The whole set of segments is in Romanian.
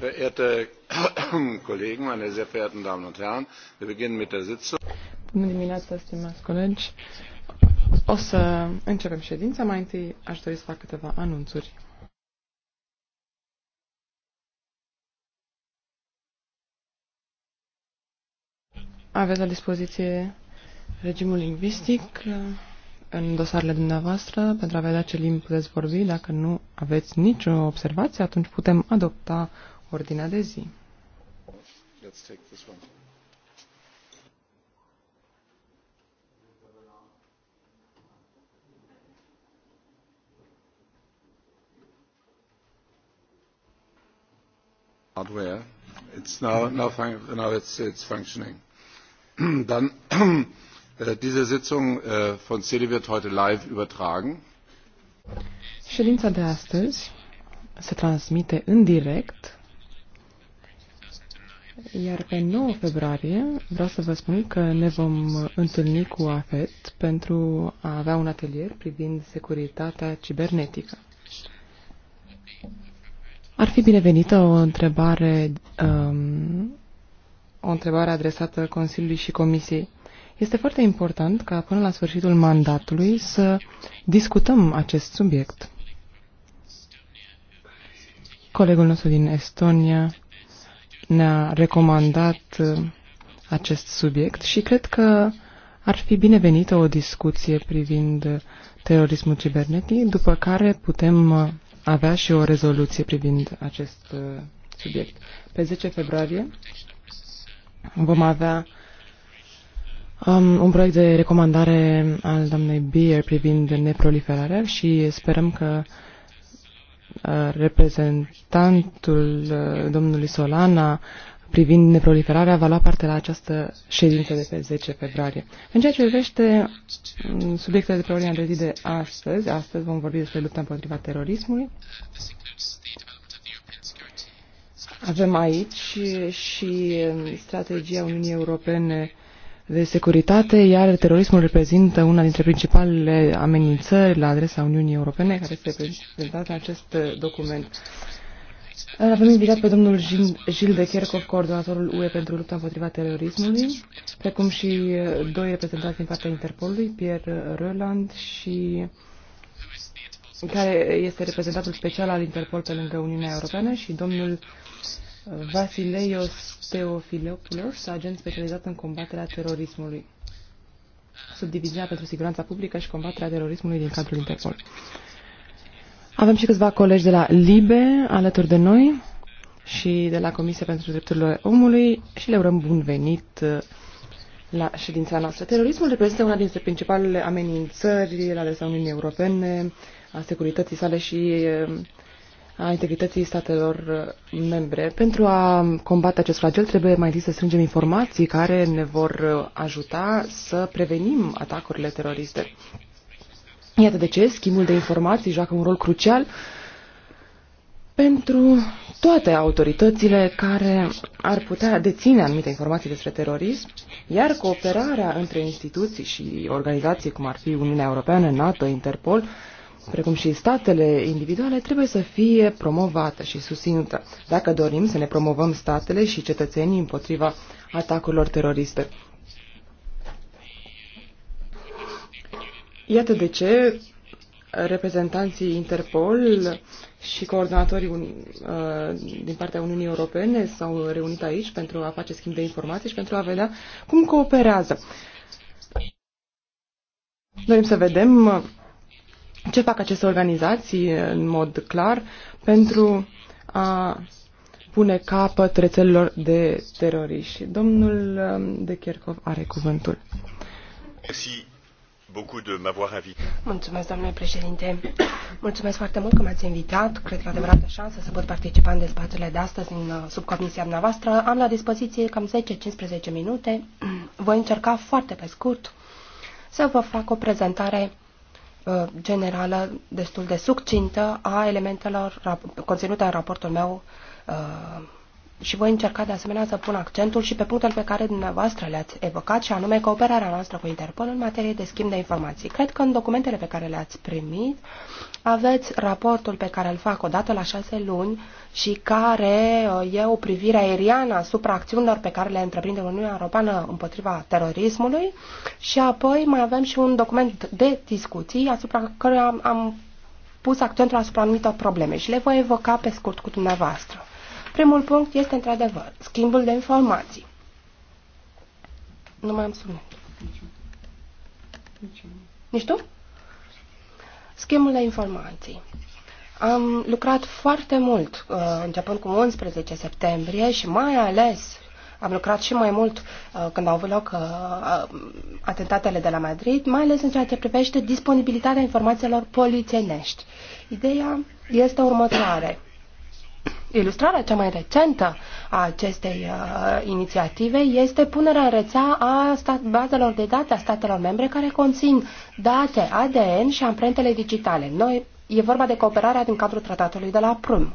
verehrte Kollegen, meine sehr verehrten Damen und Herren, wir beginnen mit der Sitzung. Bună dimineața, stimați colegi. O să începem ședința. Mai întâi aș dori să fac câteva anunțuri. Aveți la dispoziție regimul lingvistic uh, în dosarele dumneavoastră pentru a vedea ce limbi puteți vorbi. Dacă nu aveți nicio observație, atunci putem adopta ordinea de zi. Let's take this one. hardware. It's now, now, now it's, it's functioning. Dann, äh, diese Sitzung äh, von CELI wird heute live übertragen. Ședința de astăzi se transmite în direct iar pe 9 februarie vreau să vă spun că ne vom întâlni cu AFET pentru a avea un atelier privind securitatea cibernetică. Ar fi binevenită o întrebare, um, o întrebare adresată Consiliului și Comisiei. Este foarte important ca până la sfârșitul mandatului să discutăm acest subiect. Colegul nostru din Estonia ne-a recomandat uh, acest subiect și cred că ar fi binevenită o discuție privind uh, terorismul cibernetic, după care putem uh, avea și o rezoluție privind acest subiect. Pe 10 februarie vom avea um, un proiect de recomandare al doamnei Beer privind neproliferarea și sperăm că uh, reprezentantul domnului Solana privind neproliferarea va lua parte la această ședință de pe 10 februarie. În ceea ce privește mm, subiectele de pe ordinea de zi de astăzi, astăzi vom vorbi despre lupta împotriva terorismului. Avem aici și mm, strategia Uniunii Europene de securitate, iar terorismul reprezintă una dintre principalele amenințări la adresa Uniunii Europene, care este prezentată în acest document. Avem invitat pe domnul Gilles de Kerkhoff, coordonatorul UE pentru lupta împotriva terorismului, precum și doi reprezentanți din partea Interpolului, Pierre Roland și care este reprezentantul special al Interpol pe lângă Uniunea Europeană și domnul Vasileios Teofilopoulos, agent specializat în combaterea terorismului. Subdivizia pentru siguranța publică și combaterea terorismului din cadrul Interpol. Avem și câțiva colegi de la LIBE alături de noi și de la Comisia pentru Drepturile Omului și le urăm bun venit uh, la ședința noastră. Terorismul reprezintă una dintre principalele amenințări la adresa Uniunii Europene, a securității sale și uh, a integrității statelor uh, membre. Pentru a combate acest flagel trebuie mai întâi să strângem informații care ne vor uh, ajuta să prevenim atacurile teroriste. Iată de ce schimbul de informații joacă un rol crucial pentru toate autoritățile care ar putea deține anumite informații despre terorism, iar cooperarea între instituții și organizații, cum ar fi Uniunea Europeană, NATO, Interpol, precum și statele individuale, trebuie să fie promovată și susținută, dacă dorim să ne promovăm statele și cetățenii împotriva atacurilor teroriste. Iată de ce reprezentanții Interpol și coordonatorii uh, din partea Uniunii Europene s-au reunit aici pentru a face schimb de informații și pentru a vedea cum cooperează. Dorim să vedem ce fac aceste organizații în mod clar pentru a pune capăt rețelelor de teroriști. Domnul um, de Kerkov are cuvântul. Merci beaucoup de m'avoir invité. Mulțumesc, domnule președinte. Mulțumesc foarte mult că m-ați invitat. Cred că adevărată șansă să pot participa în dezbaterile de astăzi în uh, subcomisia noastră. Am la dispoziție cam 10-15 minute. Voi încerca foarte pe scurt să vă fac o prezentare Uh, generală destul de succintă a elementelor conținute în raportul meu uh, și voi încerca de asemenea să pun accentul și pe punctul pe care dumneavoastră le-ați evocat și anume cooperarea noastră cu Interpol în materie de schimb de informații. Cred că în documentele pe care le-ați primit aveți raportul pe care îl fac odată la șase luni și care uh, e o privire aeriană asupra acțiunilor pe care le întreprinde Uniunea Europeană împotriva terorismului și apoi mai avem și un document de discuții asupra căruia am, am pus accentul asupra anumitor probleme și le voi evoca pe scurt cu dumneavoastră. Primul punct este într-adevăr schimbul de informații. Nu mai am sunet. Nici tu? Schimbul de informații. Am lucrat foarte mult, uh, începând cu 11 septembrie și mai ales am lucrat și mai mult uh, când au avut loc uh, atentatele de la Madrid, mai ales în ceea ce privește disponibilitatea informațiilor polițienești. Ideea este următoare. Ilustrarea cea mai recentă a acestei uh, inițiative este punerea în rețea a stat, bazelor de date a statelor membre care conțin date ADN și amprentele digitale. Noi E vorba de cooperarea din cadrul tratatului de la Prum.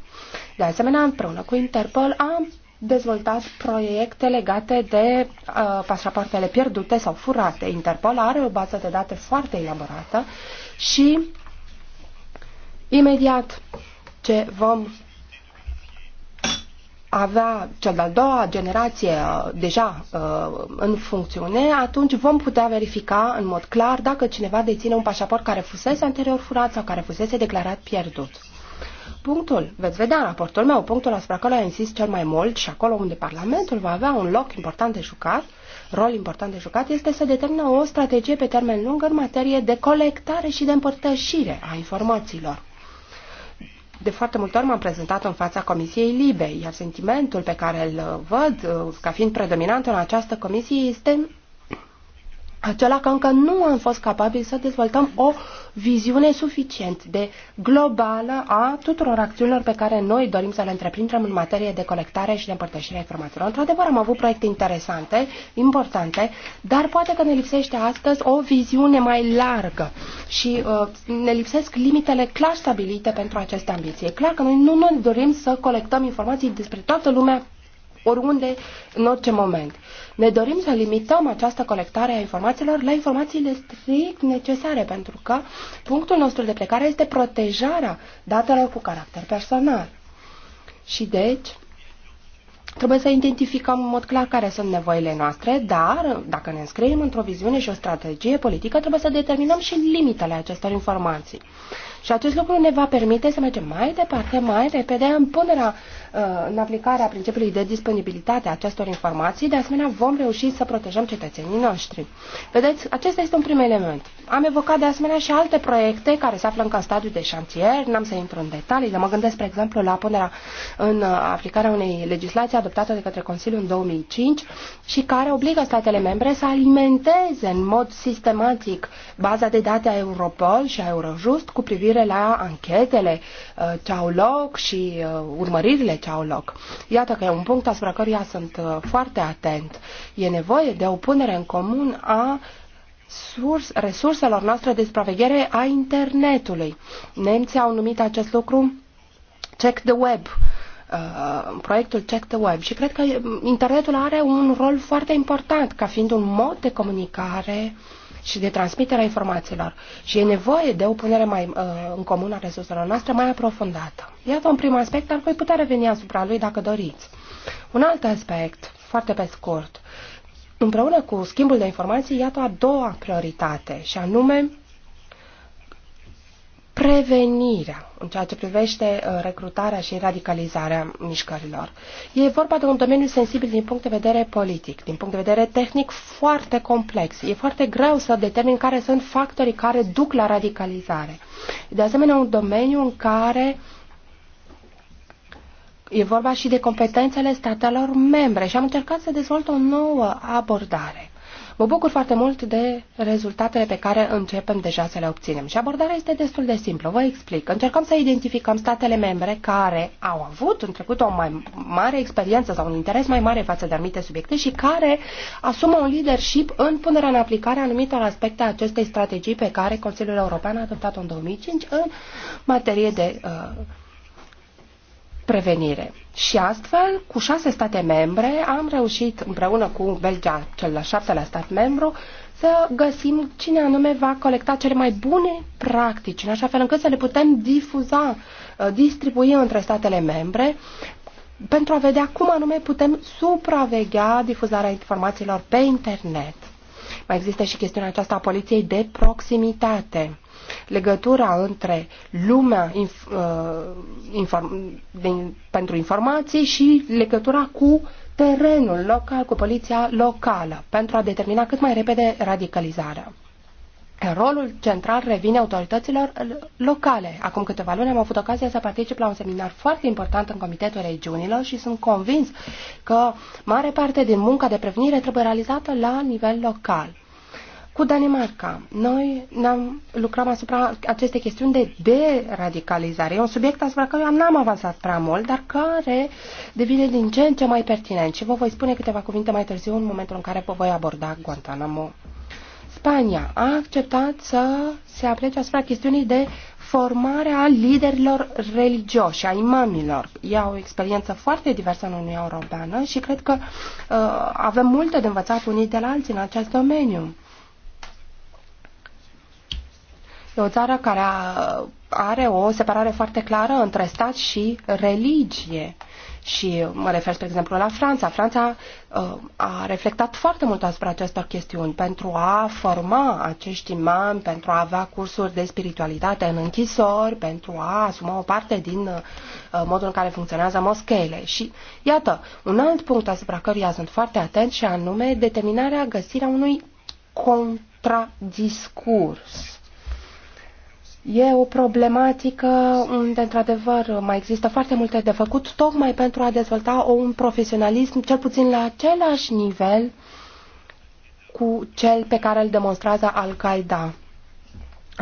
De asemenea, împreună cu Interpol am dezvoltat proiecte legate de uh, pașapoartele pierdute sau furate. Interpol are o bază de date foarte elaborată și imediat ce vom avea cea de-a doua generație uh, deja uh, în funcțiune, atunci vom putea verifica în mod clar dacă cineva deține un pașaport care fusese anterior furat sau care fusese declarat pierdut. Punctul, veți vedea în raportul meu, punctul asupra căruia insist cel mai mult și acolo unde Parlamentul va avea un loc important de jucat, rol important de jucat, este să determină o strategie pe termen lung în materie de colectare și de împărtășire a informațiilor de foarte multe ori m-am prezentat în fața Comisiei Libe, iar sentimentul pe care îl văd uh, ca fiind predominant în această comisie este acela că încă nu am fost capabili să dezvoltăm o viziune suficient de globală a tuturor acțiunilor pe care noi dorim să le întreprindem în materie de colectare și de împărtășire a informațiilor. Într-adevăr, am avut proiecte interesante, importante, dar poate că ne lipsește astăzi o viziune mai largă și uh, ne lipsesc limitele clar stabilite pentru aceste ambiții. E clar că noi nu ne dorim să colectăm informații despre toată lumea oriunde, în orice moment. Ne dorim să limităm această colectare a informațiilor la informațiile strict necesare, pentru că punctul nostru de plecare este protejarea datelor cu caracter personal. Și deci, Trebuie să identificăm în mod clar care sunt nevoile noastre, dar dacă ne înscriem într-o viziune și o strategie politică, trebuie să determinăm și limitele acestor informații. Și acest lucru ne va permite să mergem mai departe, mai repede în punerea Uh, în aplicarea principiului de disponibilitate a acestor informații, de asemenea vom reuși să protejăm cetățenii noștri. Vedeți, acesta este un prim element. Am evocat de asemenea și alte proiecte care se află încă în stadiu de șantier, n-am să intru în detalii, dar mă gândesc, spre exemplu, la punerea în uh, aplicarea unei legislații adoptate de către Consiliu în 2005 și care obligă statele membre să alimenteze în mod sistematic baza de date a Europol și a Eurojust cu privire la anchetele uh, ce au loc și urmăririle ce au loc. Iată că e un punct asupra căruia sunt uh, foarte atent. E nevoie de o punere în comun a surs, resurselor noastre de supraveghere a internetului. Nemții au numit acest lucru Check the Web, uh, proiectul Check the Web. Și cred că um, internetul are un rol foarte important ca fiind un mod de comunicare și de transmiterea informațiilor. Și e nevoie de o punere mai uh, în comun a resurselor noastre mai aprofundată. Iată un prim aspect, dar voi putea reveni asupra lui dacă doriți. Un alt aspect, foarte pe scurt, împreună cu schimbul de informații, iată a doua prioritate, și anume prevenirea în ceea ce privește uh, recrutarea și radicalizarea mișcărilor. E vorba de un domeniu sensibil din punct de vedere politic, din punct de vedere tehnic foarte complex. E foarte greu să determin care sunt factorii care duc la radicalizare. De asemenea, un domeniu în care e vorba și de competențele statelor membre și am încercat să dezvolt o nouă abordare. Mă bucur foarte mult de rezultatele pe care începem deja să le obținem și abordarea este destul de simplă. Vă explic. Încercăm să identificăm statele membre care au avut în trecut o mai mare experiență sau un interes mai mare față de anumite subiecte și care asumă un leadership în punerea în aplicare a anumitor aspecte a acestei strategii pe care Consiliul European a adoptat-o în 2005 în materie de uh, prevenire. Și astfel, cu șase state membre, am reușit, împreună cu Belgia, cel la șaptelea stat membru, să găsim cine anume va colecta cele mai bune practici, în așa fel încât să le putem difuza, uh, distribui între statele membre, pentru a vedea cum anume putem supraveghea difuzarea informațiilor pe internet. Mai există și chestiunea aceasta a poliției de proximitate legătura între lumea inf, uh, inform, de, pentru informații și legătura cu terenul local, cu poliția locală, pentru a determina cât mai repede radicalizarea. Rolul central revine autorităților locale. Acum câteva luni am avut ocazia să particip la un seminar foarte important în Comitetul Regiunilor și sunt convins că mare parte din munca de prevenire trebuie realizată la nivel local cu Danemarca. Noi ne-am lucrat asupra acestei chestiuni de deradicalizare. E un subiect asupra căruia n-am avansat prea mult, dar care devine din ce în ce mai pertinent. Și vă voi spune câteva cuvinte mai târziu în momentul în care vă voi aborda Guantanamo. Spania a acceptat să se aplece asupra chestiunii de formarea liderilor religioși, a imamilor. Ea o experiență foarte diversă în Uniunea Europeană și cred că uh, avem multe de învățat unii de la alții în acest domeniu. E o țară care are o separare foarte clară între stat și religie. Și mă refer, spre exemplu, la Franța. Franța ă, a reflectat foarte mult asupra acestor chestiuni pentru a forma acești imani, pentru a avea cursuri de spiritualitate în închisori, pentru a asuma o parte din ă, modul în care funcționează moscheile. Și iată, un alt punct asupra căruia sunt foarte atent și anume determinarea găsirea unui contradiscurs E o problematică unde, într-adevăr, mai există foarte multe de făcut, tocmai pentru a dezvolta un profesionalism, cel puțin la același nivel, cu cel pe care îl demonstrează Al-Qaeda.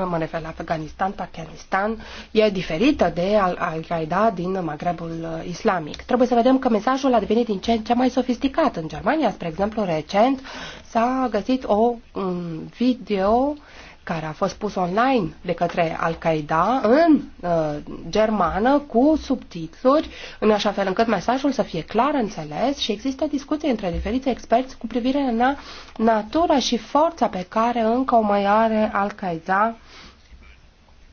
Mă refer la Afganistan, Pakistan, e diferită de Al-Qaeda din Maghrebul uh, Islamic. Trebuie să vedem că mesajul a devenit din ce în ce mai sofisticat. În Germania, spre exemplu, recent s-a găsit o un video uh, care a fost pus online de către Al-Qaeda în uh, germană cu subtitluri, în așa fel încât mesajul să fie clar înțeles și există discuții între diferiți experți cu privire la natura și forța pe care încă o mai are Al-Qaeda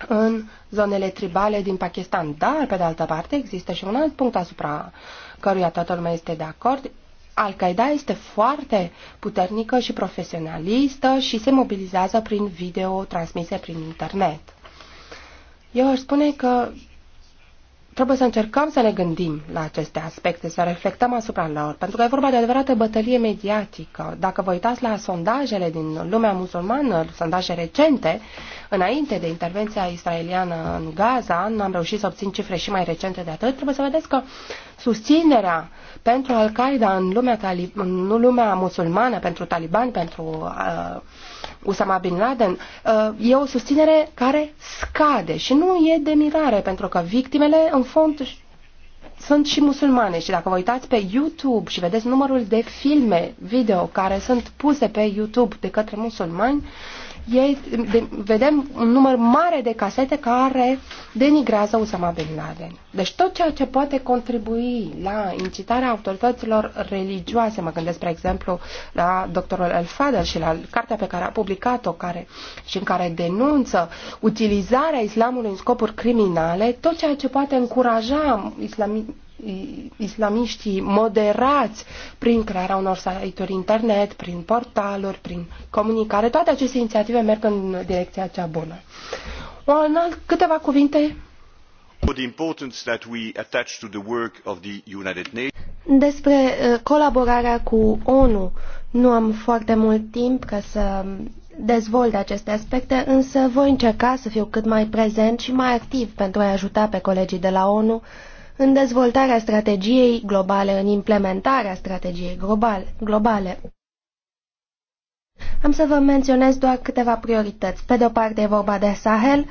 în zonele tribale din Pakistan. Dar, pe de altă parte, există și un alt punct asupra căruia toată lumea este de acord, al-Qaeda este foarte puternică și profesionalistă și se mobilizează prin video transmise prin internet. Eu aș spune că trebuie să încercăm să ne gândim la aceste aspecte, să reflectăm asupra lor, pentru că e vorba de adevărată bătălie mediatică. Dacă vă uitați la sondajele din lumea musulmană, sondaje recente, înainte de intervenția israeliană în Gaza, nu am reușit să obțin cifre și mai recente de atât, trebuie să vedeți că susținerea pentru Al-Qaeda în lumea, în lumea musulmană, pentru talibani, pentru uh, Osama Bin Laden, uh, e o susținere care scade și nu e de mirare, pentru că victimele, în fond, sunt și musulmane și dacă vă uitați pe YouTube și vedeți numărul de filme video care sunt puse pe YouTube de către musulmani, uh, ei, de, vedem un număr mare de casete care denigrează Usama Bin Laden. Deci tot ceea ce poate contribui la incitarea autorităților religioase, mă gândesc, spre exemplu, la doctorul El Fadel și la cartea pe care a publicat-o care, și în care denunță utilizarea islamului în scopuri criminale, tot ceea ce poate încuraja islami, islamiștii moderați prin crearea unor site-uri internet, prin portaluri, prin comunicare. Toate aceste inițiative merg în direcția cea bună. O, în alt, câteva cuvinte despre eh, colaborarea cu ONU. Nu am foarte mult timp ca să dezvolt aceste aspecte, însă voi încerca să fiu cât mai prezent și mai activ pentru a ajuta pe colegii de la ONU în dezvoltarea strategiei globale, în implementarea strategiei globale. Am să vă menționez doar câteva priorități. Pe de o parte e vorba de Sahel,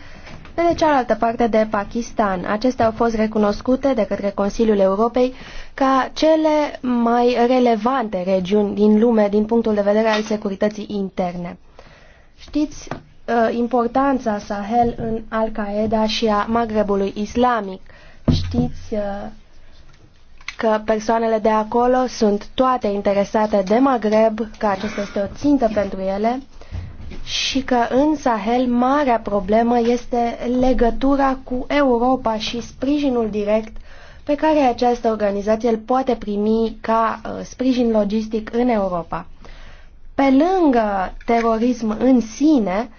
pe de cealaltă parte de Pakistan. Acestea au fost recunoscute de către Consiliul Europei ca cele mai relevante regiuni din lume din punctul de vedere al securității interne. Știți uh, importanța Sahel în Al-Qaeda și a Maghrebului Islamic – Știți uh, că persoanele de acolo sunt toate interesate de Maghreb, că acesta este o țintă pentru ele și că în Sahel marea problemă este legătura cu Europa și sprijinul direct pe care această organizație îl poate primi ca uh, sprijin logistic în Europa. Pe lângă terorism în sine,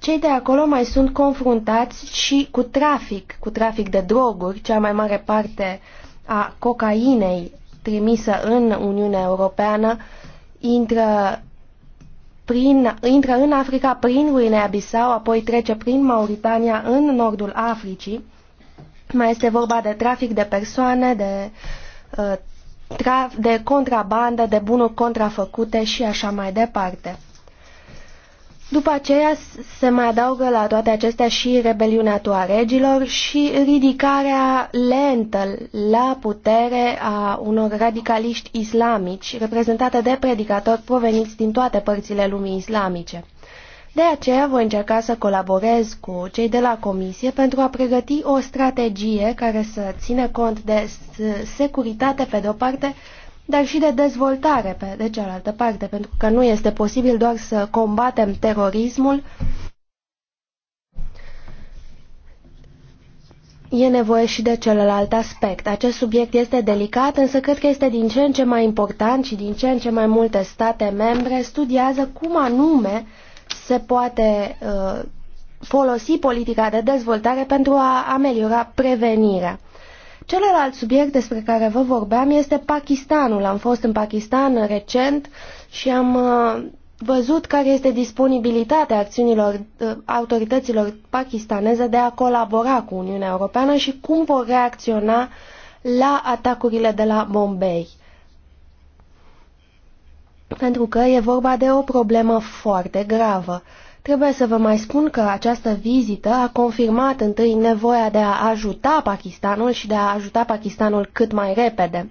cei de acolo mai sunt confruntați și cu trafic, cu trafic de droguri, cea mai mare parte a cocainei trimisă în Uniunea Europeană intră, prin, intră în Africa prin Guinea-Bissau, apoi trece prin Mauritania în nordul Africii. Mai este vorba de trafic de persoane, de, uh, de contrabandă, de bunuri contrafăcute și așa mai departe. După aceea se mai adaugă la toate acestea și rebeliunea tuaregilor și ridicarea lentă la putere a unor radicaliști islamici, reprezentate de predicatori proveniți din toate părțile lumii islamice. De aceea voi încerca să colaborez cu cei de la Comisie pentru a pregăti o strategie care să țină cont de securitate pe de-o parte dar și de dezvoltare pe de cealaltă parte, pentru că nu este posibil doar să combatem terorismul. E nevoie și de celălalt aspect. Acest subiect este delicat, însă cred că este din ce în ce mai important și din ce în ce mai multe state membre studiază cum anume se poate uh, folosi politica de dezvoltare pentru a ameliora prevenirea. Celălalt subiect despre care vă vorbeam este Pakistanul. Am fost în Pakistan recent și am uh, văzut care este disponibilitatea acțiunilor uh, autorităților pakistaneze de a colabora cu Uniunea Europeană și cum vor reacționa la atacurile de la Bombay. Pentru că e vorba de o problemă foarte gravă. Trebuie să vă mai spun că această vizită a confirmat întâi nevoia de a ajuta Pakistanul și de a ajuta Pakistanul cât mai repede.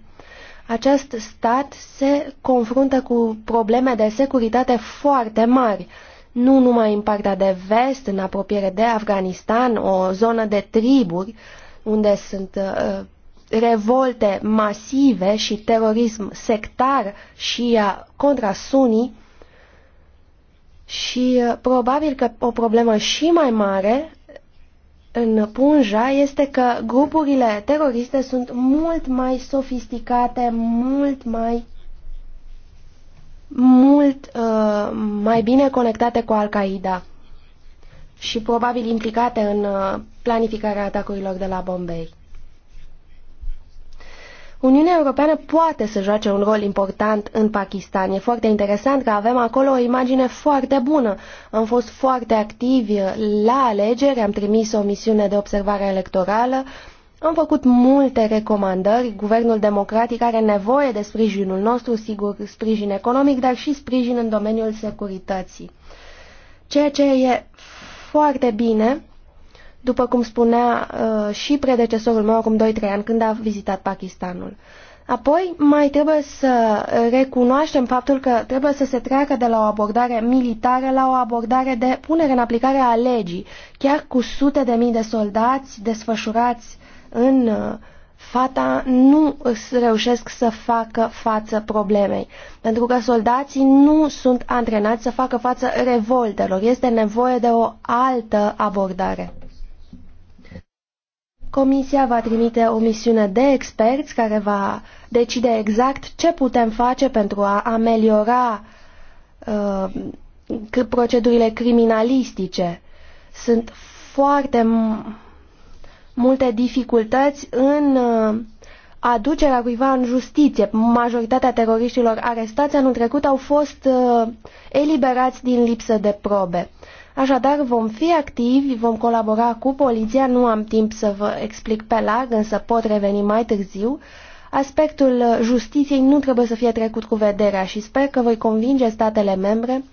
Acest stat se confruntă cu probleme de securitate foarte mari, nu numai în partea de vest, în apropiere de Afganistan, o zonă de triburi, unde sunt uh, revolte masive și terorism sectar și uh, contra sunii, și uh, probabil că o problemă și mai mare în Punja este că grupurile teroriste sunt mult mai sofisticate, mult mai mult uh, mai bine conectate cu Al-Qaeda și probabil implicate în uh, planificarea atacurilor de la Bombay. Uniunea Europeană poate să joace un rol important în Pakistan. E foarte interesant că avem acolo o imagine foarte bună. Am fost foarte activi la alegeri, am trimis o misiune de observare electorală, am făcut multe recomandări. Guvernul democratic are nevoie de sprijinul nostru, sigur, sprijin economic, dar și sprijin în domeniul securității. Ceea ce e foarte bine după cum spunea uh, și predecesorul meu acum 2-3 ani când a vizitat Pakistanul. Apoi, mai trebuie să recunoaștem faptul că trebuie să se treacă de la o abordare militară la o abordare de punere în aplicare a legii, chiar cu sute de mii de soldați desfășurați în uh, fata nu reușesc să facă față problemei, pentru că soldații nu sunt antrenați să facă față revoltelor. Este nevoie de o altă abordare. Comisia va trimite o misiune de experți care va decide exact ce putem face pentru a ameliora uh, procedurile criminalistice. Sunt foarte multe dificultăți în uh, aducerea cuiva în justiție. Majoritatea teroriștilor arestați anul trecut au fost uh, eliberați din lipsă de probe. Așadar, vom fi activi, vom colabora cu poliția, nu am timp să vă explic pe larg, însă pot reveni mai târziu. Aspectul justiției nu trebuie să fie trecut cu vederea și sper că voi convinge statele membre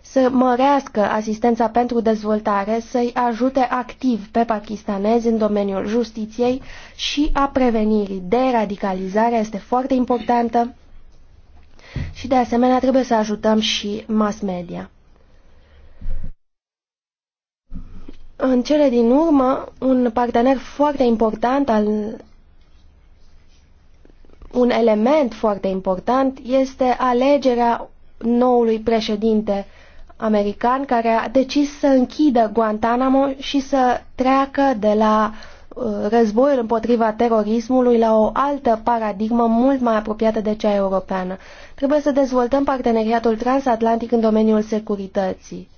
să mărească asistența pentru dezvoltare, să-i ajute activ pe pakistanezi în domeniul justiției și a prevenirii. radicalizare este foarte importantă și de asemenea trebuie să ajutăm și mass media. În cele din urmă, un partener foarte important al un element foarte important este alegerea noului președinte american care a decis să închidă Guantanamo și să treacă de la uh, războiul împotriva terorismului la o altă paradigmă mult mai apropiată de cea europeană. Trebuie să dezvoltăm parteneriatul transatlantic în domeniul securității.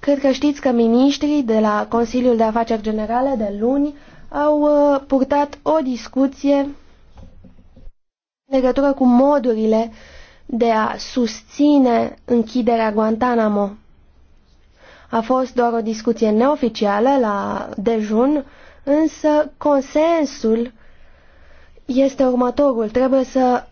Cred că știți că miniștrii de la Consiliul de Afaceri Generale de luni au uh, purtat o discuție în legătură cu modurile de a susține închiderea Guantanamo. A fost doar o discuție neoficială la dejun, însă consensul este următorul. Trebuie să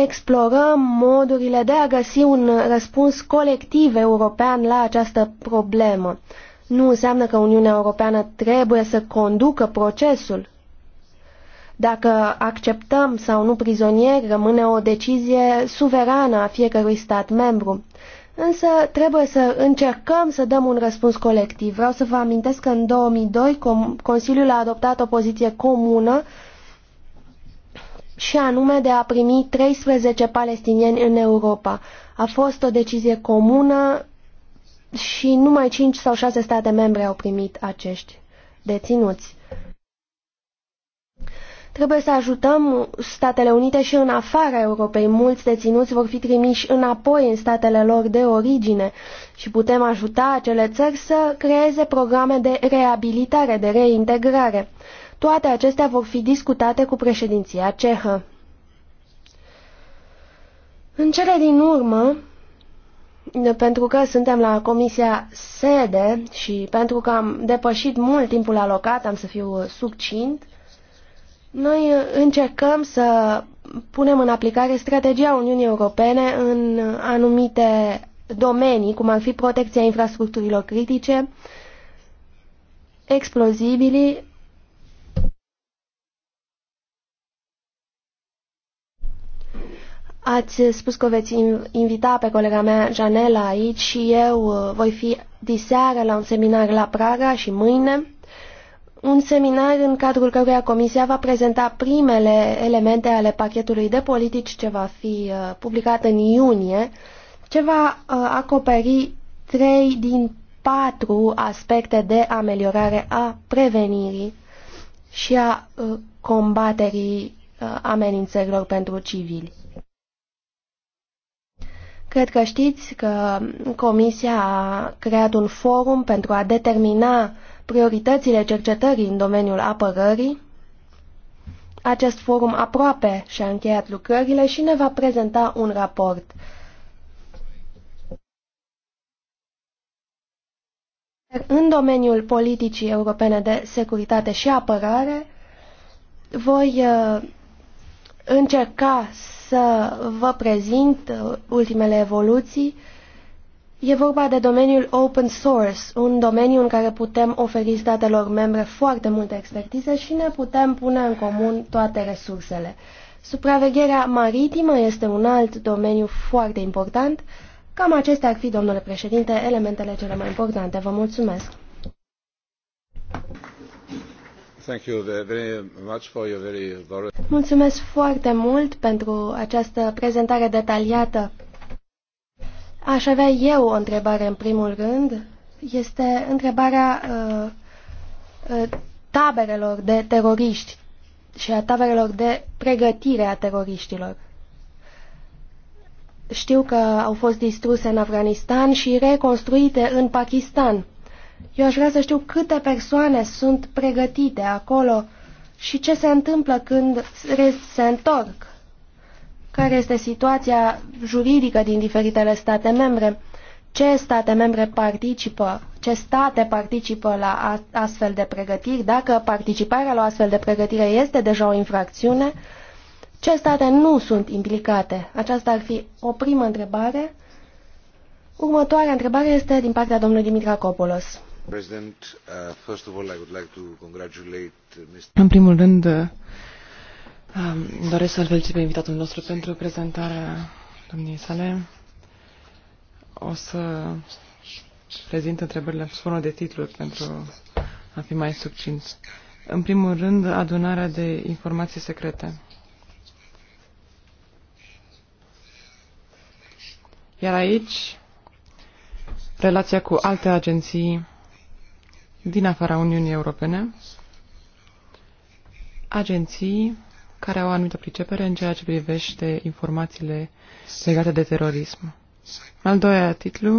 explorăm modurile de a găsi un răspuns colectiv european la această problemă. Nu înseamnă că Uniunea Europeană trebuie să conducă procesul. Dacă acceptăm sau nu prizonieri, rămâne o decizie suverană a fiecărui stat membru. Însă trebuie să încercăm să dăm un răspuns colectiv. Vreau să vă amintesc că în 2002 Consiliul a adoptat o poziție comună și anume de a primi 13 palestinieni în Europa. A fost o decizie comună și numai 5 sau 6 state membre au primit acești deținuți. Trebuie să ajutăm Statele Unite și în afara Europei. Mulți deținuți vor fi trimiși înapoi în statele lor de origine și putem ajuta acele țări să creeze programe de reabilitare, de reintegrare. Toate acestea vor fi discutate cu președinția cehă. În cele din urmă, pentru că suntem la comisia sede și pentru că am depășit mult timpul alocat, am să fiu succint, noi încercăm să punem în aplicare strategia Uniunii Europene în anumite domenii, cum ar fi protecția infrastructurilor critice, explozibili, Ați spus că veți invita pe colega mea, Janela, aici și eu uh, voi fi diseară la un seminar la Praga și mâine. Un seminar în cadrul căruia Comisia va prezenta primele elemente ale pachetului de politici ce va fi uh, publicat în iunie, ce va uh, acoperi trei din patru aspecte de ameliorare a prevenirii și a combaterii amenințărilor pentru civili. Cred că știți că Comisia a creat un forum pentru a determina prioritățile cercetării în domeniul apărării. Acest forum aproape și-a încheiat lucrările și ne va prezenta un raport. În domeniul politicii europene de securitate și apărare, voi uh, încerca să vă prezint uh, ultimele evoluții. E vorba de domeniul open source, un domeniu în care putem oferi statelor membre foarte multă expertiză și ne putem pune în comun toate resursele. Supravegherea maritimă este un alt domeniu foarte important. Cam acestea ar fi, domnule președinte, elementele cele mai importante. Vă mulțumesc! Mulțumesc foarte mult pentru această prezentare detaliată. Aș avea eu o întrebare în primul rând. Este întrebarea uh, uh, taberelor de teroriști și a taberelor de pregătire a teroriștilor. Știu că au fost distruse în Afganistan și reconstruite în Pakistan. Eu aș vrea să știu câte persoane sunt pregătite acolo și ce se întâmplă când se întorc. Care este situația juridică din diferitele state membre? Ce state membre participă? Ce state participă la astfel de pregătiri? Dacă participarea la astfel de pregătire este deja o infracțiune, ce state nu sunt implicate? Aceasta ar fi o primă întrebare. Următoarea întrebare este din partea domnului Dimitra Copolos. În primul rând, uh, doresc să-l felicit pe invitatul nostru pentru prezentarea domniei sale. O să prezint întrebările în formă de titluri pentru a fi mai succint. În primul rând, adunarea de informații secrete. Iar aici, relația cu alte agenții din afara Uniunii Europene, agenții care au anumită pricepere în ceea ce privește informațiile legate de terorism. Al doilea titlu,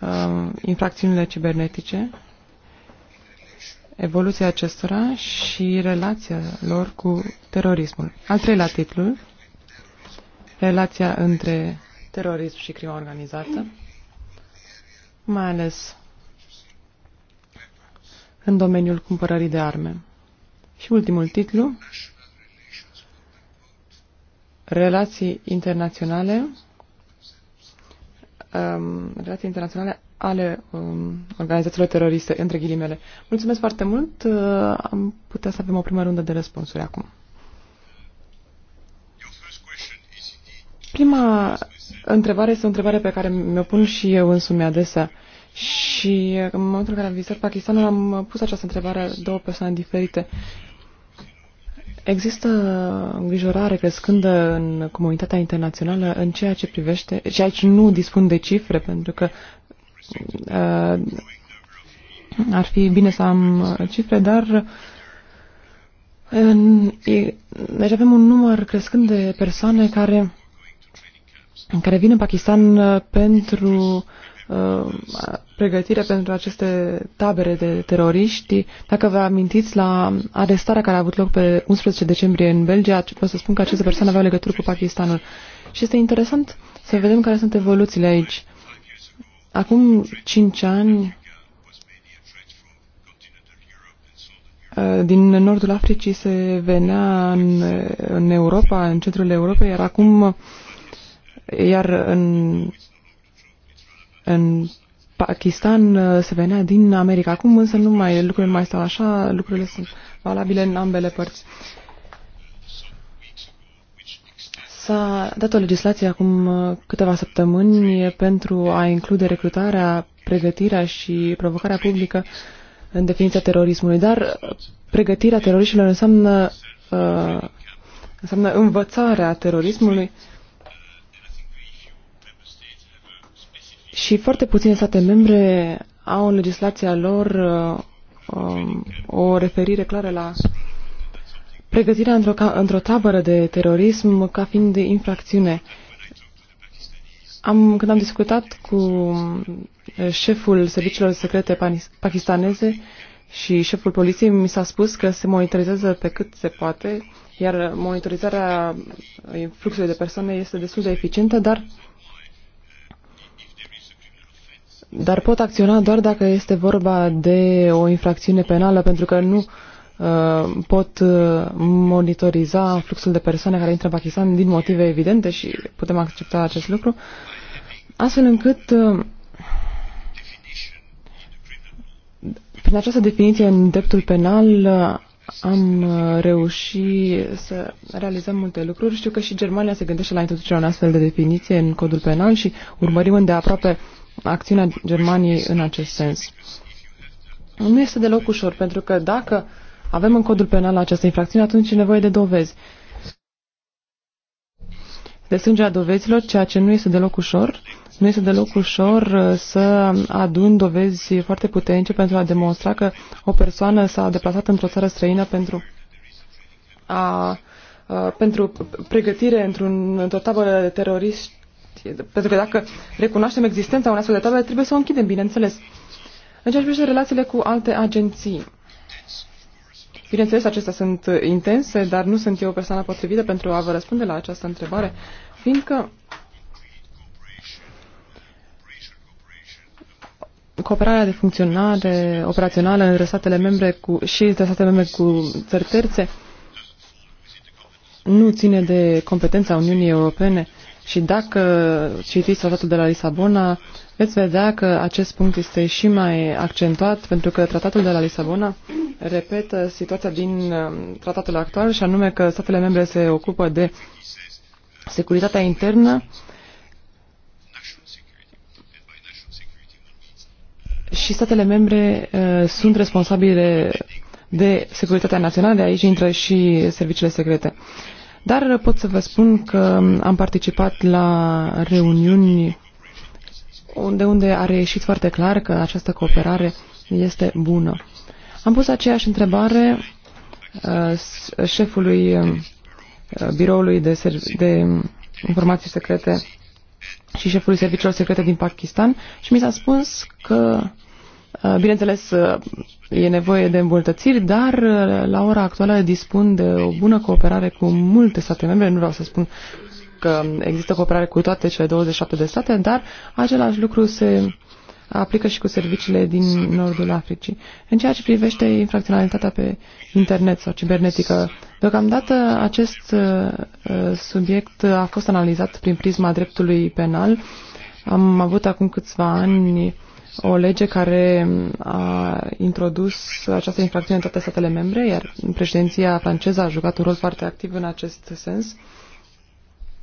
um, infracțiunile cibernetice, evoluția acestora și relația lor cu terorismul. Al treilea titlu, relația între terorism și crimă organizată, mai ales în domeniul cumpărării de arme. Și ultimul titlu, Relații internaționale, um, relații internaționale ale um, organizațiilor teroriste, între ghilimele. Mulțumesc foarte mult. Uh, am putea să avem o primă rundă de răspunsuri acum. Prima întrebare este o întrebare pe care mi-o pun și eu însumi adesea. Și și în momentul în care am vizitat Pakistanul, am pus această întrebare două persoane diferite. Există îngrijorare crescândă în comunitatea internațională în ceea ce privește, și aici nu dispun de cifre, pentru că uh, ar fi bine să am cifre, dar în, deci avem un număr crescând de persoane care, care vin în Pakistan uh, pentru Uh, pregătire pentru aceste tabere de teroriști. Dacă vă amintiți la arestarea care a avut loc pe 11 decembrie în Belgia, vă să spun că aceste persoane aveau legături cu Pakistanul. Și este interesant să vedem care sunt evoluțiile aici. Acum 5 ani, uh, din nordul Africii se venea în, în Europa, în centrul Europei, iar acum, iar în în Pakistan uh, se venea din America. Acum însă nu mai, lucrurile nu mai stau așa, lucrurile sunt valabile în ambele părți. S-a dat o legislație acum uh, câteva săptămâni pentru a include recrutarea, pregătirea și provocarea publică în definiția terorismului, dar uh, pregătirea teroriștilor înseamnă, uh, înseamnă învățarea terorismului uh, Și foarte puține state membre au în legislația lor uh, um, o referire clară la pregătirea într-o, într, -o, într -o tabără de terorism ca fiind infracțiune. Am, când am discutat cu uh, șeful serviciilor secrete pakistaneze și șeful poliției, mi s-a spus că se monitorizează pe cât se poate, iar monitorizarea fluxului de persoane este destul de eficientă, dar uh, dar pot acționa doar dacă este vorba de o infracțiune penală, pentru că nu uh, pot uh, monitoriza fluxul de persoane care intră în Pakistan din motive evidente și putem accepta acest lucru, astfel încât uh, prin această definiție în dreptul penal uh, am uh, reușit să realizăm multe lucruri. Știu că și Germania se gândește la introducerea unei astfel de definiție în codul penal și urmărim îndeaproape aproape acțiunea Germaniei în acest sens. Nu este deloc ușor, pentru că dacă avem în codul penal această infracțiune, atunci e nevoie de dovezi. De sângea dovezilor, ceea ce nu este deloc ușor, nu este deloc ușor uh, să adun dovezi foarte puternice pentru a demonstra că o persoană s-a deplasat într-o țară străină pentru a, a uh, pentru pregătire într-un, într-o tabără terorist, pentru că dacă recunoaștem existența unei astfel de tabere, trebuie să o închidem, bineînțeles. În ceea ce privește relațiile cu alte agenții, bineînțeles, acestea sunt intense, dar nu sunt eu persoană potrivită pentru a vă răspunde la această întrebare, fiindcă cooperarea de funcționare operațională între statele membre cu, și între statele membre cu țări terțe nu ține de competența Uniunii Europene și dacă citiți tratatul de la Lisabona, veți vedea că acest punct este și mai accentuat, pentru că tratatul de la Lisabona repetă situația din um, tratatul actual, și anume că statele membre se ocupă de securitatea internă și statele membre uh, sunt responsabile de securitatea națională, de aici intră și serviciile secrete. Uh, dar pot să vă spun că am participat la reuniuni unde, unde a reieșit foarte clar că această cooperare este bună. Am pus aceeași întrebare uh, șefului uh, biroului de, de informații secrete și șefului serviciilor secrete din Pakistan și mi s-a spus că Eh, bineînțeles, eh, e nevoie de îmbunătățiri, dar eh, la ora actuală dispun de o bună cooperare cu multe state membre. Nu vreau să spun că există cooperare cu toate cele 27 de state, dar același lucru se aplică și cu serviciile din nordul Africii. În ceea ce privește infracționalitatea pe internet sau cibernetică, deocamdată acest subiect a fost analizat prin prisma dreptului penal. Am avut acum câțiva ani o lege care a introdus această infracțiune în toate statele membre, iar președinția franceză a jucat un rol foarte activ în acest sens.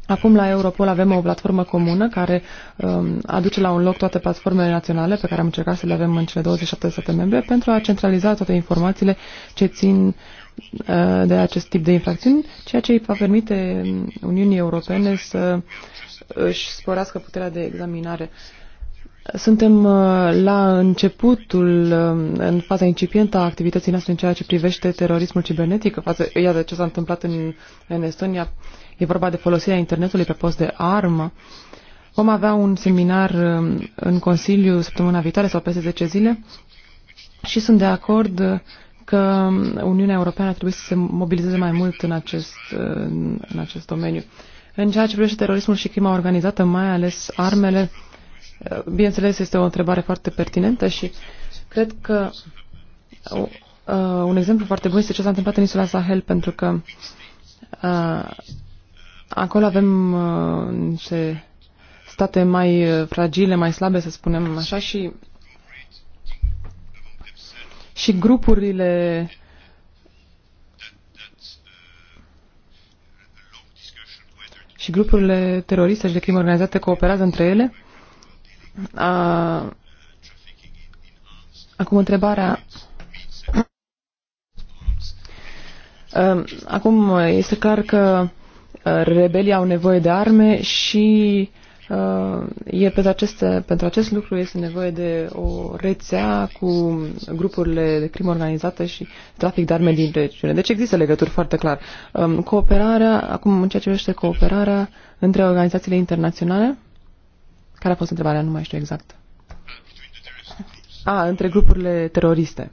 Acum la Europol avem o platformă comună care um, aduce la un loc toate platformele naționale pe care am încercat să le avem în cele 27 de state membre pentru a centraliza toate informațiile ce țin uh, de acest tip de infracțiuni, ceea ce îi va permite um, Uniunii Europene să își sporească puterea de examinare uh, suntem uh, la începutul, uh, în faza incipientă a activității noastre în ceea ce privește terorismul cibernetic. Față, iată ce s-a întâmplat în, în Estonia. E vorba de folosirea internetului pe post de armă. Vom avea un seminar uh, în Consiliu săptămâna viitoare sau peste 10 zile și sunt de acord că Uniunea Europeană trebuie să se mobilizeze mai mult în acest, în acest domeniu. În ceea ce privește terorismul și crima organizată, mai ales armele, Bineînțeles, este o întrebare foarte pertinentă și cred că uh, un exemplu foarte bun este ce s-a întâmplat în insula Sahel, pentru că uh, acolo avem uh, niște state mai fragile, mai slabe, să spunem așa, și și grupurile și grupurile teroriste și de crimă organizată cooperează între ele Uh, acum întrebarea uh, Acum este clar că uh, rebelii au nevoie de arme și e pentru, aceste, pentru acest lucru este nevoie de o rețea cu grupurile de crimă organizată și trafic de arme din regiune. Deci există legături foarte clar. Um, cooperarea, acum în ceea ce privește cooperarea între organizațiile internaționale, care a fost întrebarea? Nu mai știu exact. A, între grupurile teroriste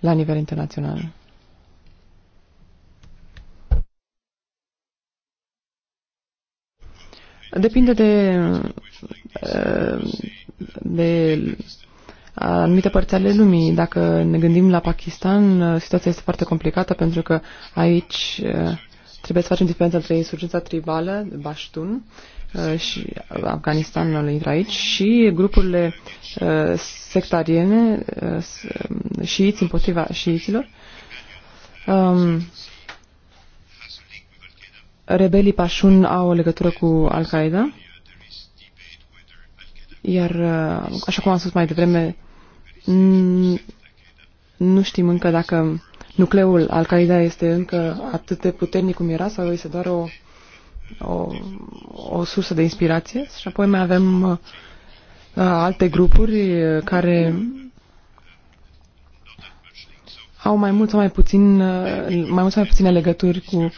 la nivel internațional. Depinde de, de anumite părți ale lumii. Dacă ne gândim la Pakistan, situația este foarte complicată pentru că aici eh, trebuie să facem diferența între insurgența tribală, Bashtun, Uh, și Afganistanului intră aici și grupurile uh, sectariene uh, șiiți împotriva șiiților. Um, rebelii Pașun au o legătură cu Al-Qaeda, iar, așa cum am spus mai devreme, nu știm încă dacă nucleul Al-Qaeda este încă atât de puternic cum era sau este doar o o, o sursă de inspirație și apoi mai avem uh, alte grupuri uh, care au mai mult sau mai puțin uh, mai mult sau mai puține legături cu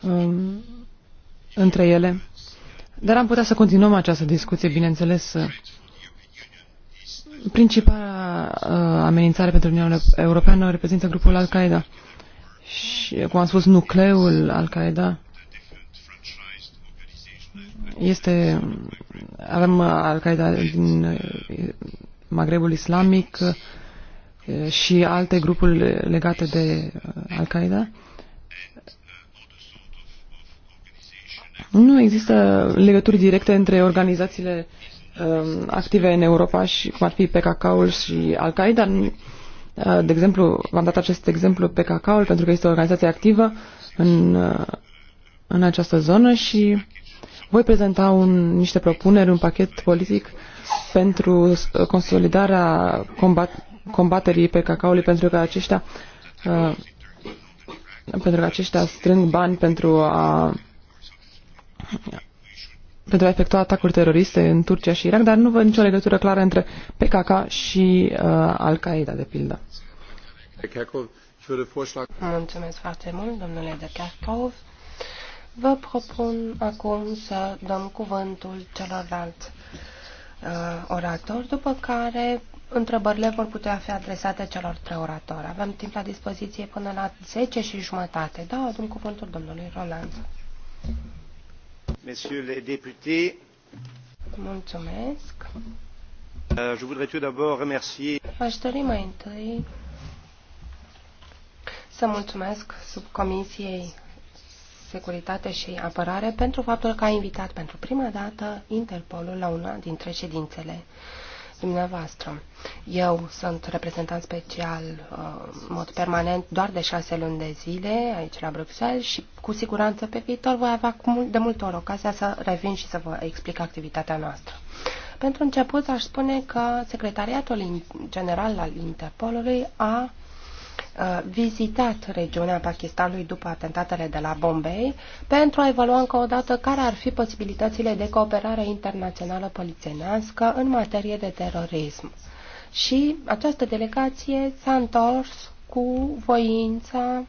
uh, între ele. Dar am putea să continuăm această discuție, bineînțeles. Uh, principala uh, amenințare pentru Uniunea Europeană reprezintă grupul Al-Qaeda. Și, cum am spus, nucleul Al-Qaeda este, avem Al-Qaeda din uh, Magrebul Islamic uh, și alte grupuri legate de uh, Al-Qaeda. Nu există legături directe între organizațiile um, active în Europa și cum ar fi PKK-ul și Al-Qaeda. de exemplu, v-am dat acest exemplu PKK-ul pentru că este o organizație activă în, în această zonă și voi prezenta un, niște propuneri, un pachet politic pentru uh, consolidarea combat, combaterii pe cacaului, pentru că aceștia uh, pentru că aceștia strâng bani pentru a pentru a efectua atacuri teroriste în Turcia și Irak, dar nu văd nicio legătură clară între PKK și uh, Al-Qaeda, de pildă. Mulțumesc foarte mult, domnule de Kerkov. Vă propun acum să dăm cuvântul celorlalți uh, oratori, după care întrebările vor putea fi adresate celor trei oratori. Avem timp la dispoziție până la 10 și jumătate. Da, adun cuvântul domnului Roland. Messieurs les députés, Mulțumesc. Uh, je voudrais tout d'abord remercier... Aș dori mai întâi să mulțumesc subcomisiei Securitate și Apărare pentru faptul că a invitat pentru prima dată Interpolul la una dintre ședințele dumneavoastră. Eu sunt reprezentant special uh, în mod permanent doar de șase luni de zile aici la Bruxelles și cu siguranță pe viitor voi avea de multe ori ocazia să revin și să vă explic activitatea noastră. Pentru început aș spune că Secretariatul General al Interpolului a vizitat regiunea Pakistanului după atentatele de la Bombay pentru a evalua încă o dată care ar fi posibilitățile de cooperare internațională polițenească în materie de terorism. Și această delegație s-a întors cu voința,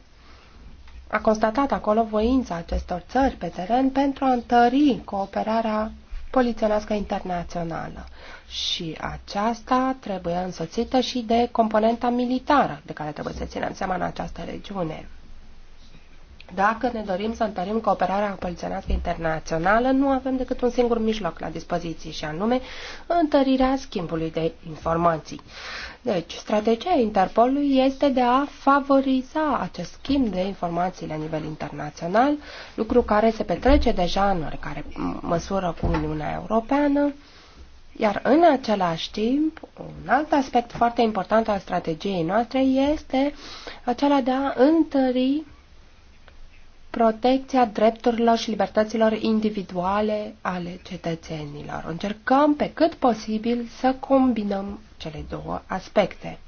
a constatat acolo voința acestor țări pe teren pentru a întări cooperarea polițenească internațională. Și aceasta trebuie însoțită și de componenta militară de care trebuie să ținem seama în această regiune. Dacă ne dorim să întărim cooperarea poliționească internațională, nu avem decât un singur mijloc la dispoziție și anume întărirea schimbului de informații. Deci, strategia Interpolului este de a favoriza acest schimb de informații la nivel internațional, lucru care se petrece deja în oricare măsură cu Uniunea Europeană, iar în același timp, un alt aspect foarte important al strategiei noastre este acela de a întări protecția drepturilor și libertăților individuale ale cetățenilor. Încercăm pe cât posibil să combinăm cele două aspecte.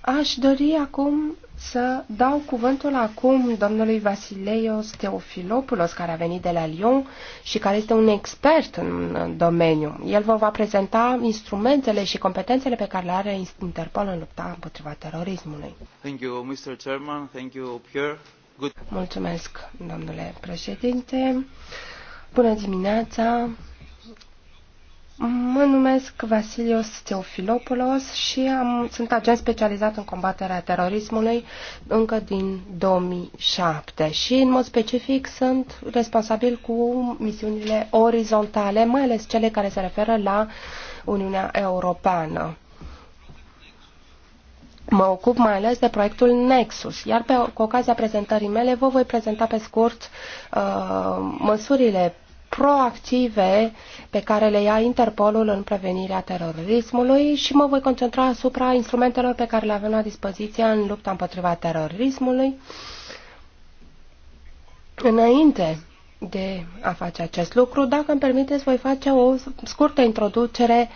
Aș dori acum să dau cuvântul acum domnului Vasileios Teofilopoulos, care a venit de la Lyon și care este un expert în domeniu. El vă va prezenta instrumentele și competențele pe care le are Interpol în lupta împotriva terorismului. Thank you, Mr. Chairman. Thank you, Pierre. Good. Mulțumesc, domnule președinte. Bună dimineața. Mă numesc Vasilios Teofilopoulos și am, sunt agent specializat în combaterea terorismului încă din 2007 și în mod specific sunt responsabil cu misiunile orizontale, mai ales cele care se referă la Uniunea Europeană. Mă ocup mai ales de proiectul Nexus, iar pe, cu ocazia prezentării mele vă voi prezenta pe scurt uh, măsurile proactive pe care le ia Interpolul în prevenirea terorismului și mă voi concentra asupra instrumentelor pe care le avem la dispoziție în lupta împotriva terorismului. Înainte de a face acest lucru, dacă îmi permiteți, voi face o scurtă introducere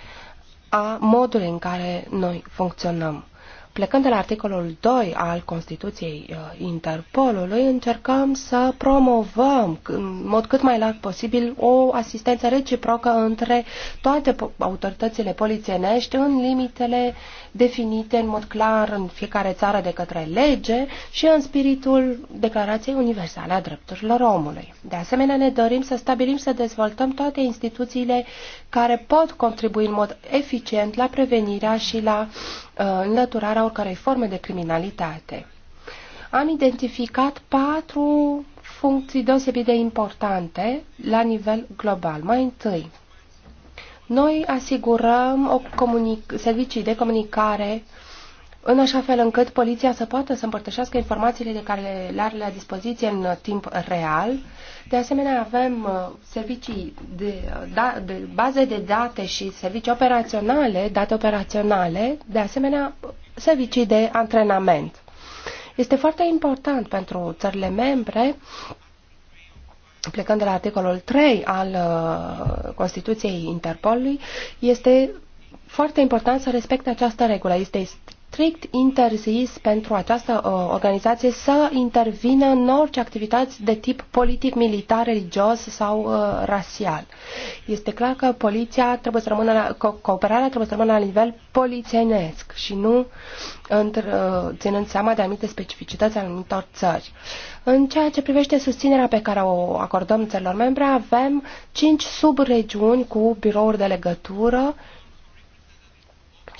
a modului în care noi funcționăm. Plecând de la articolul 2 al Constituției uh, Interpolului, încercăm să promovăm în mod cât mai larg posibil o asistență reciprocă între toate autoritățile polițienești în limitele uh, definite în mod clar în fiecare țară de către lege și în spiritul Declarației Universale a Drepturilor Omului. De asemenea, ne dorim să stabilim să dezvoltăm toate instituțiile care pot contribui în mod eficient la prevenirea și la uh, înlăturarea oricărei forme de criminalitate. Am identificat patru funcții deosebit de importante la nivel global. Mai întâi, noi asigurăm o comunic- servicii de comunicare în așa fel încât poliția să poată să împărtășească informațiile de care le are la dispoziție în timp real. De asemenea, avem uh, servicii de, uh, da, de baze de date și servicii operaționale, date operaționale, de asemenea, servicii de antrenament. Este foarte important pentru țările membre plecând de la articolul 3 al uh, Constituției Interpolului, este foarte important să respecte această regulă. Este strict interzis pentru această uh, organizație să intervină în orice activități de tip politic, militar, religios sau uh, rasial. Este clar că poliția trebuie să rămână la, co cooperarea trebuie să rămână la nivel polițienesc și nu într, uh, ținând seama de anumite specificități al anumitor țări. În ceea ce privește susținerea pe care o acordăm țărilor membre, avem cinci subregiuni cu birouri de legătură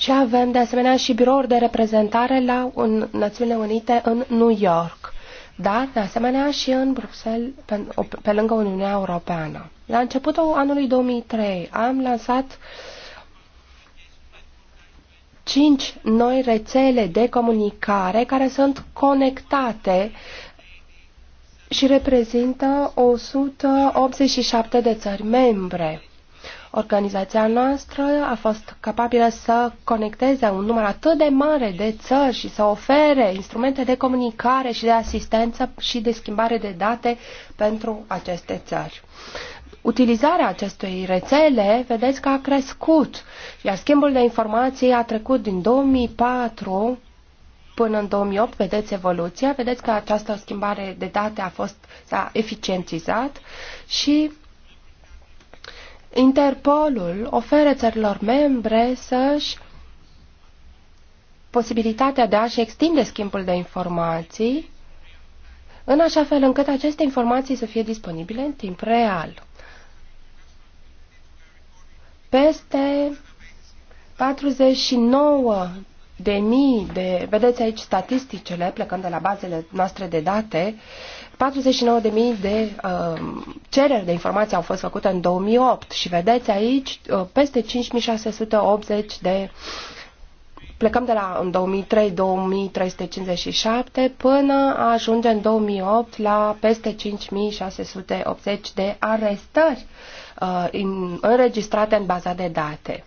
și avem de asemenea și birouri de reprezentare la un, Națiunile Unite în New York, dar de asemenea și în Bruxelles, pe, pe lângă Uniunea Europeană. La începutul anului 2003 am lansat cinci noi rețele de comunicare care sunt conectate și reprezintă 187 de țări membre. Organizația noastră a fost capabilă să conecteze un număr atât de mare de țări și să ofere instrumente de comunicare și de asistență și de schimbare de date pentru aceste țări. Utilizarea acestei rețele, vedeți că a crescut, iar schimbul de informații a trecut din 2004 până în 2008, vedeți evoluția, vedeți că această schimbare de date a fost, s-a eficientizat și Interpolul oferă țărilor membre să-și posibilitatea de a-și extinde schimbul de informații în așa fel încât aceste informații să fie disponibile în timp real. Peste 49 de mii de... Vedeți aici statisticele, plecând de la bazele noastre de date, 49.000 de uh, cereri de informații au fost făcute în 2008 și vedeți aici uh, peste 5.680 de plecăm de la în 2003-2357 până ajunge în 2008 la peste 5680 de arestări uh, înregistrate în baza de date.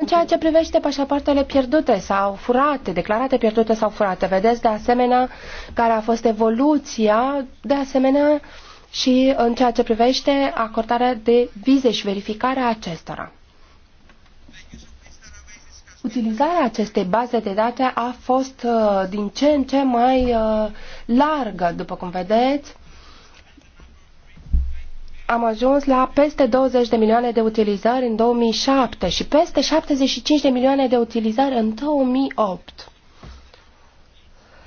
În ceea ce privește pașapoartele pierdute sau furate, declarate pierdute sau furate, vedeți de asemenea care a fost evoluția, de asemenea și în ceea ce privește acordarea de vize și verificarea acestora. Utilizarea acestei baze de date a fost uh, din ce în ce mai uh, largă, după cum vedeți, am ajuns la peste 20 de milioane de utilizări în 2007 și peste 75 de milioane de utilizări în 2008.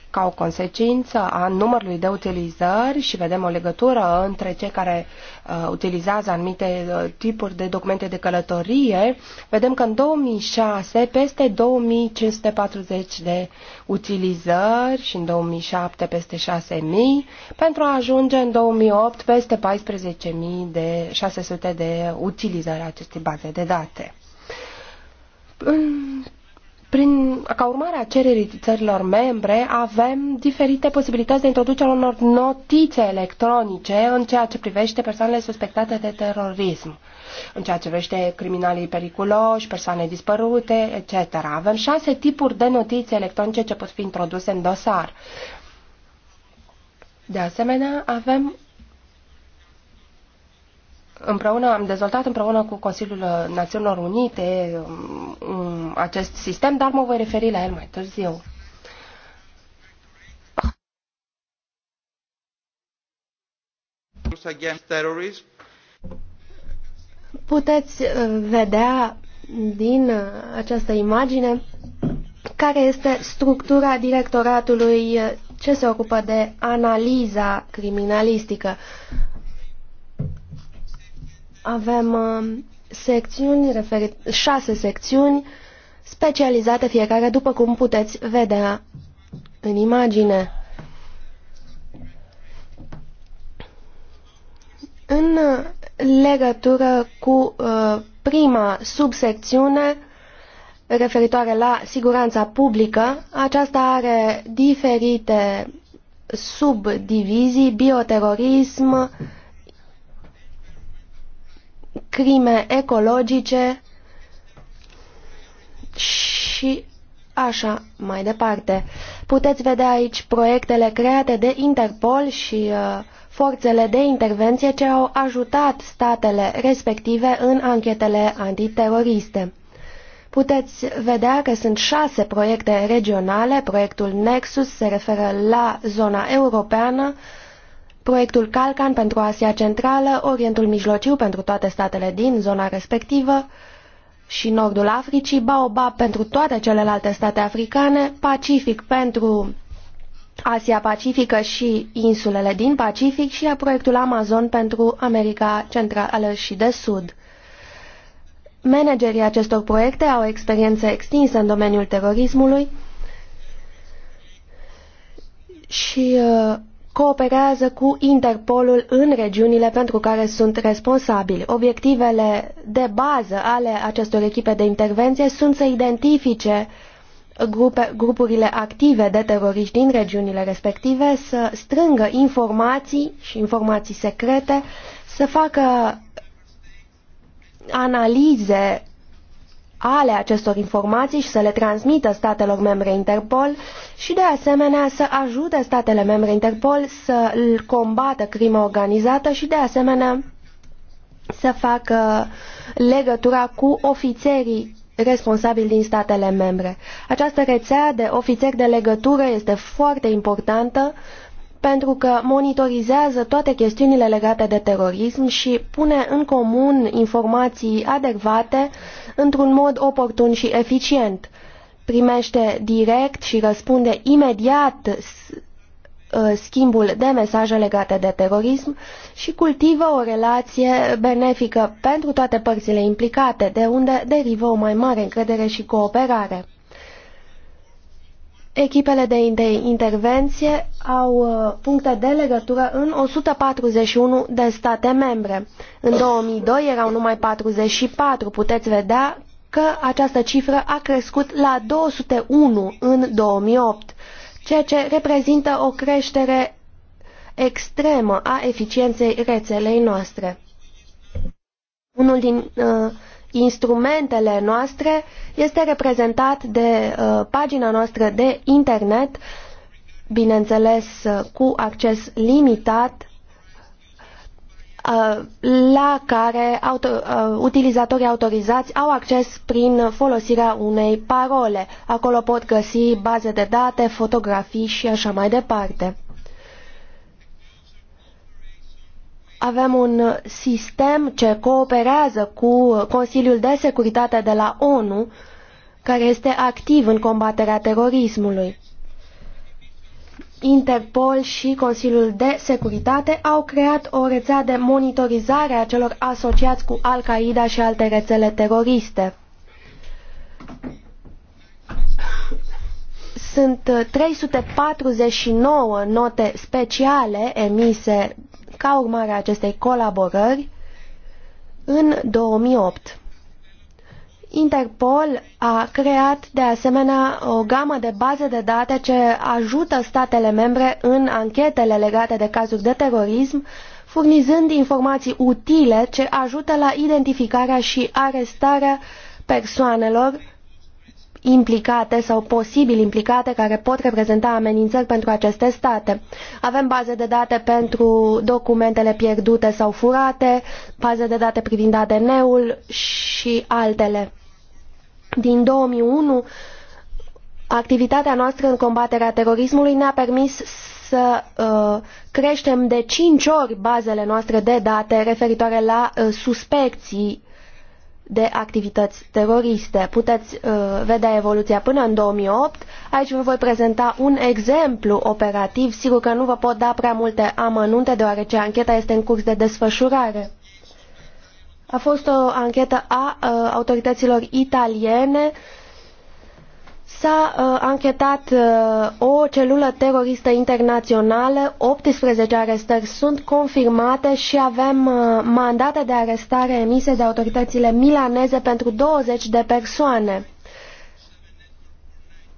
Ca o consecință a numărului de utilizări și vedem o legătură între cei care Uh, utilizează anumite uh, tipuri de documente de călătorie, vedem că în 2006 peste 2540 de utilizări și în 2007 peste 6000 pentru a ajunge în 2008 peste 14.600 de, 600 de utilizări acestei baze de date. Prin, ca urmare a cererii țărilor membre, avem diferite posibilități de introducere unor notițe electronice în ceea ce privește persoanele suspectate de terorism, în ceea ce privește criminalii periculoși, persoane dispărute, etc. Avem șase tipuri de notițe electronice ce pot fi introduse în dosar. De asemenea, avem Împreună am dezvoltat împreună cu Consiliul Națiunilor Unite um, acest sistem, dar mă voi referi la el mai târziu. Puteți uh, vedea din uh, această imagine care este structura directoratului uh, ce se ocupă de analiza criminalistică. Avem uh, secțiuni, referit, șase secțiuni specializate fiecare, după cum puteți vedea în imagine. În uh, legătură cu uh, prima subsecțiune referitoare la siguranța publică, aceasta are diferite subdivizii, bioterorism, uh, crime ecologice și așa mai departe. Puteți vedea aici proiectele create de Interpol și uh, forțele de intervenție ce au ajutat statele respective în anchetele antiteroriste. Puteți vedea că sunt șase proiecte regionale, proiectul Nexus se referă la zona europeană, proiectul Calcan pentru Asia Centrală, Orientul Mijlociu pentru toate statele din zona respectivă și Nordul Africii, Baobab pentru toate celelalte state africane, Pacific pentru Asia Pacifică și insulele din Pacific și proiectul Amazon pentru America Centrală și de Sud. Managerii acestor proiecte au experiență extinsă în domeniul terorismului și uh, cooperează cu Interpolul în regiunile pentru care sunt responsabili. Obiectivele de bază ale acestor echipe de intervenție sunt să identifice grupe, grupurile active de teroriști din regiunile respective, să strângă informații și informații secrete, să facă analize ale acestor informații și să le transmită statelor membre Interpol și de asemenea să ajute statele membre Interpol să combată crima organizată și de asemenea să facă legătura cu ofițerii responsabili din statele membre. Această rețea de ofițeri de legătură este foarte importantă pentru că monitorizează toate chestiunile legate de terorism și pune în comun informații adecvate într-un mod oportun și eficient. Primește direct și răspunde imediat uh, schimbul de mesaje legate de terorism și cultivă o relație benefică pentru toate părțile implicate, de unde derivă o mai mare încredere și cooperare. Echipele de intervenție au uh, puncte de legătură în 141 de state membre. În 2002 erau numai 44. Puteți vedea că această cifră a crescut la 201 în 2008, ceea ce reprezintă o creștere extremă a eficienței rețelei noastre. Unul din uh, instrumentele noastre este reprezentat de uh, pagina noastră de internet, bineînțeles uh, cu acces limitat, uh, la care auto, uh, utilizatorii autorizați au acces prin folosirea unei parole. Acolo pot găsi baze de date, fotografii și așa mai departe. avem un sistem ce cooperează cu Consiliul de Securitate de la ONU, care este activ în combaterea terorismului. Interpol și Consiliul de Securitate au creat o rețea de monitorizare a celor asociați cu Al-Qaeda și alte rețele teroriste. Sunt 349 note speciale emise ca urmare a acestei colaborări în 2008. Interpol a creat de asemenea o gamă de baze de date ce ajută statele membre în anchetele legate de cazuri de terorism, furnizând informații utile ce ajută la identificarea și arestarea persoanelor implicate sau posibil implicate care pot reprezenta amenințări pentru aceste state. Avem baze de date pentru documentele pierdute sau furate, baze de date privind ADN-ul și altele. Din 2001, activitatea noastră în combaterea terorismului ne-a permis să uh, creștem de 5 ori bazele noastre de date referitoare la uh, suspecții de activități teroriste. Puteți uh, vedea evoluția până în 2008. Aici vă voi prezenta un exemplu operativ. Sigur că nu vă pot da prea multe amănunte, deoarece ancheta este în curs de desfășurare. A fost o anchetă a uh, autorităților italiene uh, S-a uh, anchetat uh, o celulă teroristă internațională, 18 arestări sunt confirmate și avem uh, mandate de arestare emise de autoritățile milaneze pentru 20 de persoane.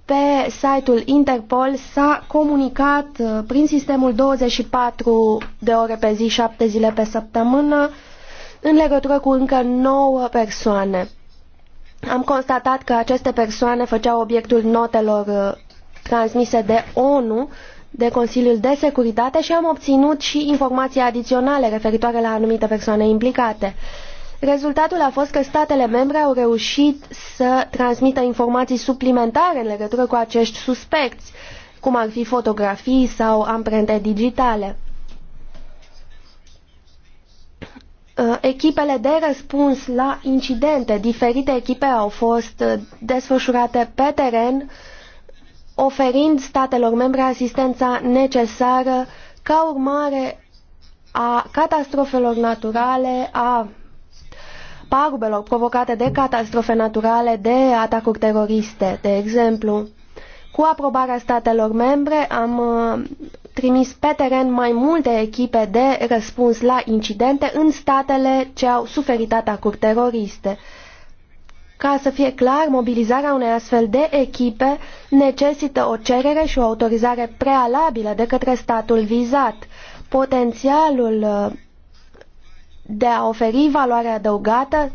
Pe site-ul Interpol s-a comunicat uh, prin sistemul 24 de ore pe zi, 7 zile pe săptămână, în legătură cu încă 9 persoane am constatat că aceste persoane făceau obiectul notelor uh, transmise de ONU, de Consiliul de Securitate și am obținut și informații adiționale referitoare la anumite persoane implicate. Rezultatul a fost că statele membre au reușit să transmită informații suplimentare în legătură cu acești suspecți, cum ar fi fotografii sau amprente digitale. Uh, echipele de răspuns la incidente. Diferite echipe au fost uh, desfășurate pe teren, oferind statelor membre asistența necesară ca urmare a catastrofelor naturale, a pagubelor provocate de catastrofe naturale, de atacuri teroriste, de exemplu. Cu aprobarea statelor membre am uh, trimis pe teren mai multe echipe de răspuns la incidente în statele ce au suferit atacuri teroriste. Ca să fie clar, mobilizarea unei astfel de echipe necesită o cerere și o autorizare prealabilă de către statul vizat. Potențialul uh, de a oferi valoare adăugată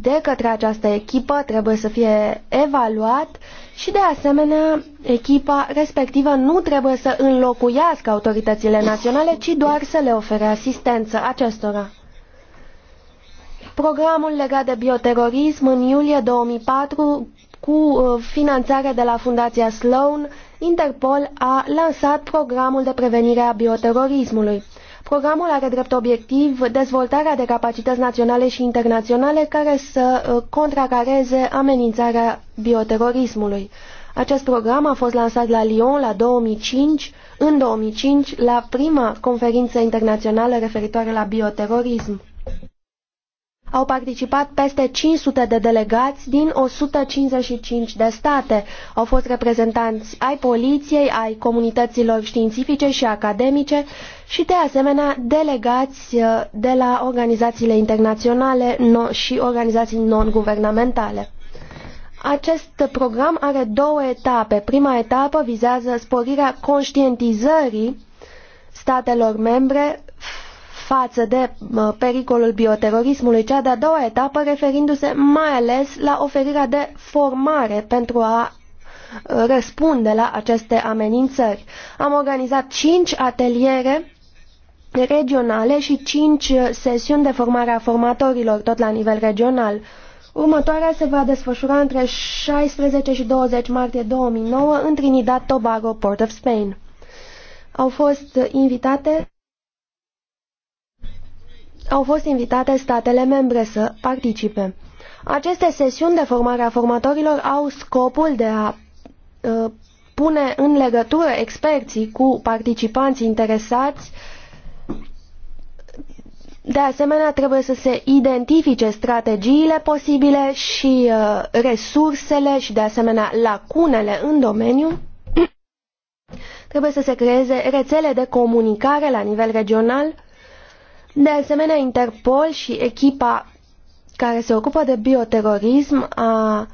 de către această echipă trebuie să fie evaluat și de asemenea echipa respectivă nu trebuie să înlocuiască autoritățile naționale, ci doar să le ofere asistență acestora. Programul legat de bioterorism în iulie 2004 cu uh, finanțare de la Fundația Sloan, Interpol a lansat programul de prevenire a bioterorismului. Programul are drept obiectiv dezvoltarea de capacități naționale și internaționale care să uh, contracareze amenințarea bioterorismului. Acest program a fost lansat la Lyon la 2005, în 2005 la prima conferință internațională referitoare la bioterorism au participat peste 500 de delegați din 155 de state. Au fost reprezentanți ai poliției, ai comunităților științifice și academice și de asemenea delegați uh, de la organizațiile internaționale și organizații non-guvernamentale. Acest program are două etape. Prima etapă vizează sporirea conștientizării statelor membre față de pericolul bioterorismului, cea de-a doua etapă referindu-se mai ales la oferirea de formare pentru a ă, răspunde la aceste amenințări. Am organizat cinci ateliere regionale și cinci sesiuni de formare a formatorilor, tot la nivel regional. Următoarea se va desfășura între 16 și 20 martie 2009 în Trinidad Tobago, Port of Spain. Au fost invitate au fost invitate statele membre să participe. Aceste sesiuni de formare a formatorilor au scopul de a ă, pune în legătură experții cu participanții interesați. De asemenea, trebuie să se identifice strategiile posibile și ă, resursele și, de asemenea, lacunele în domeniu. Trebuie să se creeze rețele de comunicare la nivel regional de asemenea, Interpol și echipa care se ocupă de bioterorism a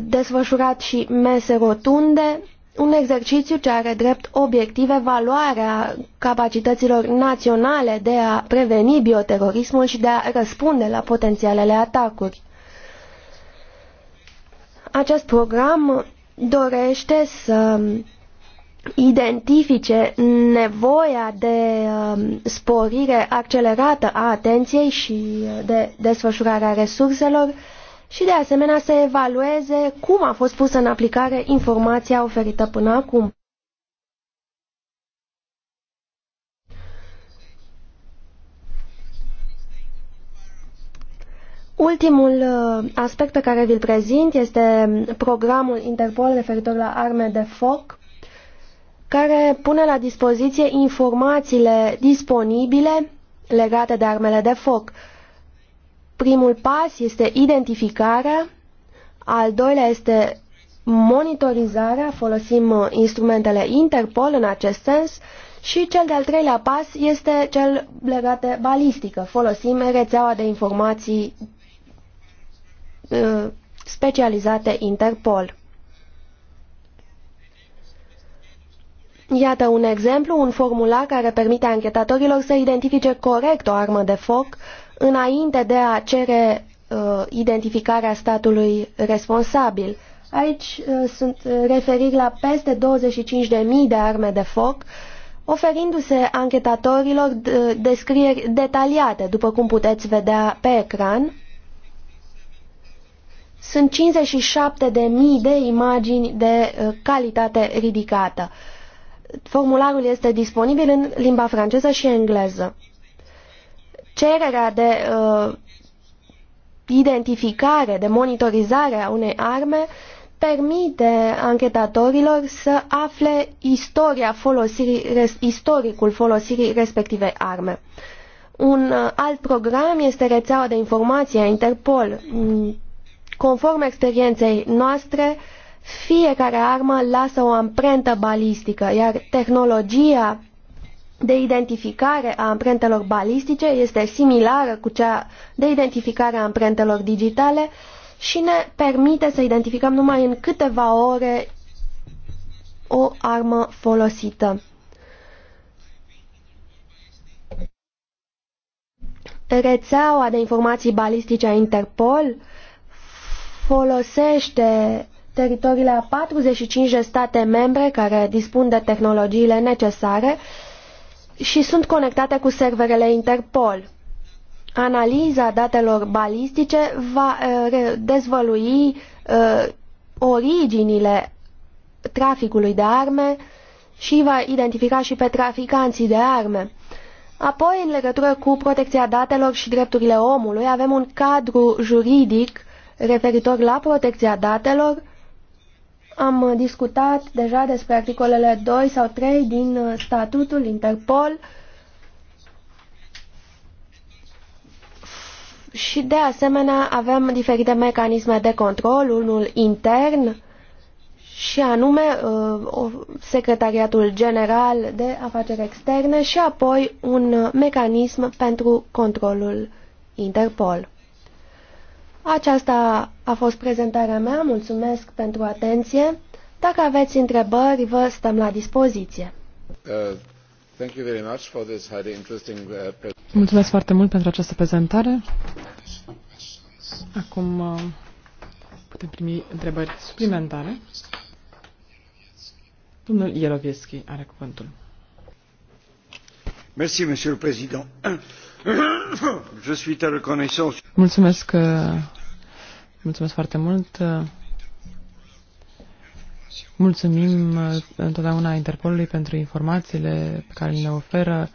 desfășurat și mese rotunde, un exercițiu ce are drept obiectiv evaluarea capacităților naționale de a preveni bioterorismul și de a răspunde la potențialele atacuri. Acest program dorește să identifice nevoia de um, sporire accelerată a atenției și de desfășurarea resurselor și de asemenea să evalueze cum a fost pusă în aplicare informația oferită până acum. Ultimul uh, aspect pe care vi-l prezint este programul Interpol referitor la arme de foc care pune la dispoziție informațiile disponibile legate de armele de foc. Primul pas este identificarea, al doilea este monitorizarea, folosim uh, instrumentele Interpol în acest sens și cel de-al treilea pas este cel legat de balistică. Folosim rețeaua de informații uh, specializate Interpol. Iată un exemplu, un formular care permite anchetatorilor să identifice corect o armă de foc înainte de a cere uh, identificarea statului responsabil. Aici uh, sunt uh, referiri la peste 25.000 de arme de foc, oferindu-se anchetatorilor uh, descrieri detaliate, după cum puteți vedea pe ecran. Sunt 57.000 de imagini de uh, calitate ridicată. Uh, Formularul este disponibil în limba franceză și engleză. Cererea de uh, identificare, de monitorizare a unei arme permite anchetatorilor să afle istoria folosirii, res, istoricul folosirii respectivei arme. Un uh, alt program este rețeaua de informație a Interpol. Conform experienței noastre, uh, fiecare armă lasă o amprentă balistică, iar tehnologia de identificare a amprentelor balistice este similară cu cea de identificare a amprentelor digitale și ne permite să identificăm numai în câteva ore o armă folosită. Rețeaua de informații balistice a Interpol folosește teritoriile a 45 de state membre care dispun de tehnologiile necesare și sunt conectate cu serverele Interpol. Analiza datelor balistice va eh, dezvălui eh, originile traficului de arme și va identifica și pe traficanții de arme. Apoi, în legătură cu protecția datelor și drepturile omului, avem un cadru juridic referitor la protecția datelor am uh, discutat deja despre articolele 2 sau 3 din uh, statutul Interpol și de asemenea avem diferite mecanisme de control, unul intern și anume uh, Secretariatul General de Afaceri Externe și apoi un mecanism pentru controlul Interpol. Aceasta a fost prezentarea mea. Mulțumesc pentru atenție. Dacă aveți întrebări, vă stăm la dispoziție. Uh, uh, mulțumesc foarte mult pentru această prezentare. Acum uh, putem primi întrebări suplimentare. Domnul Ielovieschi are cuvântul. Merci, monsieur le président. Je suis à reconnaissance. Mulțumesc, Mulțumesc foarte mult. Mulțumim uh, întotdeauna Interpolului pentru informațiile pe care ne oferă,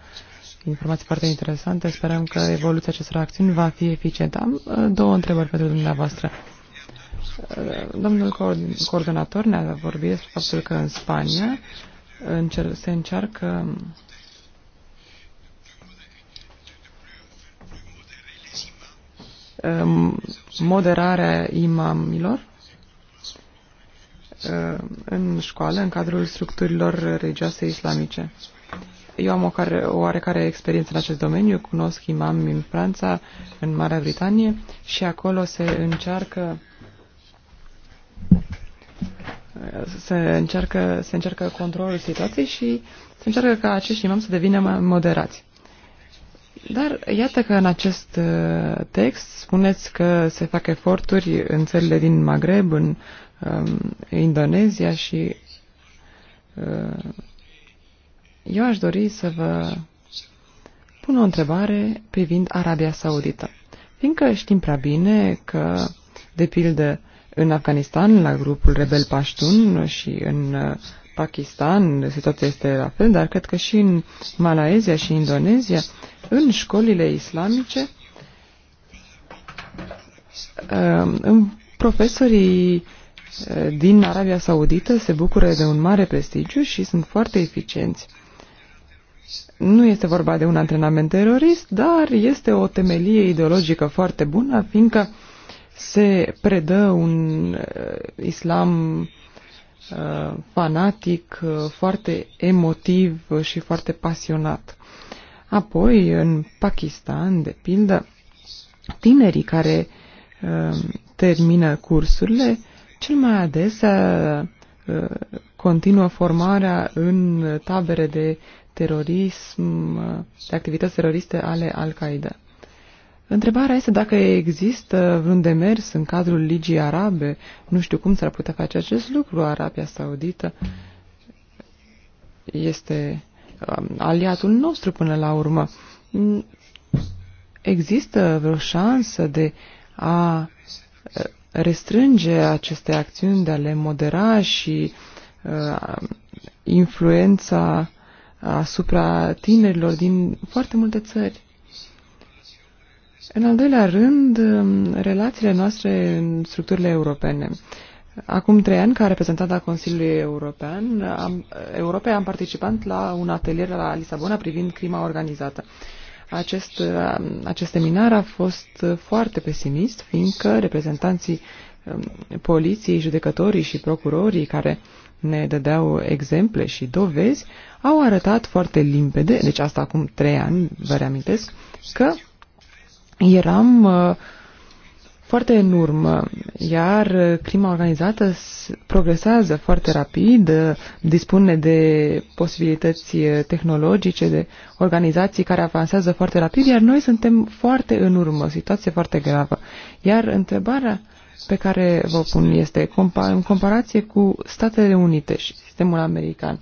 informații foarte interesante. Sperăm că evoluția acestor acțiuni va fi eficientă. Am uh, două întrebări pentru dumneavoastră. Uh, domnul coordonator ne-a vorbit despre faptul că în Spania se încearcă Um, moderarea imamilor um, în școală, în cadrul structurilor religioase islamice. Eu am o care, oarecare experiență în acest domeniu, cunosc imam în Franța, în Marea Britanie și acolo se încearcă se încearcă, se încearcă controlul situației și se încearcă ca acești imam să devină moderați. Dar iată că în acest uh, text spuneți că se fac eforturi în țările din Maghreb, în um, Indonezia și uh, eu aș dori să vă pun o întrebare privind Arabia Saudită. Fiindcă știm prea bine că, de pildă, în Afganistan, la grupul rebel Paștun și în uh, Pakistan situația este la fel, dar cred că și în Malaezia și Indonezia, în școlile islamice, um, în profesorii uh, din Arabia Saudită se bucură de un mare prestigiu și sunt foarte eficienți. Nu este vorba de un antrenament terorist, dar este o temelie ideologică foarte bună, fiindcă se predă un uh, islam Uh, fanatic, uh, foarte emotiv și foarte pasionat. Apoi, în Pakistan, de pildă, tinerii care uh, termină cursurile, cel mai adesea continuă formarea în tabere de terorism, de activități teroriste ale Al-Qaeda. Întrebarea este dacă există vreun demers în cadrul Ligii Arabe. Nu știu cum s-ar putea face acest lucru. Arabia Saudită este um, aliatul nostru până la urmă. Există vreo șansă de a uh, restrânge aceste acțiuni, de a le modera și uh, influența asupra tinerilor din foarte multe țări. În al doilea rând, um, relațiile noastre în structurile europene. Acum trei ani, ca reprezentant al Consiliului European, am, Europei am participat la un atelier la Lisabona privind crima organizată. Acest, um, acest seminar a fost foarte pesimist, fiindcă reprezentanții um, poliției, judecătorii și procurorii care ne dădeau exemple și dovezi, au arătat foarte limpede, deci asta acum trei ani, vă reamintesc, că eram uh, foarte în urmă, iar crima organizată progresează foarte rapid, uh, dispune de posibilități uh, tehnologice, de organizații care avansează foarte rapid, iar noi suntem foarte în urmă, situație foarte gravă. Iar întrebarea pe care vă pun este în comparație cu Statele Unite și sistemul american,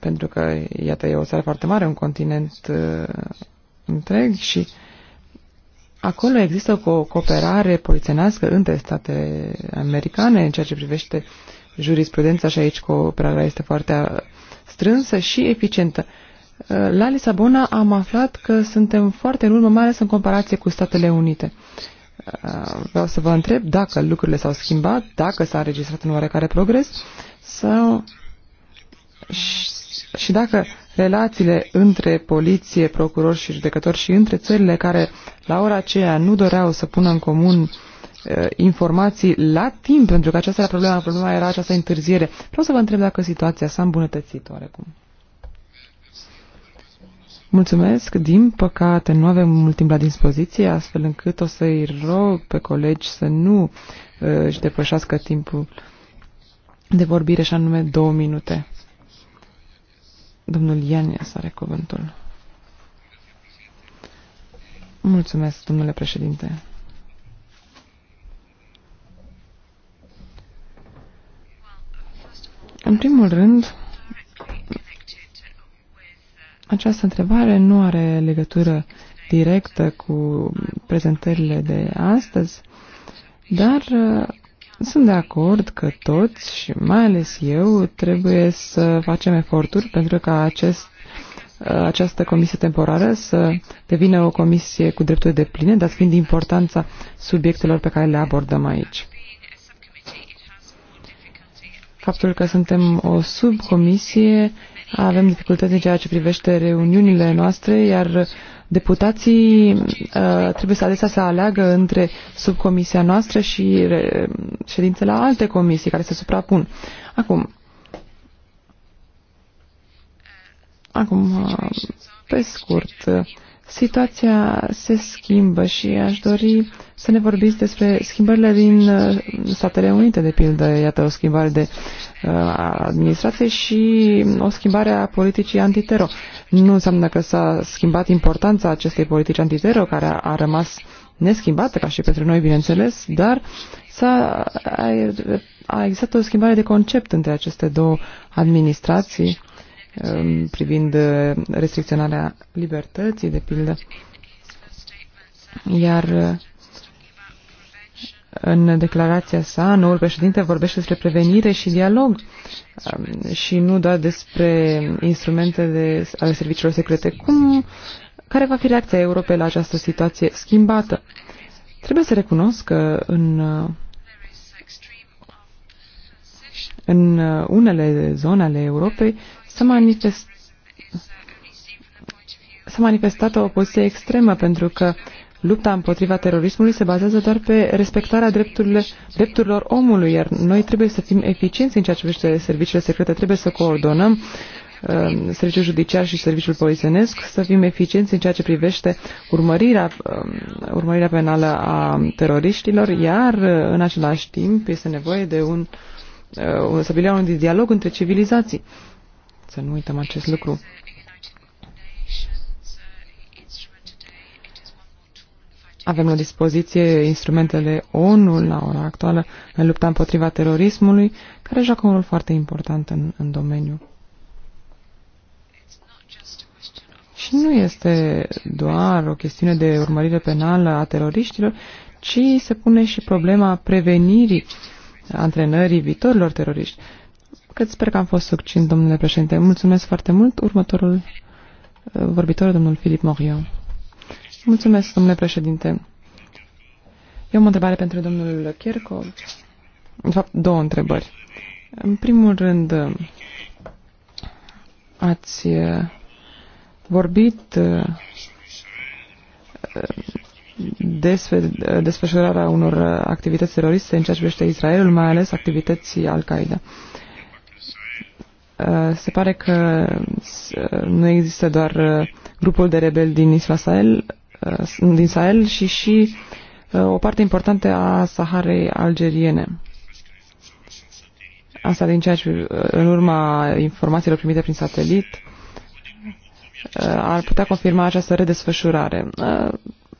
pentru că, iată, e o țară foarte mare, un continent întreg și uh, Acolo există o cooperare polițenească între state americane în ceea ce privește jurisprudența și aici cooperarea este foarte strânsă și eficientă. Uh, la Lisabona am aflat că suntem foarte în urmă, mai ales în comparație cu Statele Unite. Uh, vreau să vă întreb dacă lucrurile s-au schimbat, dacă s-a înregistrat un oarecare progres sau și, și dacă relațiile între poliție, procurori și judecători și între țările care la ora aceea nu doreau să pună în comun uh, informații la timp, pentru că aceasta era problema, problema era această întârziere. Vreau să vă întreb dacă situația s-a îmbunătățit oarecum. Mulțumesc. Din păcate, nu avem mult timp la dispoziție, astfel încât o să-i rog pe colegi să nu uh, își depășească timpul de vorbire, și anume două minute. Domnul Ianias are cuvântul. Mulțumesc, domnule președinte. În primul rând, această întrebare nu are legătură directă cu prezentările de astăzi, dar sunt de acord că toți și mai ales eu trebuie să facem eforturi pentru ca acest, această comisie temporară să devină o comisie cu drepturi de pline, dar fiind importanța subiectelor pe care le abordăm aici. Faptul că suntem o subcomisie avem dificultăți în ceea ce privește reuniunile noastre, iar deputații uh, trebuie să adesea să aleagă între subcomisia noastră și re, ședințele la alte comisii care se suprapun. Acum, acum uh, pe scurt, uh, Situația se schimbă și aș dori să ne vorbiți despre schimbările din uh, Statele Unite, de pildă, iată o schimbare de uh, administrație și o schimbare a politicii antitero. Nu înseamnă că s-a schimbat importanța acestei politici antitero, care a, a rămas neschimbată, ca și pentru noi, bineînțeles, dar s-a, a, a existat o schimbare de concept între aceste două administrații Um, privind uh, restricționarea libertății, de pildă. Iar uh, în declarația sa, noul președinte vorbește despre prevenire și dialog um, și nu doar despre instrumente de, ale serviciilor secrete. Cum, care va fi reacția Europei la această situație schimbată? Trebuie să recunosc că în, uh, în unele zone ale Europei S-a manifestat o opoziție extremă pentru că lupta împotriva terorismului se bazează doar pe respectarea drepturilor, drepturilor omului, iar noi trebuie să fim eficienți în ceea ce privește serviciile secrete, trebuie să coordonăm uh, serviciul judiciar și serviciul polițienesc, să fim eficienți în ceea ce privește urmărirea, um, urmărirea penală a teroriștilor, iar uh, în același timp este nevoie de un, uh, să un dialog între civilizații. Să nu uităm acest lucru. Avem la dispoziție instrumentele ONU la ora actuală în lupta împotriva terorismului, care joacă un rol foarte important în, în domeniu. Și nu este doar o chestiune de urmărire penală a teroriștilor, ci se pune și problema prevenirii antrenării viitorilor teroriști cât sper că am fost succint, domnule președinte. Mulțumesc foarte mult. Următorul uh, vorbitor, domnul Filip Morio. Mulțumesc, domnule președinte. Eu am o întrebare pentru domnul Kirchhoff. De fapt, două întrebări. În primul rând, ați uh, vorbit uh, despre desfășurarea unor activități teroriste în ceea ce privește Israelul, mai ales activității Al-Qaeda. Uh, se pare că uh, nu există doar uh, grupul de rebeli din Isla Sahel, din Sahel și și o parte importantă a Saharei algeriene. Asta din ceea ce, în urma informațiilor primite prin satelit, ar putea confirma această redesfășurare.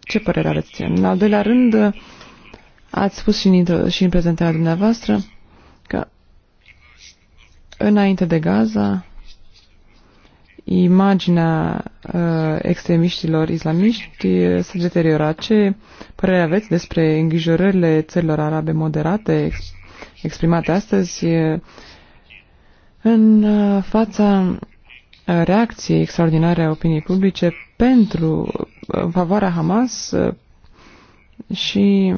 Ce părere aveți? În al doilea rând, ați spus și în, și în prezentarea dumneavoastră, Înainte de Gaza, imaginea uh, extremiștilor islamiști se deteriora. Ce părere aveți despre îngrijorările țărilor arabe moderate ex- exprimate astăzi uh, în uh, fața uh, reacției extraordinare a opiniei publice pentru uh, favoarea Hamas și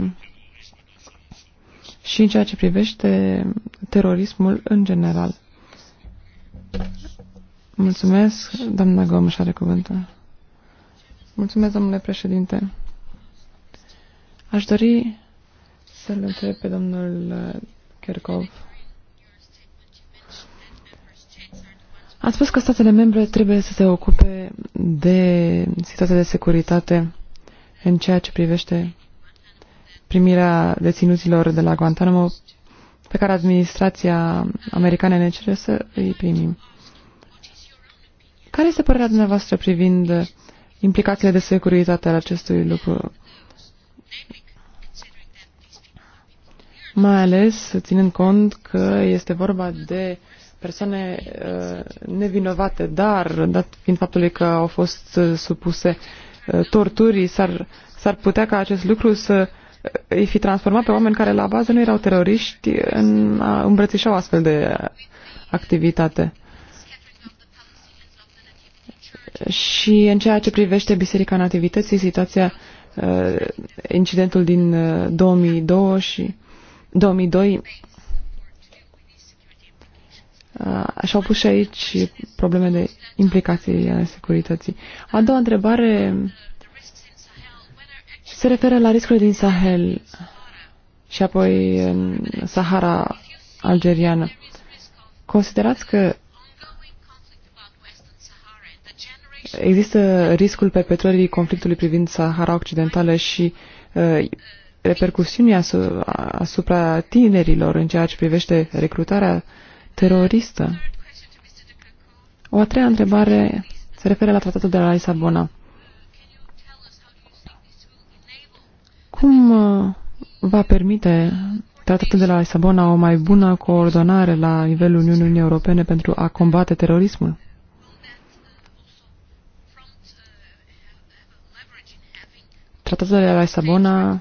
și în ceea ce privește terorismul în general. Mulțumesc, doamna Gomes are cuvântul. Mulțumesc, domnule președinte. Aș dori să-l întreb pe domnul uh, Kerkov. Ați spus că statele membre trebuie să se ocupe de situația de securitate în ceea ce privește primirea deținuților de la Guantanamo pe care administrația americană ne cere să îi primim. Care este părerea dumneavoastră privind implicațiile de securitate al acestui lucru? Mai ales ținând cont că este vorba de persoane uh, nevinovate, dar dat fiind faptului că au fost uh, supuse uh, torturii, s-ar, s-ar putea ca acest lucru să îi fi transformat pe oameni care la bază nu erau teroriști în a îmbrățișa o astfel de activitate. Și în ceea ce privește Biserica Nativității, situația, uh, incidentul din 2002 uh, și 2002 și au pus și aici probleme de implicații ale securității. A doua întrebare se referă la riscurile din Sahel și apoi în Sahara algeriană. Considerați că există riscul perpetuării conflictului privind Sahara Occidentală și uh, repercusiunii asupra, asupra tinerilor în ceea ce privește recrutarea teroristă? O a treia întrebare se referă la tratatul de la Lisabona. Cum uh, va permite tratatul de la Lisabona o mai bună coordonare la nivelul Uniunii Europene pentru a combate terorismul? Tratatul de la Lisabona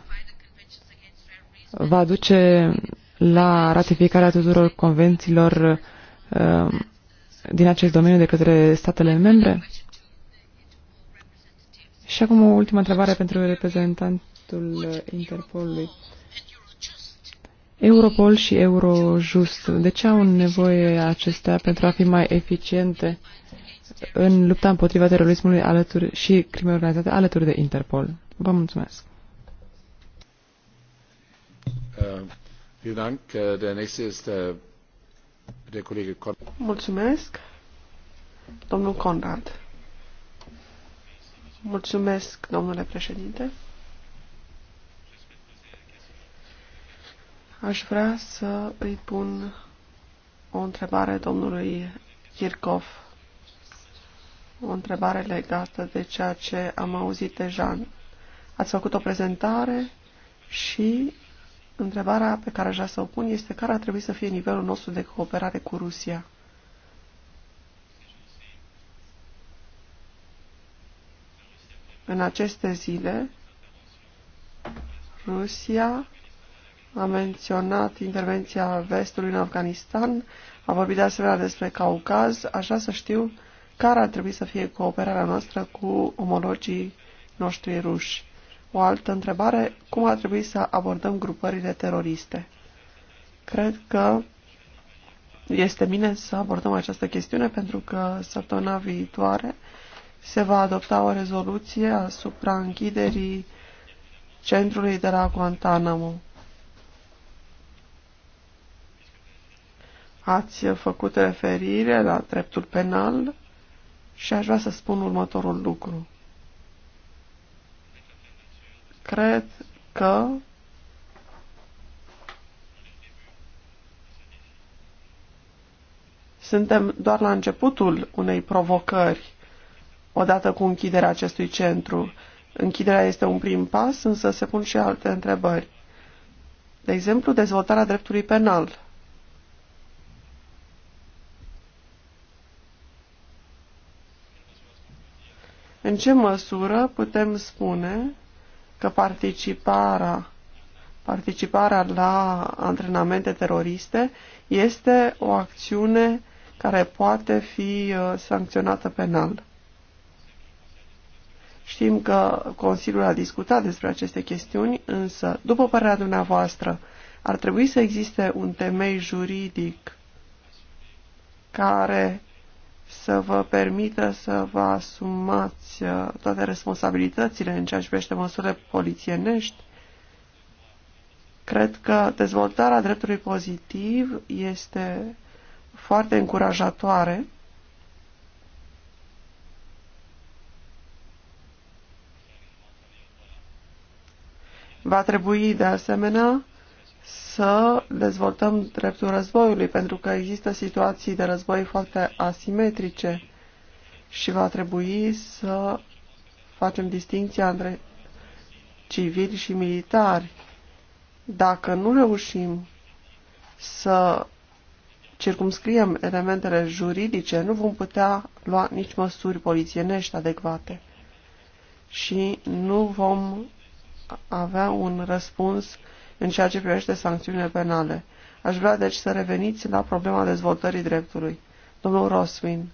va duce la ratificarea tuturor convențiilor uh, din acest domeniu de către statele membre? Și acum o ultimă întrebare pentru reprezentant raportul uh, Interpolului. Europol și Eurojust, de ce au nevoie acestea pentru a fi mai eficiente în lupta împotriva terorismului alături și crimei organizate alături de Interpol? Vă mulțumesc. Uh, uh, mulțumesc. Domnul Conrad. Mulțumesc, domnule președinte. Aș vrea să îi pun o întrebare domnului Kirchhoff. O întrebare legată de ceea ce am auzit deja. Ați făcut o prezentare și întrebarea pe care aș vrea să o pun este care ar trebui să fie nivelul nostru de cooperare cu Rusia. În aceste zile, Rusia a menționat intervenția vestului în Afganistan, a vorbit de asemenea despre Caucaz, așa să știu care ar trebui să fie cooperarea noastră cu omologii noștri ruși. O altă întrebare, cum ar trebui să abordăm grupările teroriste? Cred că este bine să abordăm această chestiune pentru că săptămâna viitoare se va adopta o rezoluție asupra închiderii centrului de la Guantanamo. Ați făcut referire la dreptul penal și aș vrea să spun următorul lucru. Cred că suntem doar la începutul unei provocări odată cu închiderea acestui centru. Închiderea este un prim pas, însă se pun și alte întrebări. De exemplu, dezvoltarea dreptului penal. În ce măsură putem spune că participarea, participarea la antrenamente teroriste este o acțiune care poate fi uh, sancționată penal? Știm că Consiliul a discutat despre aceste chestiuni, însă, după părerea dumneavoastră, ar trebui să existe un temei juridic care să vă permită să vă asumați uh, toate responsabilitățile în ceea ce privește măsurile polițienești, cred că dezvoltarea dreptului pozitiv este foarte încurajatoare. Va trebui, de asemenea, să dezvoltăm dreptul războiului, pentru că există situații de război foarte asimetrice și va trebui să facem distinția între civili și militari. Dacă nu reușim să circumscriem elementele juridice, nu vom putea lua nici măsuri polițienești adecvate și nu vom avea un răspuns în ceea ce privește sancțiunile penale. Aș vrea deci să reveniți la problema dezvoltării dreptului. Domnul Roswin.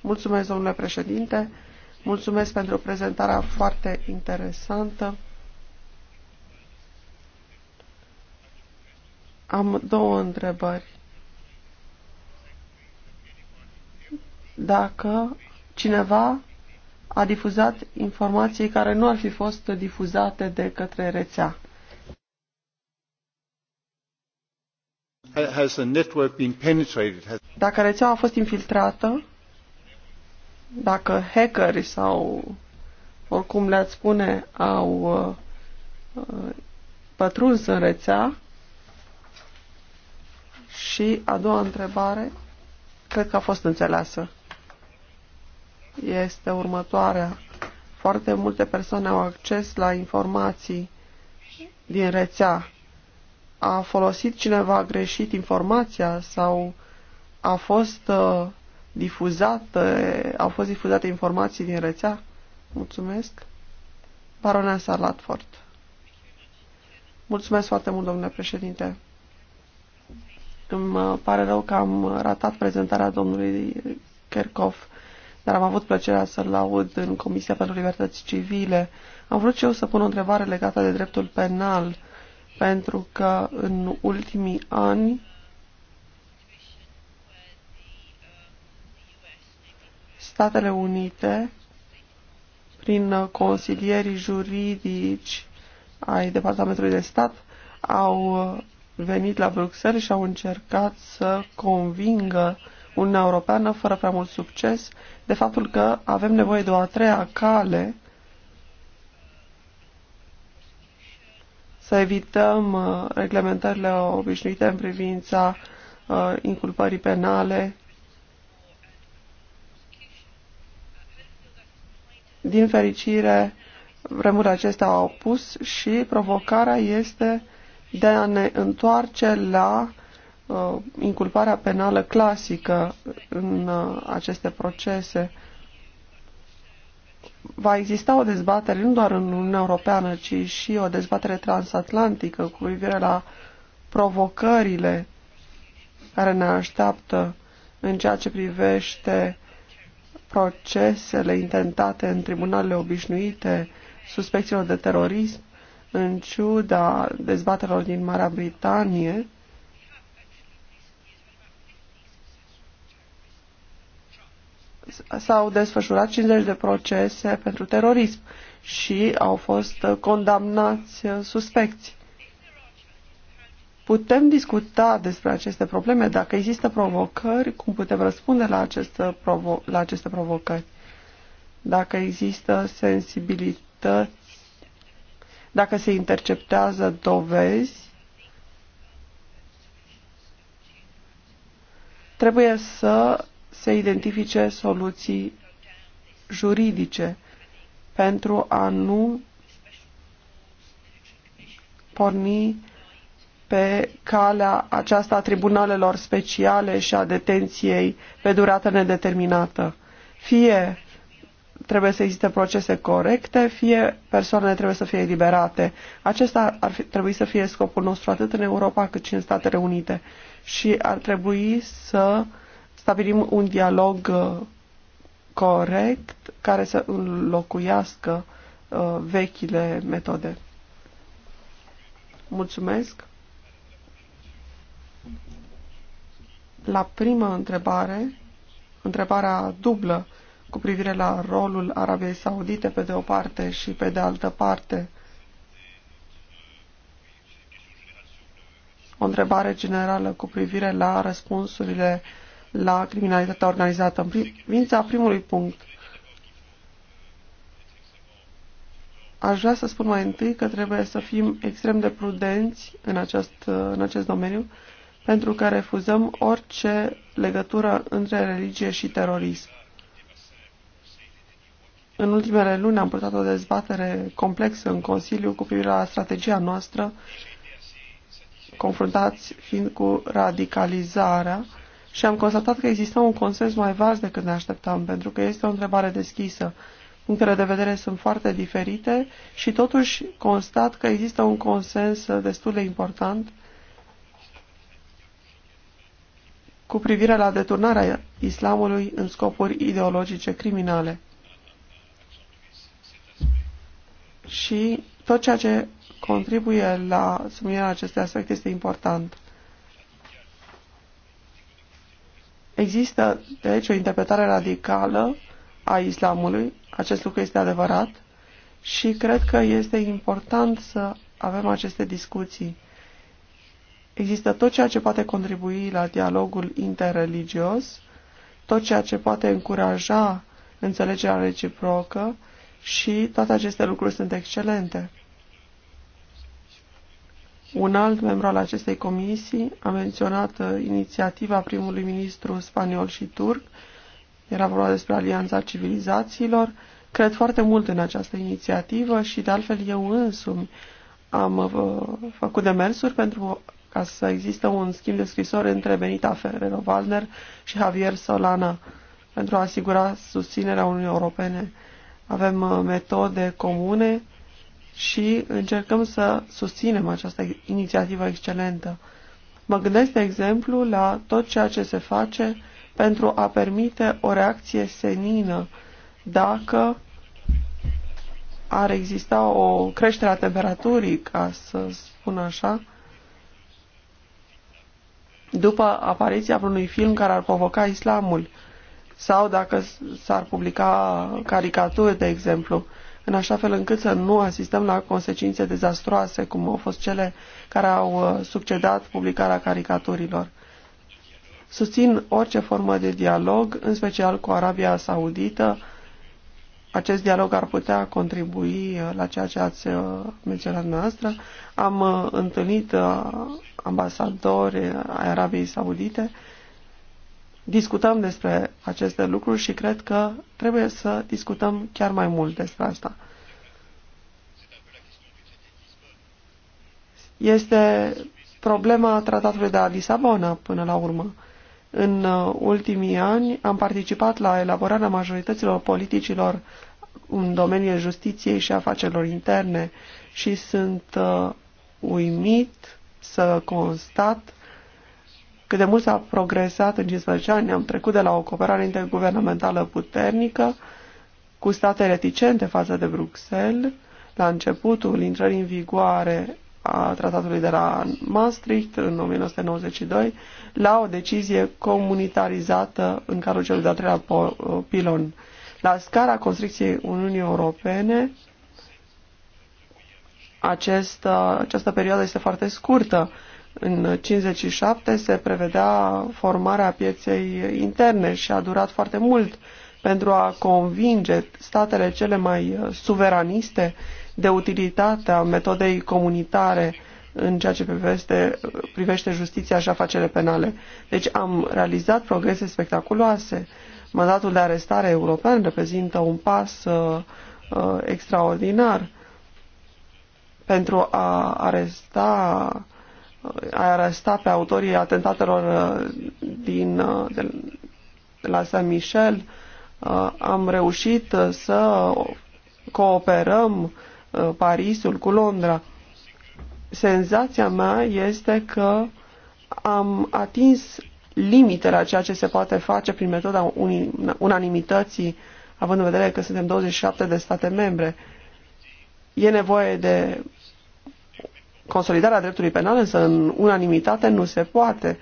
Mulțumesc, domnule președinte. Mulțumesc pentru prezentarea foarte interesantă. Am două întrebări. Dacă cineva a difuzat informații care nu ar fi fost difuzate de către rețea. Dacă rețeaua a fost infiltrată, dacă hackeri sau oricum le-ați spune au uh, uh, pătruns în rețea, și a doua întrebare, cred că a fost înțeleasă este următoarea. Foarte multe persoane au acces la informații din rețea. A folosit cineva greșit informația sau a fost uh, difuzată, au fost difuzate informații din rețea? Mulțumesc. Baroneasa Latford. Mulțumesc foarte mult, domnule președinte. Îmi uh, pare rău că am ratat prezentarea domnului Kerkov dar am avut plăcerea să-l aud în Comisia pentru Libertăți Civile. Am vrut și eu să pun o întrebare legată de dreptul penal, pentru că în ultimii ani Statele Unite, prin consilierii juridici ai Departamentului de Stat, au venit la Bruxelles și au încercat să convingă uh, Uniunea Europeană fără prea mult succes de faptul că avem nevoie de o a treia cale să evităm uh, reglementările obișnuite în privința uh, inculpării penale. Din fericire, vremurile acestea au opus și provocarea este de a ne întoarce la uh, inculparea penală clasică în uh, aceste procese. Va exista o dezbatere nu doar în Uniunea Europeană, ci și o dezbatere transatlantică cu privire la provocările care ne așteaptă în ceea ce privește procesele intentate în tribunalele obișnuite suspecțiilor de terorism, în ciuda dezbaterilor din Marea Britanie, s-au desfășurat 50 de procese pentru terorism și au fost condamnați uh, suspecți. Putem discuta despre aceste probleme, dacă există provocări, cum putem răspunde la aceste, provo- la aceste provocări, dacă există sensibilități, dacă se interceptează dovezi, trebuie să se identifice soluții juridice pentru a nu porni pe calea aceasta a tribunalelor speciale și a detenției pe durată nedeterminată. Fie trebuie să existe procese corecte, fie persoanele trebuie să fie eliberate. Acesta ar fi, trebui să fie scopul nostru atât în Europa cât și în Statele Unite. Și ar trebui să stabilim un dialog uh, corect care să înlocuiască uh, vechile metode. Mulțumesc. La prima întrebare, întrebarea dublă cu privire la rolul Arabiei Saudite pe de o parte și pe de altă parte, o întrebare generală cu privire la răspunsurile uh, la criminalitatea organizată. În privința primului punct, aș vrea să spun mai întâi că trebuie să fim extrem de prudenți în acest, în acest domeniu, pentru că refuzăm orice legătură între religie și terorism. În ultimele luni am purtat o dezbatere complexă în Consiliu cu privire la strategia noastră, confruntați fiind cu radicalizarea, și am constatat că există un consens mai vast decât ne așteptam, pentru că este o întrebare deschisă. Punctele de vedere sunt foarte diferite și totuși constat că există un consens destul de important cu privire la deturnarea islamului în scopuri ideologice criminale. Și tot ceea ce contribuie la sublinierea acestui aspect este important. Există, deci, o interpretare radicală a islamului, acest lucru este adevărat și cred că este important să avem aceste discuții. Există tot ceea ce poate contribui la dialogul interreligios, tot ceea ce poate încuraja înțelegerea reciprocă și toate aceste lucruri sunt excelente. Un alt membru al acestei comisii a menționat uh, inițiativa primului ministru spaniol și turc. Era vorba despre Alianța Civilizațiilor. Cred foarte mult în această inițiativă și, de altfel, eu însumi am uh, făcut demersuri pentru ca să există un schimb de scrisori între Benita Ferrero-Waldner și Javier Solana pentru a asigura susținerea Uniunii Europene. Avem uh, metode comune și încercăm să susținem această inițiativă excelentă. Mă gândesc, de exemplu, la tot ceea ce se face pentru a permite o reacție senină dacă ar exista o creștere a temperaturii, ca să spun așa, după apariția unui film care ar provoca islamul sau dacă s-ar publica caricaturi, de exemplu în așa fel încât să nu asistăm la consecințe dezastroase, cum au fost cele care au uh, succedat publicarea caricaturilor. Susțin orice formă de dialog, în special cu Arabia Saudită. Acest dialog ar putea contribui uh, la ceea ce ați uh, menționat noastră. Am întâlnit ambasadori ai Arabiei Saudite discutăm despre aceste lucruri și cred că trebuie să discutăm chiar mai mult despre asta. Este problema tratatului de la Lisabona până la urmă. În uh, ultimii ani am participat la elaborarea majorităților politicilor în domeniul justiției și afacerilor interne și sunt uh, uimit să constat cât de mult s-a progresat în 15 ani. Am trecut de la o cooperare interguvernamentală puternică cu state reticente față de Bruxelles la începutul intrării în vigoare a tratatului de la Maastricht în 1992 la o decizie comunitarizată în cadrul celui de-al treilea pilon. La scara construcției Uniunii Europene, această, această perioadă este foarte scurtă. În 57 se prevedea formarea pieței interne și a durat foarte mult pentru a convinge statele cele mai uh, suveraniste de utilitatea metodei comunitare în ceea ce privește, privește justiția și afacerile penale. Deci am realizat progrese spectaculoase. Mandatul de arestare european reprezintă un pas uh, uh, extraordinar pentru a aresta a arestat pe autorii atentatelor uh, din, uh, de, de la Saint-Michel, uh, am reușit să cooperăm Parisul cu Londra. Senzația mea este că am atins limitele a ceea ce se poate face prin metoda unanimității, având în vedere că suntem 27 de state membre. E nevoie de Consolidarea dreptului penal însă în unanimitate nu se poate.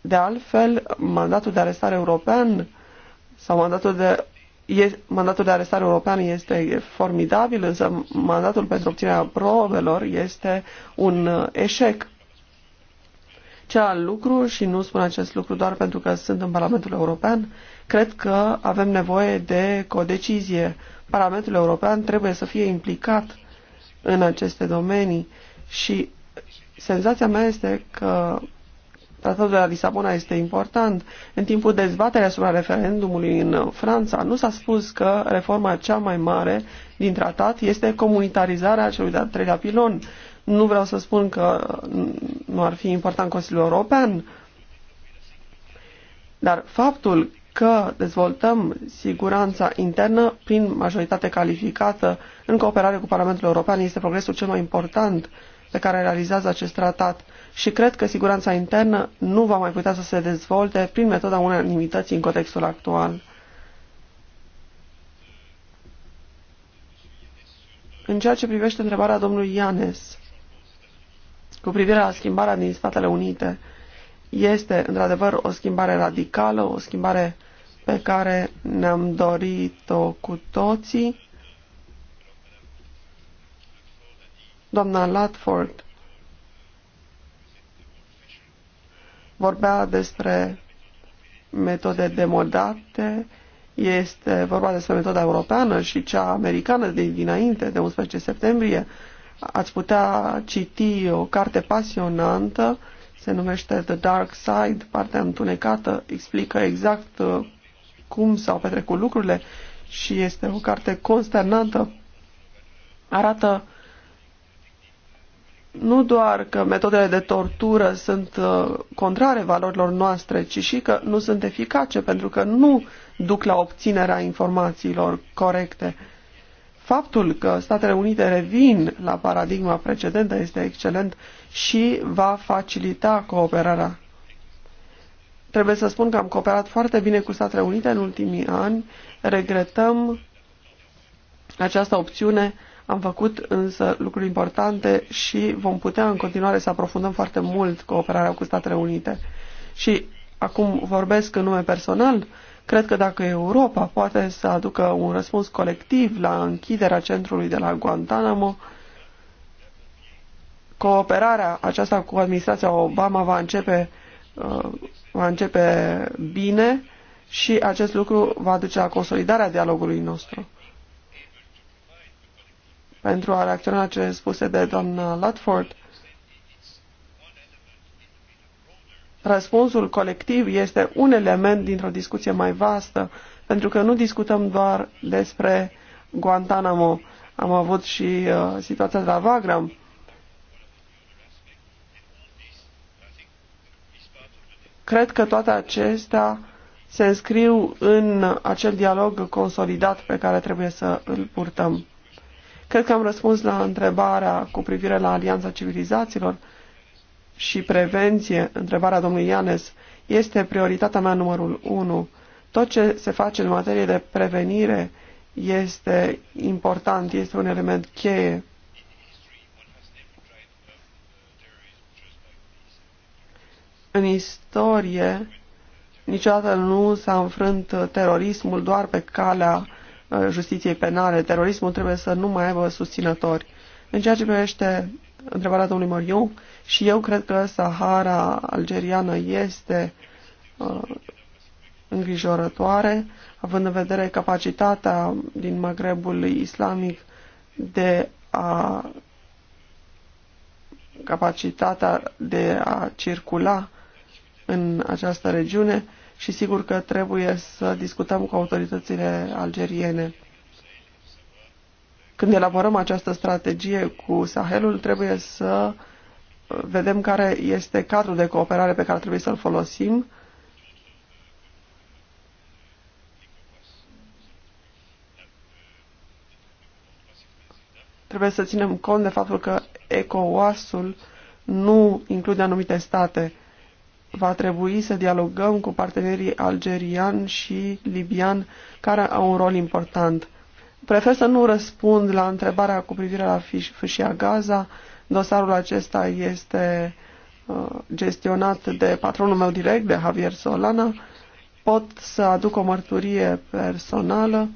De altfel, mandatul de arestare european sau mandatul de e, mandatul de arestare european este formidabil, însă mandatul pentru obținerea probelor este un uh, eșec. alt lucru, și nu spun acest lucru doar pentru că sunt în Parlamentul European, cred că avem nevoie de codecizie. Parlamentul European trebuie să fie implicat în aceste domenii și senzația mea este că tratatul de la Lisabona este important. În timpul dezbaterii asupra referendumului în Franța nu s-a spus că reforma cea mai mare din tratat este comunitarizarea celui de-al treilea pilon. Nu vreau să spun că nu ar fi important Consiliul European, dar faptul că dezvoltăm siguranța internă prin majoritate calificată în cooperare cu Parlamentul European este progresul cel mai important pe care realizează acest tratat și cred că siguranța internă nu va mai putea să se dezvolte prin metoda unanimității în contextul actual. În ceea ce privește întrebarea domnului Ianes cu privire la schimbarea din Statele Unite, este, într-adevăr, o schimbare radicală, o schimbare pe care ne-am dorit-o cu toții. Doamna Latford vorbea despre metode demodate, este vorba despre metoda europeană și cea americană de dinainte, de 11 septembrie. Ați putea citi o carte pasionantă se numește The Dark Side, partea întunecată, explică exact uh, cum s-au petrecut lucrurile și este o carte consternantă. Arată nu doar că metodele de tortură sunt uh, contrare valorilor noastre, ci și că nu sunt eficace pentru că nu duc la obținerea informațiilor corecte. Faptul că Statele Unite revin la paradigma precedentă este excelent și va facilita cooperarea. Trebuie să spun că am cooperat foarte bine cu Statele Unite în ultimii ani. Regretăm această opțiune. Am făcut însă lucruri importante și vom putea în continuare să aprofundăm foarte mult cooperarea cu Statele Unite. Și acum vorbesc în nume personal. Cred că dacă Europa poate să aducă un răspuns colectiv la închiderea centrului de la Guantanamo, cooperarea aceasta cu administrația Obama va începe, uh, va începe bine și acest lucru va duce la consolidarea dialogului nostru. Pentru a reacționa ce spuse de doamna Latford, răspunsul colectiv este un element dintr-o discuție mai vastă, pentru că nu discutăm doar despre Guantanamo. Am avut și uh, situația de la Vagram. Cred că toate acestea se înscriu în acel dialog consolidat pe care trebuie să îl purtăm. Cred că am răspuns la întrebarea cu privire la Alianța Civilizațiilor și prevenție, întrebarea domnului Ianes, este prioritatea mea numărul 1. Tot ce se face în materie de prevenire este important, este un element cheie. În istorie, niciodată nu s-a înfrânt terorismul doar pe calea uh, justiției penale. Terorismul trebuie să nu mai aibă susținători. În ceea ce privește întrebarea domnului Măriu și eu cred că Sahara algeriană este uh, îngrijorătoare, având în vedere capacitatea din Maghrebul islamic de a capacitatea de a circula în această regiune și sigur că trebuie să discutăm cu autoritățile algeriene. Când elaborăm această strategie cu Sahelul, trebuie să uh, vedem care este cadrul de cooperare pe care trebuie să-l folosim. Trebuie să ținem cont de faptul că ECOWAS-ul nu include anumite state. Va trebui să dialogăm cu partenerii algerian și libian care au un rol important. Prefer să nu răspund la întrebarea cu privire la fâșia Gaza. Dosarul acesta este uh, gestionat de patronul meu direct, de Javier Solana. Pot să aduc o mărturie personală.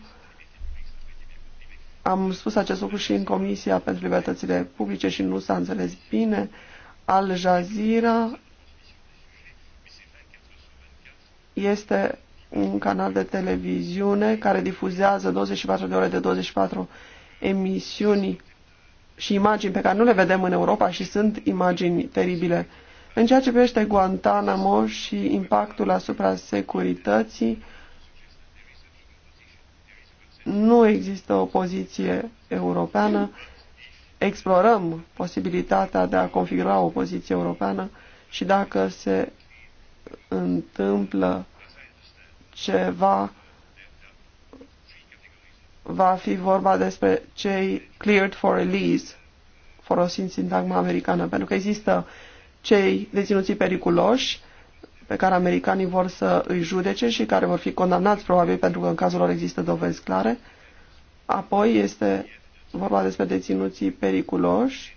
Am spus acest lucru și în Comisia pentru Libertățile Publice și nu s-a înțeles bine. Al Jazeera este un canal de televiziune care difuzează 24 de ore de 24 emisiuni și imagini pe care nu le vedem în Europa și sunt imagini teribile. În ceea ce privește Guantanamo și impactul asupra securității, nu există o poziție europeană. Explorăm posibilitatea de a configura o poziție europeană și dacă se întâmplă ceva va fi vorba despre cei cleared for release, folosind sintagma americană, pentru că există cei deținuții periculoși pe care americanii vor să îi judece și care vor fi condamnați probabil pentru că în cazul lor există dovezi clare. Apoi este vorba despre deținuții periculoși,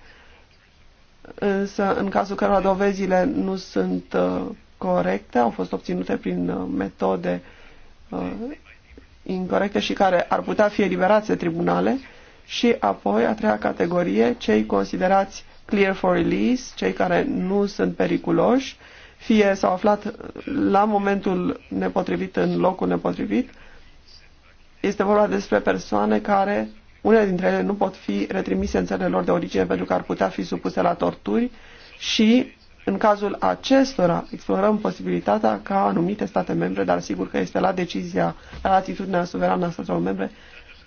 însă în cazul cărora dovezile nu sunt uh, corecte au fost obținute prin uh, metode uh, incorrecte și care ar putea fi eliberați de tribunale și apoi a treia categorie, cei considerați clear for release, cei care nu sunt periculoși, fie s-au aflat uh, la momentul nepotrivit în locul nepotrivit. Este vorba despre persoane care, unele dintre ele nu pot fi retrimise în țările lor de origine pentru că ar putea fi supuse la torturi și în cazul acestora, explorăm posibilitatea ca anumite state membre, dar sigur că este la decizia, la atitudinea suverană a statelor membre,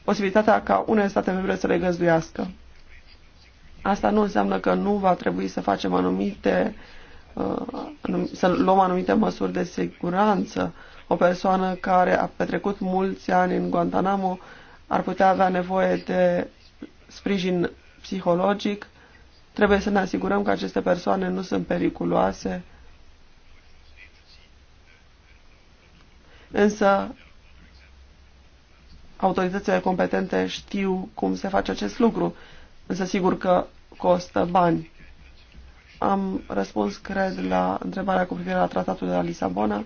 posibilitatea ca unele state membre să le găzduiască. Asta nu înseamnă că nu va trebui să facem anumite, uh, să luăm anumite măsuri de siguranță. O persoană care a petrecut mulți ani în Guantanamo ar putea avea nevoie de sprijin psihologic, Trebuie să ne asigurăm că aceste persoane nu sunt periculoase. Însă, autoritățile competente știu cum se face acest lucru, însă sigur că costă bani. Am răspuns, cred, la întrebarea cu privire la tratatul de la Lisabona.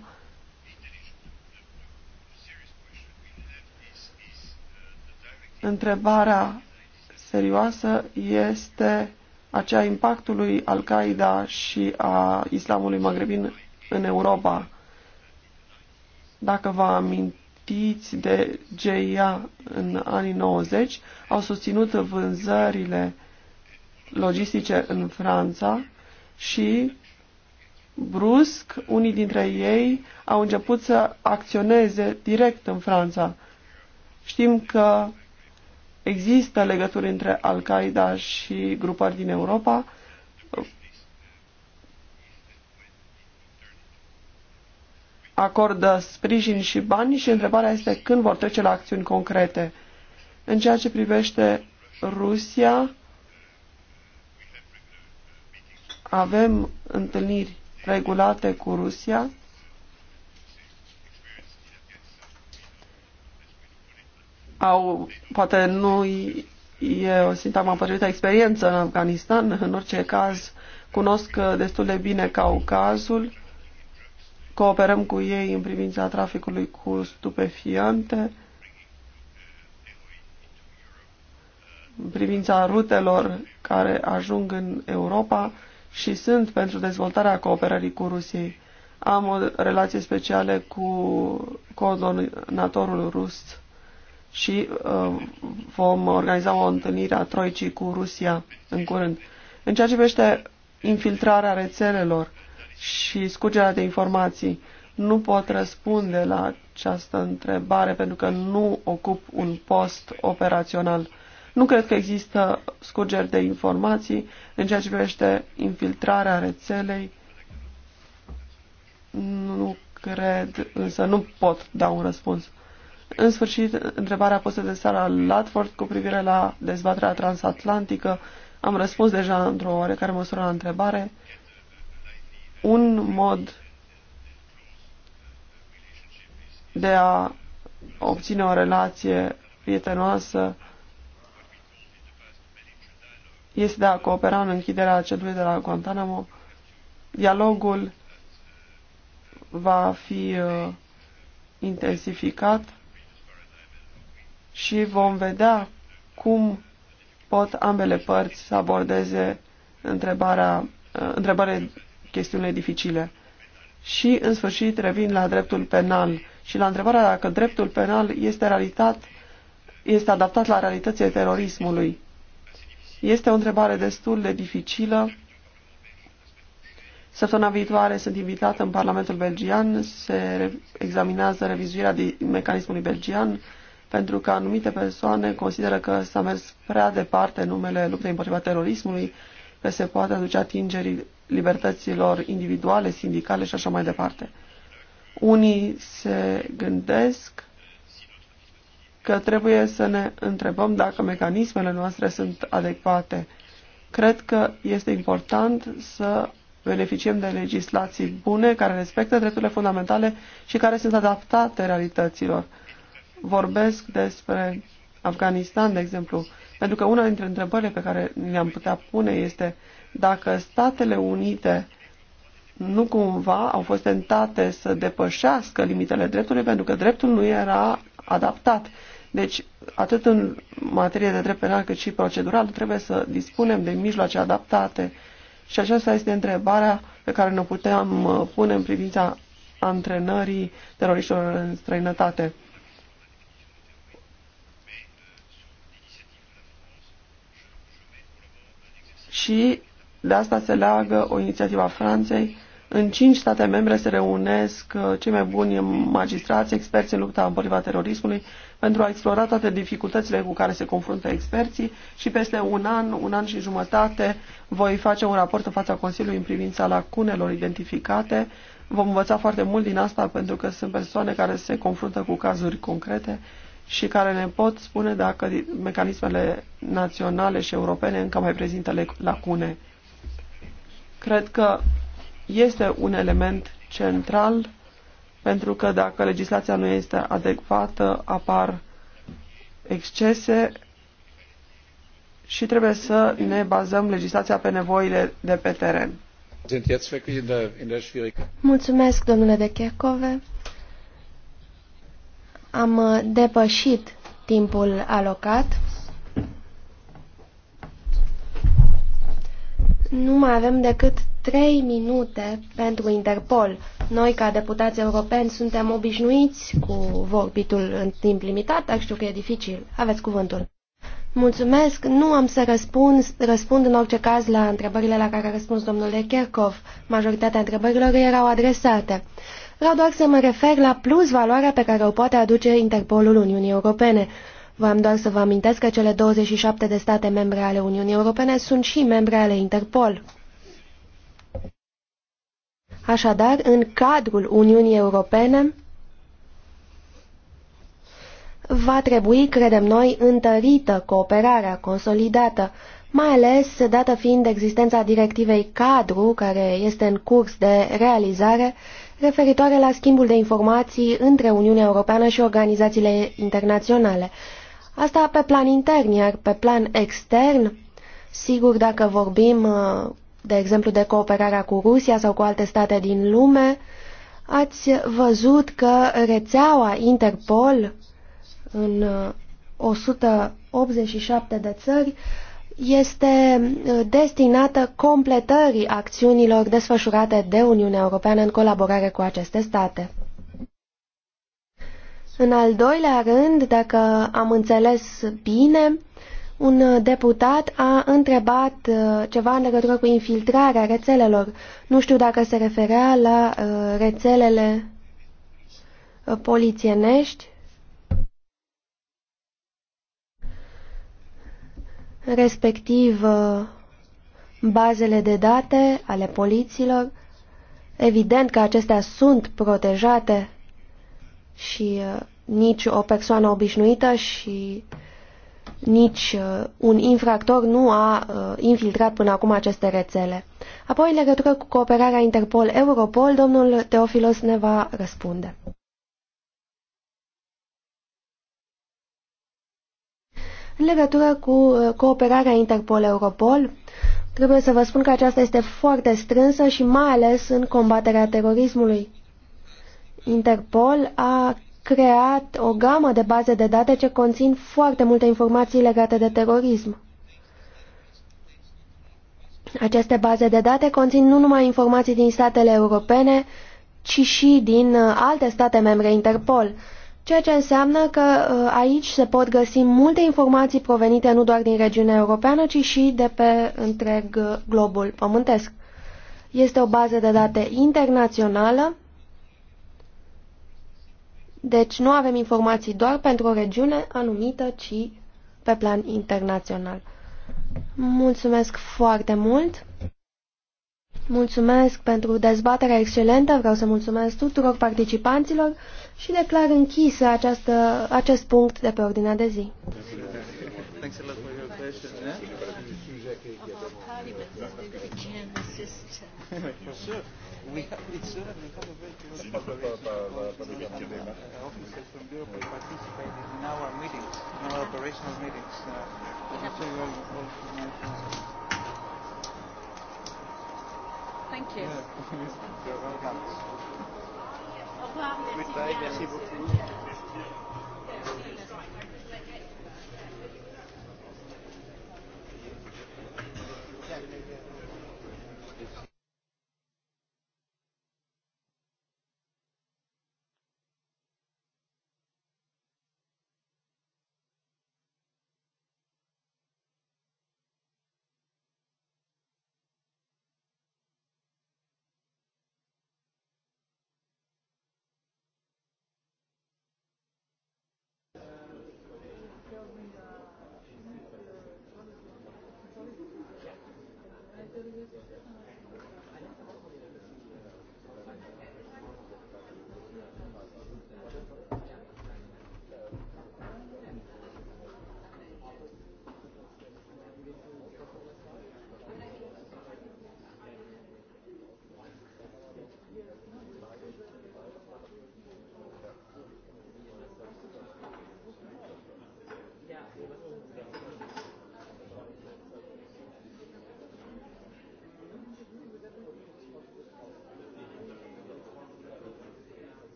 Întrebarea serioasă este aceea impactului Al-Qaeda și a islamului magrebin în Europa. Dacă vă amintiți de GIA în anii 90, au susținut vânzările logistice în Franța și brusc unii dintre ei au început să acționeze direct în Franța. Știm că Există legături între Al-Qaeda și grupări din Europa. Acordă sprijin și bani și întrebarea este când vor trece la acțiuni concrete. În ceea ce privește Rusia, avem întâlniri regulate cu Rusia. au, poate nu e o sintagma potrivită, experiență în Afganistan, în orice caz cunosc destul de bine Caucazul, cooperăm cu ei în privința traficului cu stupefiante, în privința rutelor care ajung în Europa și sunt pentru dezvoltarea cooperării cu Rusiei. Am o relație specială cu coordonatorul rus și uh, vom organiza o întâlnire a Troicii cu Rusia în curând. În ceea ce privește infiltrarea rețelelor și scurgerea de informații, nu pot răspunde la această întrebare pentru că nu ocup un post operațional. Nu cred că există scurgeri de informații în ceea ce privește infiltrarea rețelei. Nu cred, însă nu pot da un răspuns. În sfârșit, întrebarea pusă de Sara Latford cu privire la dezbaterea transatlantică. Am răspuns deja într-o oarecare măsură la întrebare. Un mod de a obține o relație prietenoasă este de a coopera în închiderea celui de la Guantanamo. Dialogul va fi uh, intensificat și vom vedea cum pot ambele părți să abordeze întrebarea, întrebarea chestiunile dificile. Și, în sfârșit, revin la dreptul penal și la întrebarea dacă dreptul penal este, realitat, este adaptat la realitățile terorismului. Este o întrebare destul de dificilă. Săptămâna viitoare sunt invitată în Parlamentul Belgian, se examinează revizuirea mecanismului belgian, pentru că anumite persoane consideră că s-a mers prea departe numele luptei împotriva terorismului, că se poate aduce atingerii libertăților individuale, sindicale și așa mai departe. Unii se gândesc că trebuie să ne întrebăm dacă mecanismele noastre sunt adecvate. Cred că este important să beneficiem de legislații bune care respectă drepturile fundamentale și care sunt adaptate realităților vorbesc despre Afganistan, de exemplu, pentru că una dintre întrebările pe care le-am putea pune este dacă Statele Unite nu cumva au fost tentate să depășească limitele dreptului pentru că dreptul nu era adaptat. Deci, atât în materie de drept penal cât și procedural, trebuie să dispunem de mijloace adaptate. Și aceasta este întrebarea pe care ne putem uh, pune în privința antrenării teroriștilor în străinătate. și de asta se leagă o inițiativă a Franței. În cinci state membre se reunesc uh, cei mai buni magistrați, experți în lupta împotriva terorismului, pentru a explora toate dificultățile cu care se confruntă experții și peste un an, un an și jumătate, voi face un raport în fața Consiliului în privința lacunelor identificate. Vom învăța foarte mult din asta pentru că sunt persoane care se confruntă cu cazuri concrete și care ne pot spune dacă mecanismele naționale și europene încă mai prezintă lacune. Cred că este un element central pentru că dacă legislația nu este adecvată, apar excese și trebuie să ne bazăm legislația pe nevoile de pe teren. Mulțumesc, domnule de Kerkove. Am uh, depășit timpul alocat. Nu mai avem decât 3 minute pentru Interpol. Noi, ca deputați europeni, suntem obișnuiți cu vorbitul în timp limitat, dar știu că e dificil. Aveți cuvântul. Mulțumesc. Nu am să răspund, răspund în orice caz la întrebările la care a răspuns domnul Kerkov. Majoritatea întrebărilor erau adresate. Vreau doar să mă refer la plus valoarea pe care o poate aduce Interpolul Uniunii Europene. V-am doar să vă amintesc că cele 27 de state membre ale Uniunii Europene sunt și membre ale Interpol. Așadar, în cadrul Uniunii Europene, va trebui, credem noi, întărită cooperarea consolidată, mai ales dată fiind existența directivei cadru, care este în curs de realizare referitoare la schimbul de informații între Uniunea Europeană și organizațiile internaționale. Asta pe plan intern, iar pe plan extern, sigur, dacă vorbim, uh, de exemplu, de cooperarea cu Rusia sau cu alte state din lume, ați văzut că rețeaua Interpol în 187 uh, de țări este uh, destinată completării acțiunilor desfășurate de Uniunea Europeană în colaborare cu aceste state. În al doilea rând, dacă am înțeles bine, un deputat a întrebat uh, ceva în legătură cu infiltrarea rețelelor. Nu știu dacă se referea la uh, rețelele polițienești respectiv uh, bazele de date ale poliților. Evident că acestea sunt protejate și uh, nici o persoană obișnuită și nici uh, un infractor nu a infiltrat până acum aceste rețele. Apoi, în legătură cu cooperarea Interpol-Europol, domnul Teofilos ne va răspunde. În legătură cu uh, cooperarea Interpol-Europol, trebuie să vă spun că aceasta este foarte strânsă și mai ales în combaterea terorismului. Interpol a creat o gamă de baze de date ce conțin foarte multe informații legate de terorism. Aceste baze de date conțin nu numai informații din statele europene, ci și din uh, alte state membre Interpol ceea ce înseamnă că uh, aici se pot găsi multe informații provenite nu doar din regiunea europeană, ci și de pe întreg uh, globul pământesc. Este o bază de date internațională, deci nu avem informații doar pentru o regiune anumită, ci pe plan internațional. Mulțumesc foarte mult! Mulțumesc pentru dezbaterea excelentă, vreau să mulțumesc tuturor participanților și declar închisă această, acest punct de pe ordinea de zi. Thank you. Yeah. You're welcome plus tard. Merci beaucoup.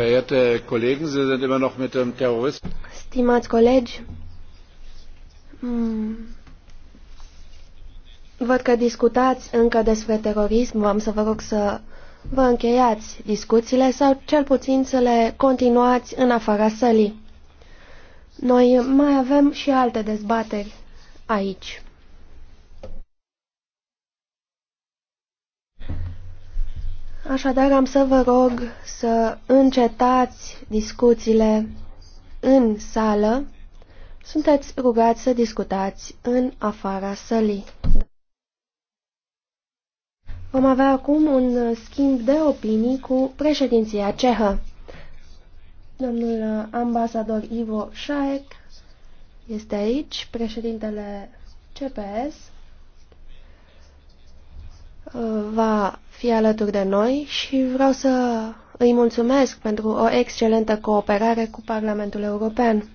Verehrte Kollegen, Sie sind immer noch mit dem Terrorismus. Stimați colegi, mm, văd că discutați încă despre terorism. V-am să vă rog să vă încheiați discuțiile sau cel puțin să le continuați în afara sălii. Noi mai avem și alte dezbateri aici. Așadar, am să vă rog să încetați discuțiile în sală. Sunteți rugați să discutați în afara sălii. Vom avea acum un schimb de opinii cu președinția cehă. Domnul ambasador Ivo Șaec este aici, președintele CPS va fi alături de noi și vreau să îi mulțumesc pentru o excelentă cooperare cu Parlamentul European.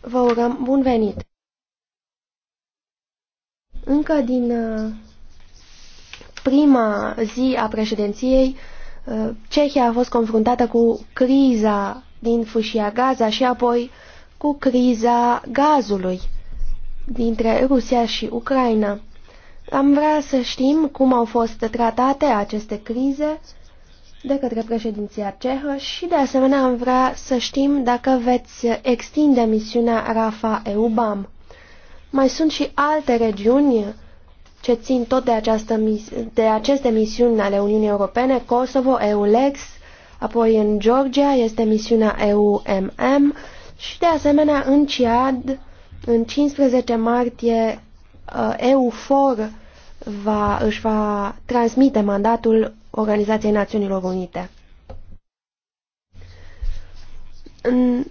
Vă urăm bun venit! Încă din uh, prima zi a președinției, uh, Cehia a fost confruntată cu criza din fâșia Gaza și apoi cu criza gazului dintre Rusia și Ucraina. Am vrea să știm cum au fost tratate aceste crize de către președinția cehă și, de asemenea, am vrea să știm dacă veți extinde misiunea Rafa EUBAM. Mai sunt și alte regiuni ce țin tot de, această, de aceste misiuni ale Uniunii Europene, Kosovo, EULEX, apoi în Georgia este misiunea EUMM și, de asemenea, în Ciad, în 15 martie, uh, EUFOR va, își va transmite mandatul Organizației Națiunilor Unite. În,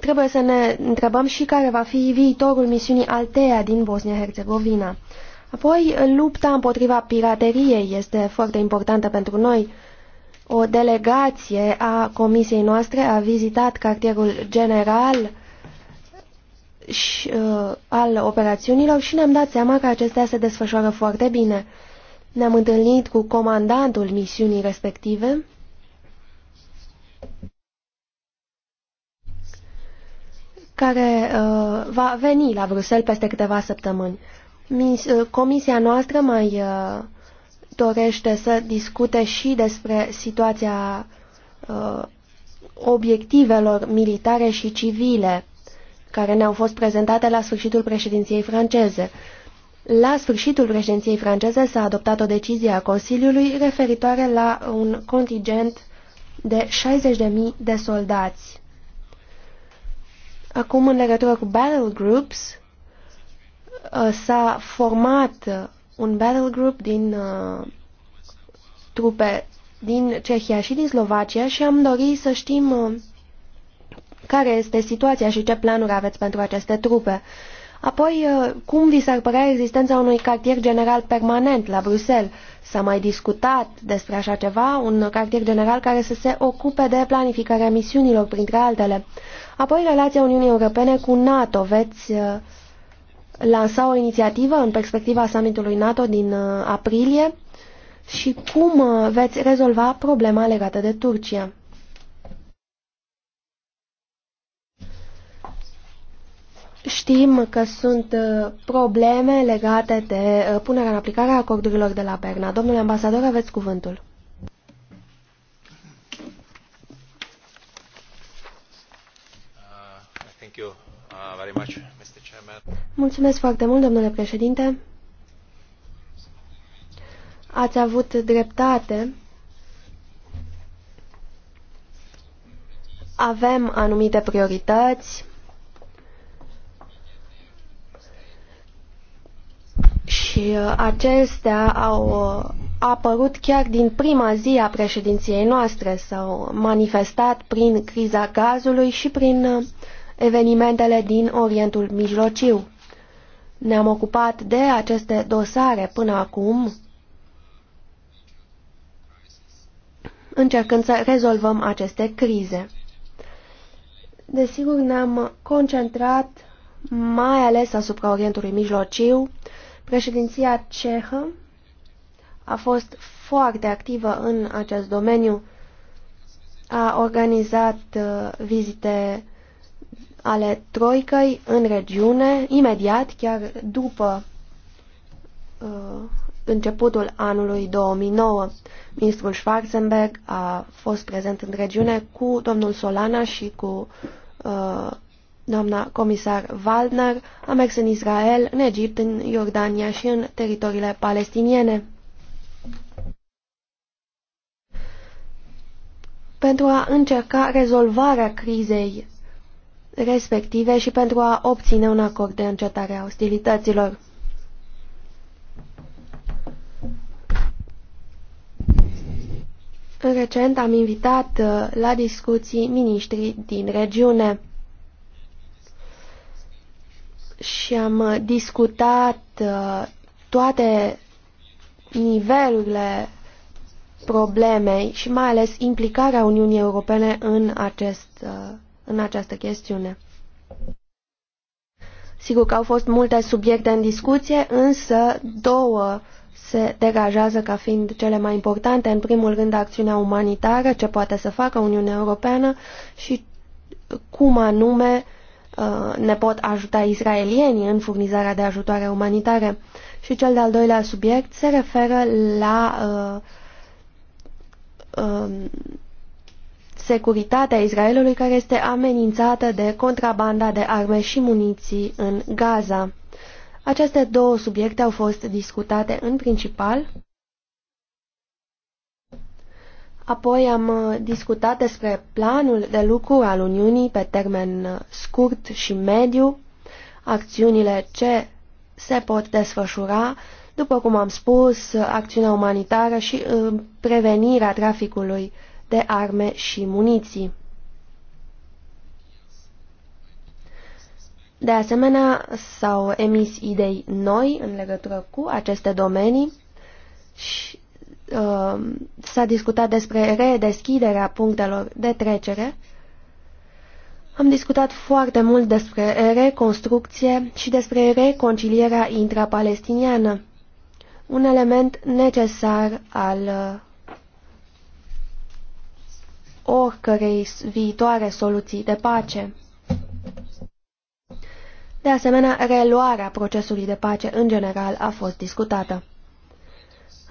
trebuie să ne întrebăm și care va fi viitorul misiunii Altea din Bosnia-Herzegovina. Apoi, lupta împotriva pirateriei este foarte importantă pentru noi. O delegație a comisiei noastre a vizitat cartierul general și, uh, al operațiunilor și ne-am dat seama că acestea se desfășoară foarte bine. Ne-am întâlnit cu comandantul misiunii respective care uh, va veni la Bruxelles peste câteva săptămâni. Mis, uh, comisia noastră mai uh, dorește să discute și despre situația uh, obiectivelor militare și civile care ne-au fost prezentate la sfârșitul președinției franceze. La sfârșitul președinției franceze s-a adoptat o decizie a Consiliului referitoare la un contingent de 60.000 de soldați. Acum, în legătură cu battle groups, uh, s-a format un battle group din uh, trupe din Cehia și din Slovacia și am dorit să știm uh, care este situația și ce planuri aveți pentru aceste trupe? Apoi, uh, cum vi s-ar părea existența unui cartier general permanent la Bruxelles? S-a mai discutat despre așa ceva, un cartier general care să se ocupe de planificarea misiunilor, printre altele. Apoi, relația Uniunii Europene cu NATO. Veți uh, lansa o inițiativă în perspectiva summitului NATO din uh, aprilie? Și cum veți rezolva problema legată de Turcia? Știm că sunt uh, probleme legate de uh, punerea în aplicare a acordurilor de la Perna. Domnule ambasador, aveți cuvântul. Uh, Mulțumesc foarte mult, domnule președinte. Ați avut dreptate. Avem anumite priorități și uh, acestea au uh, apărut chiar din prima zi a președinției noastre, s-au manifestat prin criza gazului și prin uh, evenimentele din Orientul Mijlociu. Ne-am ocupat de aceste dosare până acum, încercând să rezolvăm aceste crize. Desigur, ne-am concentrat mai ales asupra Orientului Mijlociu Președinția cehă a fost foarte activă în acest domeniu. A organizat uh, vizite ale Troicăi în regiune, imediat, chiar după uh, începutul anului 2009. Ministrul Schwarzenberg a fost prezent în regiune cu domnul Solana și cu uh, Doamna comisar Waldner a mers în Israel, în Egipt, în Iordania și în teritoriile palestiniene. pentru a încerca rezolvarea crizei respective și pentru a obține un acord de încetare a ostilităților. Recent am invitat uh, la discuții miniștrii din regiune și am uh, discutat uh, toate nivelurile problemei și mai ales implicarea Uniunii Europene în, acest, uh, în această chestiune. Sigur că au fost multe subiecte în discuție, însă două se degajează ca fiind cele mai importante. În primul rând, acțiunea umanitară, ce poate să facă Uniunea Europeană și cum anume uh, Uh, ne pot ajuta israelienii în furnizarea de ajutoare umanitare. Și cel de-al doilea subiect se referă la uh, uh, securitatea Israelului care este amenințată de contrabanda de arme și muniții în Gaza. Aceste două subiecte au fost discutate în principal Apoi am uh, discutat despre planul de lucru al Uniunii pe termen uh, scurt și mediu, acțiunile ce se pot desfășura, după cum am spus, uh, acțiunea umanitară și prevenirea traficului de arme și muniții. De asemenea, s-au emis idei noi în legătură cu aceste domenii și Uh, s-a discutat despre redeschiderea punctelor de trecere. Am discutat foarte mult despre reconstrucție și despre reconcilierea intrapalestiniană, un element necesar al uh, oricărei viitoare soluții de pace. De asemenea, reluarea procesului de pace în general a fost discutată.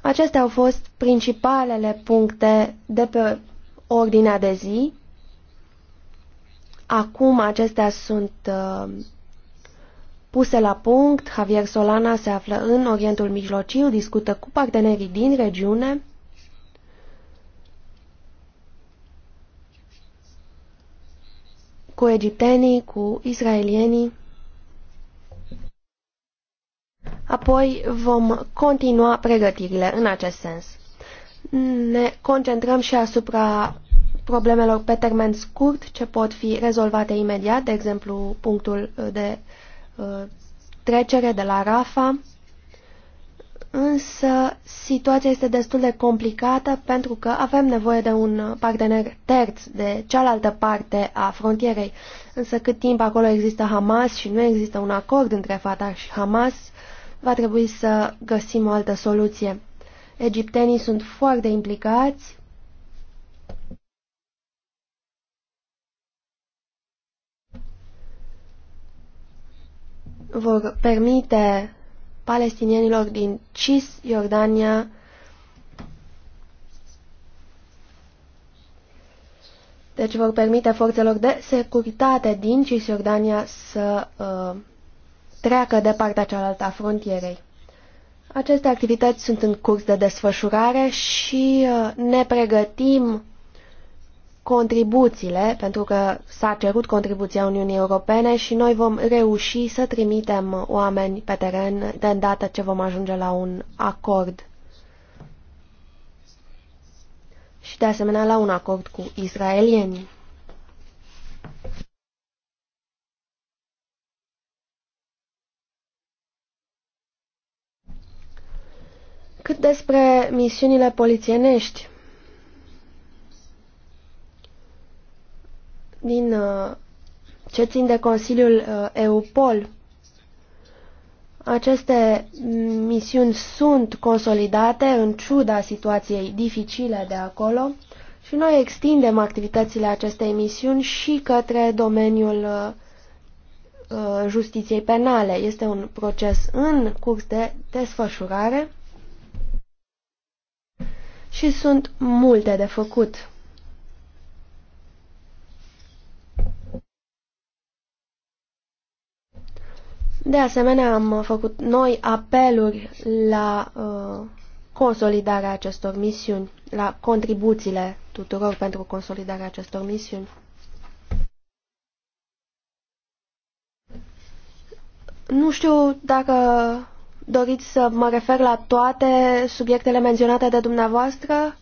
Acestea au fost principalele puncte de pe ordinea de zi. Acum acestea sunt uh, puse la punct. Javier Solana se află în Orientul Mijlociu, discută cu partenerii din regiune. cu egiptenii, cu israelienii. Apoi vom continua pregătirile în acest sens. Ne concentrăm și asupra problemelor pe termen scurt ce pot fi rezolvate imediat, de exemplu punctul de uh, trecere de la Rafa, însă situația este destul de complicată pentru că avem nevoie de un partener terț de cealaltă parte a frontierei. Însă cât timp acolo există Hamas și nu există un acord între Fatah și Hamas, va trebui să găsim o altă soluție. Egiptenii sunt foarte implicați. Vor permite palestinienilor din Cisjordania deci vor permite forțelor de securitate din Cisjordania să uh, treacă de partea cealaltă a frontierei. Aceste activități sunt în curs de desfășurare și uh, ne pregătim contribuțiile, pentru că s-a cerut contribuția Uniunii Europene și noi vom reuși să trimitem oameni pe teren de îndată ce vom ajunge la un acord. Și de asemenea la un acord cu israelienii. Cât despre misiunile polițienești, din uh, ce țin de Consiliul uh, EUPOL, aceste misiuni sunt consolidate în ciuda situației dificile de acolo și noi extindem activitățile acestei misiuni și către domeniul uh, justiției penale. Este un proces în curs de desfășurare și sunt multe de făcut. De asemenea, am făcut noi apeluri la uh, consolidarea acestor misiuni, la contribuțiile tuturor pentru consolidarea acestor misiuni. Nu știu dacă Doriți să mă refer la toate subiectele menționate de dumneavoastră?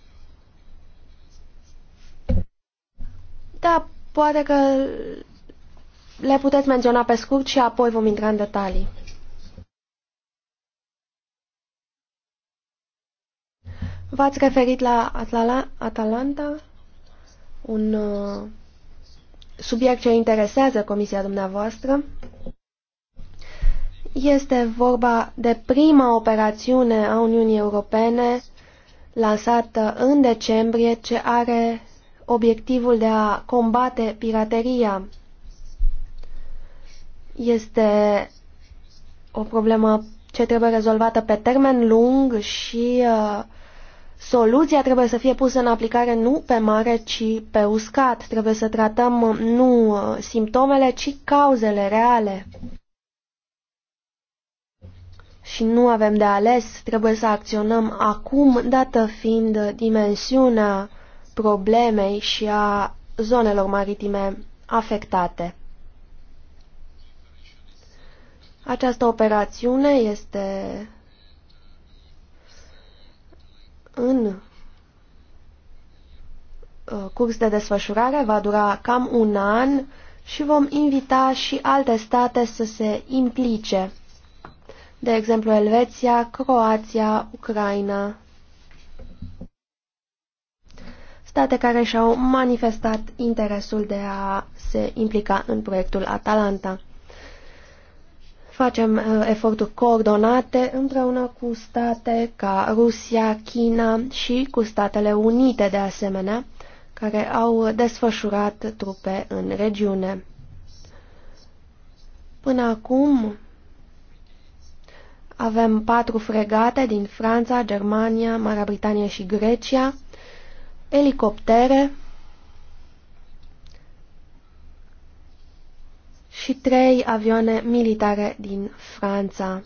Da, poate că le puteți menționa pe scurt și apoi vom intra în detalii. V-ați referit la Atala Atalanta, un uh, subiect ce interesează comisia dumneavoastră. Este vorba de prima operațiune a Uniunii Europene lansată în decembrie ce are obiectivul de a combate pirateria. Este o problemă ce trebuie rezolvată pe termen lung și uh, soluția trebuie să fie pusă în aplicare nu pe mare, ci pe uscat. Trebuie să tratăm nu uh, simptomele, ci cauzele reale și nu avem de ales, trebuie să acționăm acum, dată fiind dimensiunea problemei și a zonelor maritime afectate. Această operațiune este în uh, curs de desfășurare, va dura cam un an și vom invita și alte state să se implice de exemplu Elveția, Croația, Ucraina, state care și-au manifestat interesul de a se implica în proiectul Atalanta. Facem uh, eforturi coordonate împreună cu state ca Rusia, China și cu Statele Unite de asemenea, care au desfășurat trupe în regiune. Până acum, avem patru fregate din Franța, Germania, Marea Britanie și Grecia, elicoptere și trei avioane militare din Franța.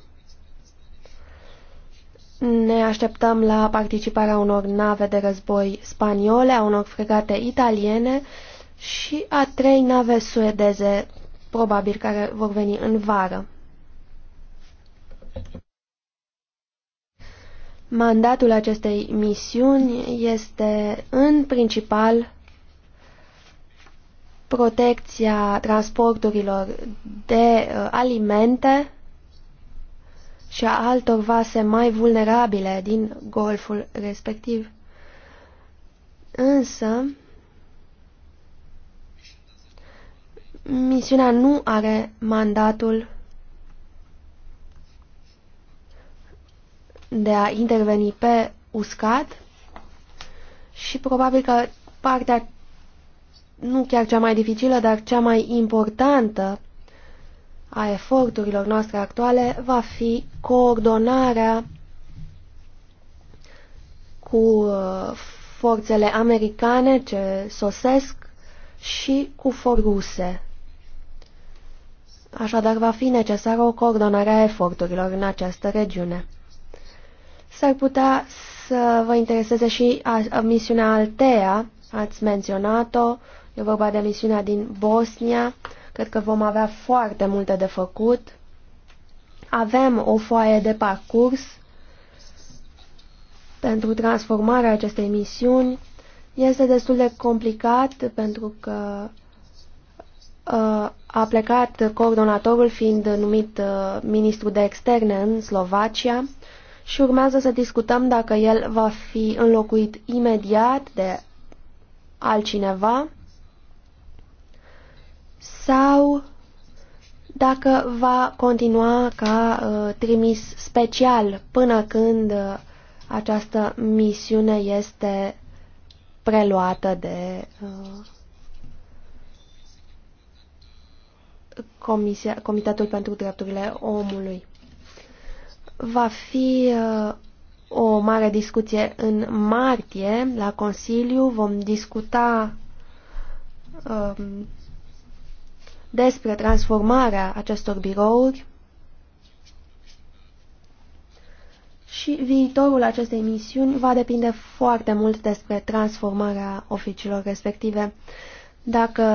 Ne așteptăm la participarea unor nave de război spaniole, a unor fregate italiene și a trei nave suedeze, probabil care vor veni în vară. Mandatul acestei misiuni este în principal protecția transporturilor de uh, alimente și a altor vase mai vulnerabile din golful respectiv. Însă, misiunea nu are mandatul de a interveni pe uscat și probabil că partea, nu chiar cea mai dificilă, dar cea mai importantă a eforturilor noastre actuale va fi coordonarea cu uh, forțele americane ce sosesc și cu foruse. Așadar, va fi necesară o coordonare a eforturilor în această regiune. S-ar putea să vă intereseze și a, a, misiunea Altea, ați menționat-o, e vorba de misiunea din Bosnia, cred că vom avea foarte multe de făcut. Avem o foaie de parcurs pentru transformarea acestei misiuni. Este destul de complicat pentru că ă, a plecat coordonatorul fiind numit ă, ministru de externe în Slovacia și urmează să discutăm dacă el va fi înlocuit imediat de altcineva sau dacă va continua ca uh, trimis special până când uh, această misiune este preluată de uh, Comisia, Comitetul pentru Drepturile Omului va fi uh, o mare discuție în martie la Consiliu. Vom discuta um, despre transformarea acestor birouri și viitorul acestei misiuni va depinde foarte mult despre transformarea oficiilor respective. Dacă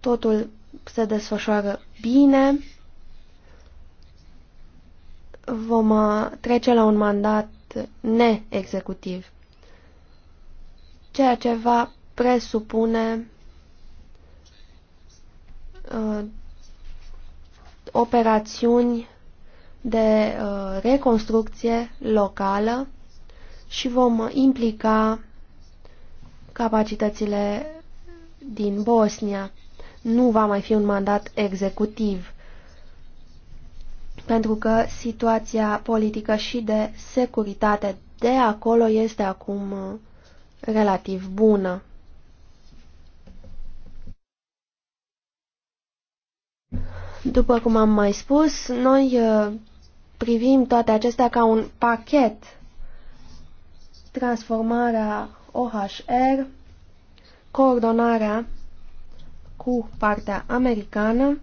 totul se desfășoară bine, vom uh, trece la un mandat neexecutiv, ceea ce va presupune uh, operațiuni de uh, reconstrucție locală și vom implica capacitățile din Bosnia. Nu va mai fi un mandat executiv pentru că situația politică și de securitate de acolo este acum uh, relativ bună. După cum am mai spus, noi uh, privim toate acestea ca un pachet. Transformarea OHR, coordonarea cu partea americană,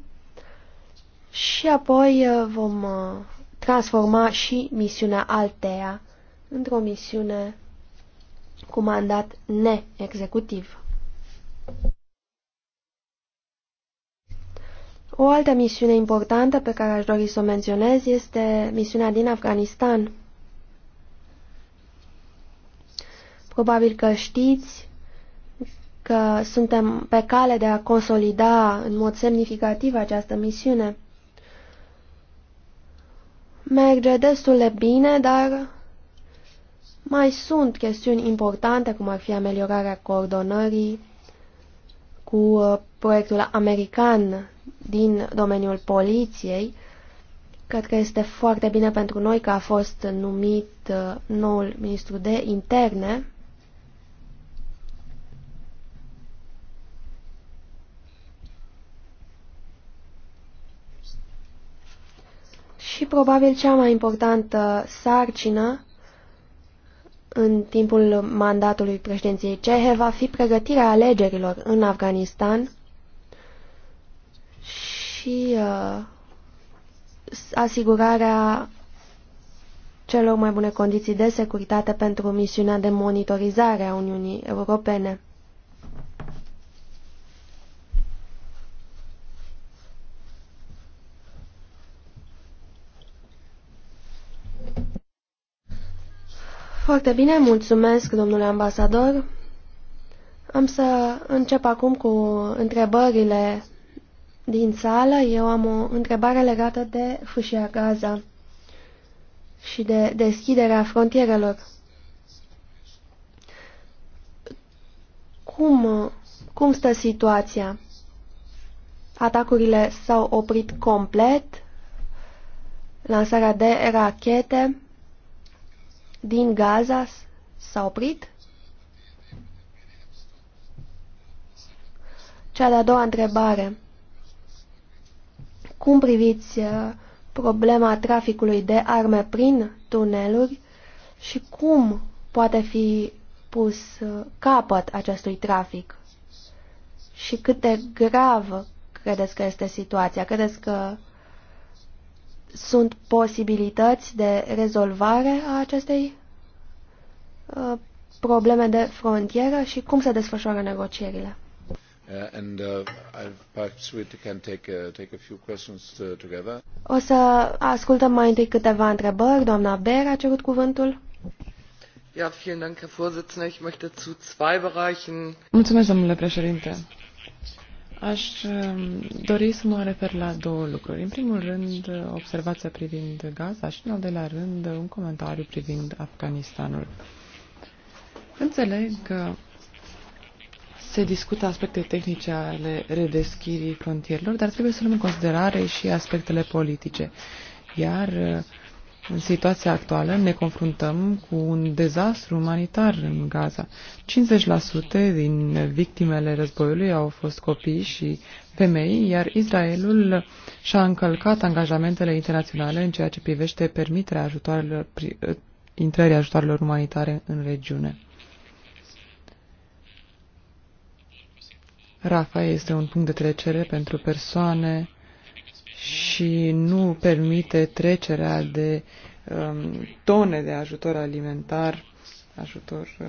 și apoi uh, vom uh, transforma și misiunea Altea într-o misiune cu mandat neexecutiv. O altă misiune importantă pe care aș dori să o menționez este misiunea din Afganistan. Probabil că știți că suntem pe cale de a consolida în mod semnificativ această misiune merge destul de bine, dar mai sunt chestiuni importante, cum ar fi ameliorarea coordonării cu uh, proiectul american din domeniul poliției. Cred că este foarte bine pentru noi că a fost numit uh, noul ministru de interne. și probabil cea mai importantă sarcină în timpul mandatului președinției cehe va fi pregătirea alegerilor în Afganistan și uh, asigurarea celor mai bune condiții de securitate pentru misiunea de monitorizare a Uniunii Europene. Foarte bine, mulțumesc, domnule ambasador. Am să încep acum cu întrebările din sală. Eu am o întrebare legată de fâșia Gaza și de deschiderea frontierelor. Cum, cum stă situația? Atacurile s-au oprit complet, lansarea de rachete din Gaza s-a oprit? Cea de-a doua întrebare. Cum priviți uh, problema traficului de arme prin tuneluri și cum poate fi pus uh, capăt acestui trafic? Și cât de grav credeți că este situația? Credeți că sunt posibilități de rezolvare a acestei uh, probleme de frontieră și cum se desfășoară negocierile? Uh, uh, o să ascultăm mai întâi câteva întrebări. Doamna Ber a cerut cuvântul. Mulțumesc, domnule președinte. Aș um, dori să mă refer la două lucruri. În primul rând, observația privind Gaza și, în al doilea rând, un comentariu privind Afganistanul. Înțeleg că se discută aspecte tehnice ale redeschirii frontierelor, dar trebuie să luăm în considerare și aspectele politice. Iar în situația actuală ne confruntăm cu un dezastru umanitar în Gaza. 50% din victimele războiului au fost copii și femei, iar Israelul și-a încălcat angajamentele internaționale în ceea ce privește permiterea ajutoarelor, eh, intrării ajutoarelor umanitare în regiune. Rafa este un punct de trecere pentru persoane și nu permite trecerea de um, tone de ajutor alimentar, ajutor uh,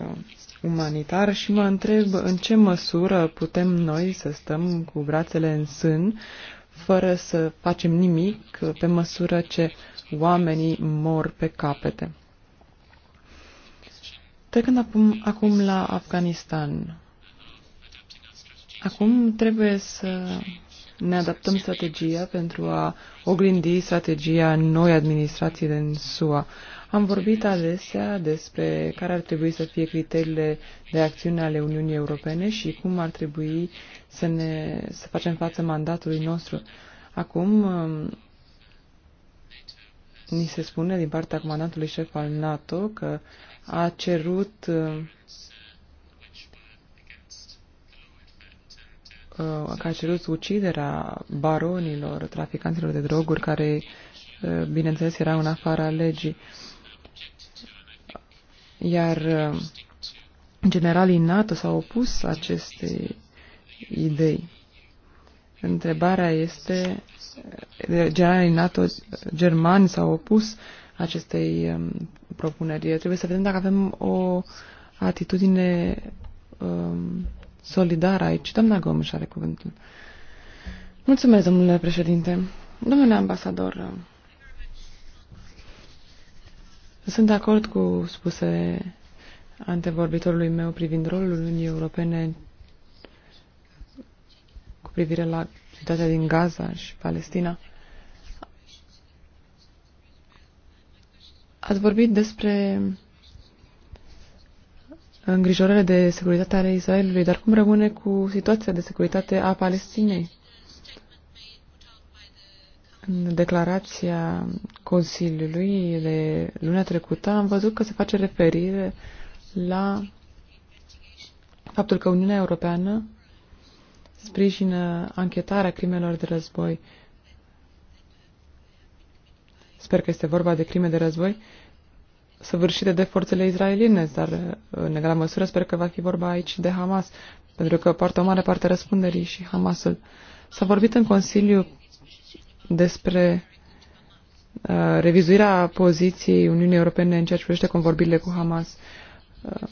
umanitar și mă întreb în ce măsură putem noi să stăm cu brațele în sân fără să facem nimic pe măsură ce oamenii mor pe capete. Trecând acum, acum la Afganistan. Acum trebuie să ne adaptăm strategia pentru a oglindi strategia noi administrații din SUA. Am vorbit adesea despre care ar trebui să fie criteriile de acțiune ale Uniunii Europene și cum ar trebui să, ne, să facem față mandatului nostru. Acum um, ni se spune din partea comandantului șef al NATO că a cerut um, Uh, că a cerut uciderea baronilor, traficanților de droguri, care, uh, bineînțeles, erau în afara legii. Iar uh, generalii NATO s-au opus acestei idei. Întrebarea este, generalii NATO germani s-au opus acestei um, propuneri. Trebuie să vedem dacă avem o atitudine um, solidar aici. Doamna Gomes are cuvântul. Mulțumesc, domnule președinte. Domnule ambasador, sunt de acord cu spuse antevorbitorului meu privind rolul Uniunii Europene cu privire la situația din Gaza și Palestina. Ați vorbit despre îngrijorările de securitate ale Israelului, dar cum rămâne cu situația de securitate a Palestinei? În declarația Consiliului de luna trecută am văzut că se face referire la faptul că Uniunea Europeană sprijină anchetarea crimelor de război. Sper că este vorba de crime de război săvârșite de forțele izraeliene, dar uh, în egală măsură sper că va fi vorba aici de Hamas, pentru că poartă o mare parte răspunderii și Hamasul. S-a vorbit în Consiliu despre uh, revizuirea poziției Uniunii Europene în ceea ce privește convorbirile cu Hamas. Uh,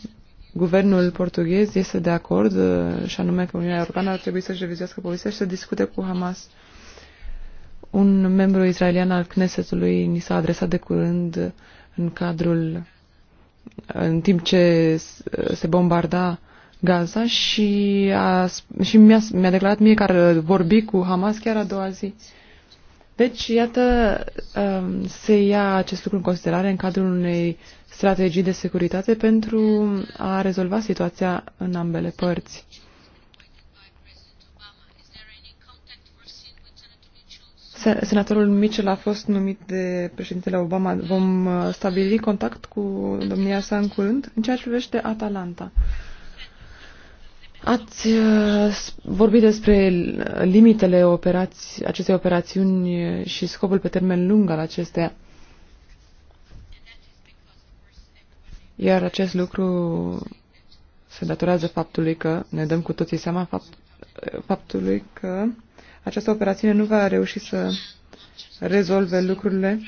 guvernul portughez este de acord uh, și anume că Uniunea Europeană ar trebui să-și revizuiască poziția și să discute cu Hamas. Un membru israelian al Knessetului ni s-a adresat de curând uh, în cadrul în timp ce se bombarda Gaza și, a, și mi-a, mi-a declarat mie ar vorbi cu Hamas chiar a doua zi. Deci, iată, um, se ia acest lucru în considerare în cadrul unei strategii de securitate pentru a rezolva situația în ambele părți. Senatorul Mitchell a fost numit de președintele Obama. Vom uh, stabili contact cu domnia sa în curând în ceea ce privește Atalanta. Ați uh, vorbit despre limitele operați, acestei operațiuni și scopul pe termen lung al acesteia. Iar acest lucru se datorează faptului că ne dăm cu toții seama fapt, faptului că această operațiune nu va reuși să rezolve lucrurile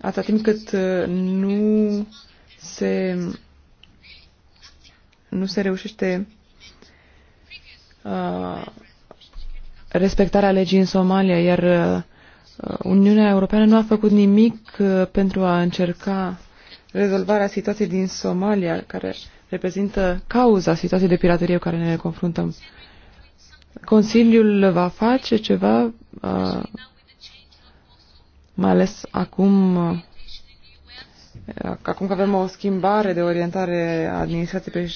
atâta timp cât uh, nu se, nu se reușește uh, respectarea legii în Somalia, iar uh, Uniunea Europeană nu a făcut nimic uh, pentru a încerca rezolvarea situației din Somalia, care reprezintă cauza situației de piraterie cu care ne confruntăm. Uh, Consiliul va face ceva, uh, mai ales acum, uh, acum că avem o schimbare de orientare a administrației,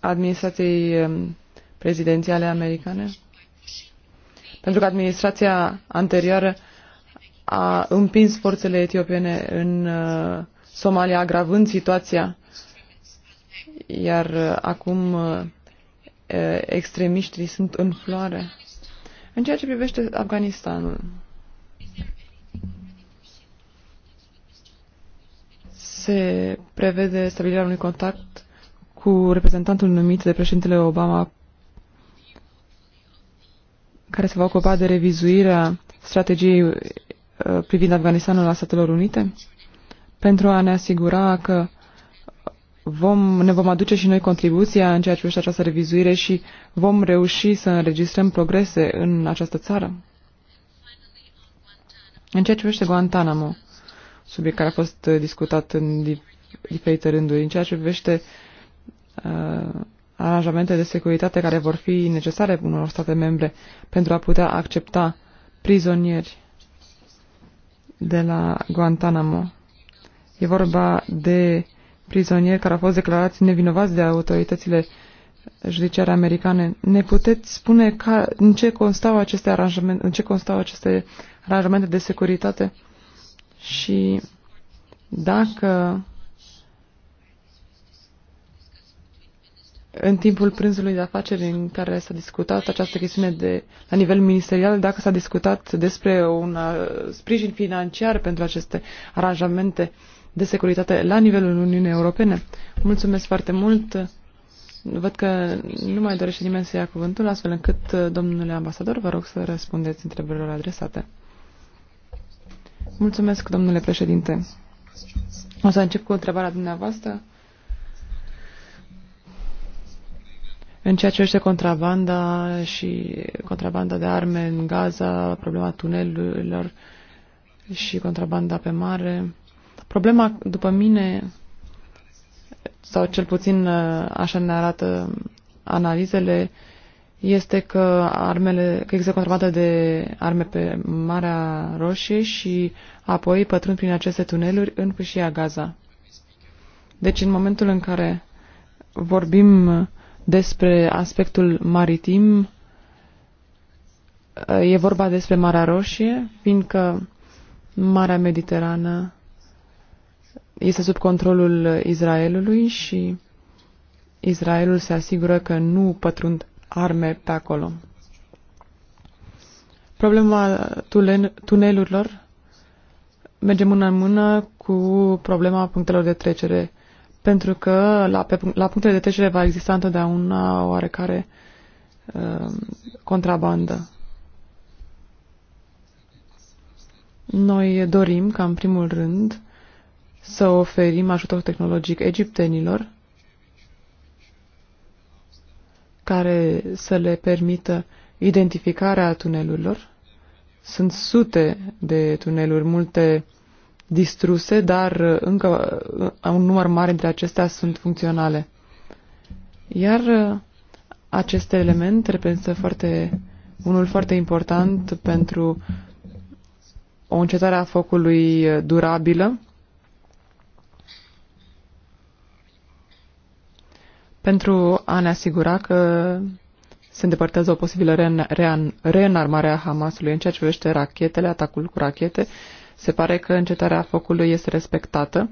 administrației um, prezidențiale americane? Pentru că administrația anterioară a împins forțele etiopiene în uh, Somalia, agravând situația, iar acum extremiștii sunt în floare. În ceea ce privește Afganistanul, se prevede stabilirea unui contact cu reprezentantul numit de președintele Obama care se va ocupa de revizuirea strategiei privind Afganistanul la Statelor Unite pentru a ne asigura că vom, ne vom aduce și noi contribuția în ceea ce privește această revizuire și vom reuși să înregistrăm progrese în această țară? În ceea ce privește Guantanamo, subiect care a fost discutat în diferite rânduri, în ceea ce privește uh, aranjamente de securitate care vor fi necesare unor state membre pentru a putea accepta prizonieri de la Guantanamo. E vorba de prizonieri care au fost declarați nevinovați de autoritățile judiciare americane. Ne puteți spune ca, în, ce constau aceste aranjamente, în ce constau aceste aranjamente de securitate și dacă în timpul prânzului de afaceri în care s-a discutat această chestiune de, la nivel ministerial, dacă s-a discutat despre un uh, sprijin financiar pentru aceste aranjamente uh, de securitate la nivelul Uniunii Europene. Mulțumesc foarte mult! Văd că nu mai dorește nimeni să ia cuvântul, astfel încât, domnule ambasador, vă rog să răspundeți întrebărilor adresate. Mulțumesc, domnule președinte. O să încep cu întrebarea dumneavoastră. În ceea ce este contrabanda și contrabanda de arme în Gaza, problema tunelurilor și contrabanda pe mare, Problema, după mine, sau cel puțin uh, așa ne arată analizele, este că armele, că există contrabandă de arme pe Marea Roșie și apoi pătrund prin aceste tuneluri în fâșia Gaza. Deci în momentul în care vorbim despre aspectul maritim, uh, e vorba despre Marea Roșie, fiindcă Marea Mediterană este sub controlul Israelului și Israelul se asigură că nu pătrund arme pe acolo. Problema tunelurilor merge mână în mână cu problema punctelor de trecere, pentru că la, pe, la punctele de trecere va exista întotdeauna oarecare uh, contrabandă. Noi dorim ca, în primul rând, uh, să oferim ajutor tehnologic egiptenilor care să le permită identificarea tunelurilor. Sunt sute de tuneluri, multe distruse, dar încă uh, un număr mare dintre acestea sunt funcționale. Iar uh, acest element reprezintă foarte, unul foarte important pentru o încetare a focului uh, durabilă pentru a ne asigura că se îndepărtează o posibilă reînarmare a Hamasului în ceea ce privește rachetele, atacul cu rachete. Se pare că încetarea focului este respectată,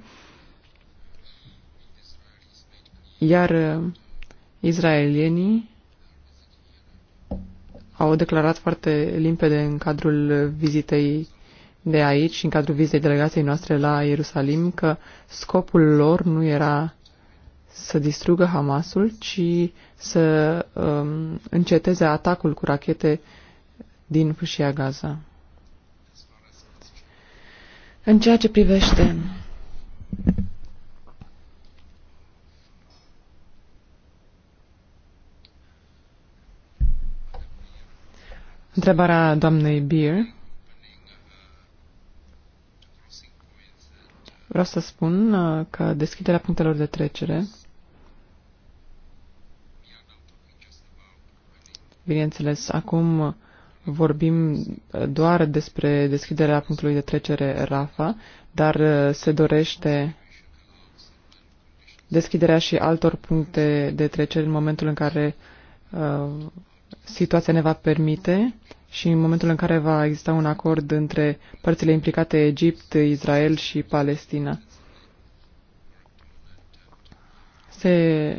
iar uh, izraelienii au declarat foarte limpede în cadrul vizitei de aici, în cadrul vizitei delegației noastre la Ierusalim, că scopul lor nu era să distrugă Hamasul, ci să um, înceteze atacul cu rachete din fâșia Gaza. În ceea ce privește întrebarea doamnei Beer, vreau să spun uh, că deschiderea punctelor de trecere Bineînțeles, acum vorbim doar despre deschiderea punctului de trecere RAFA, dar uh, se dorește deschiderea și altor puncte de trecere în momentul în care uh, situația ne va permite și în momentul în care va exista un acord între părțile implicate Egipt, Israel și Palestina. Se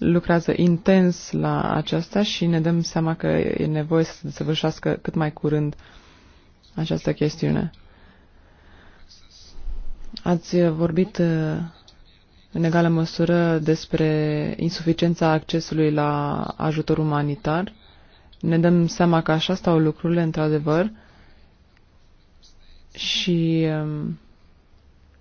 lucrează intens la aceasta și ne dăm seama că e nevoie să se desăvârșească cât mai curând această chestiune. Ați vorbit uh, în egală măsură despre insuficiența accesului la ajutor umanitar. Ne dăm seama că așa stau lucrurile, într-adevăr, și um,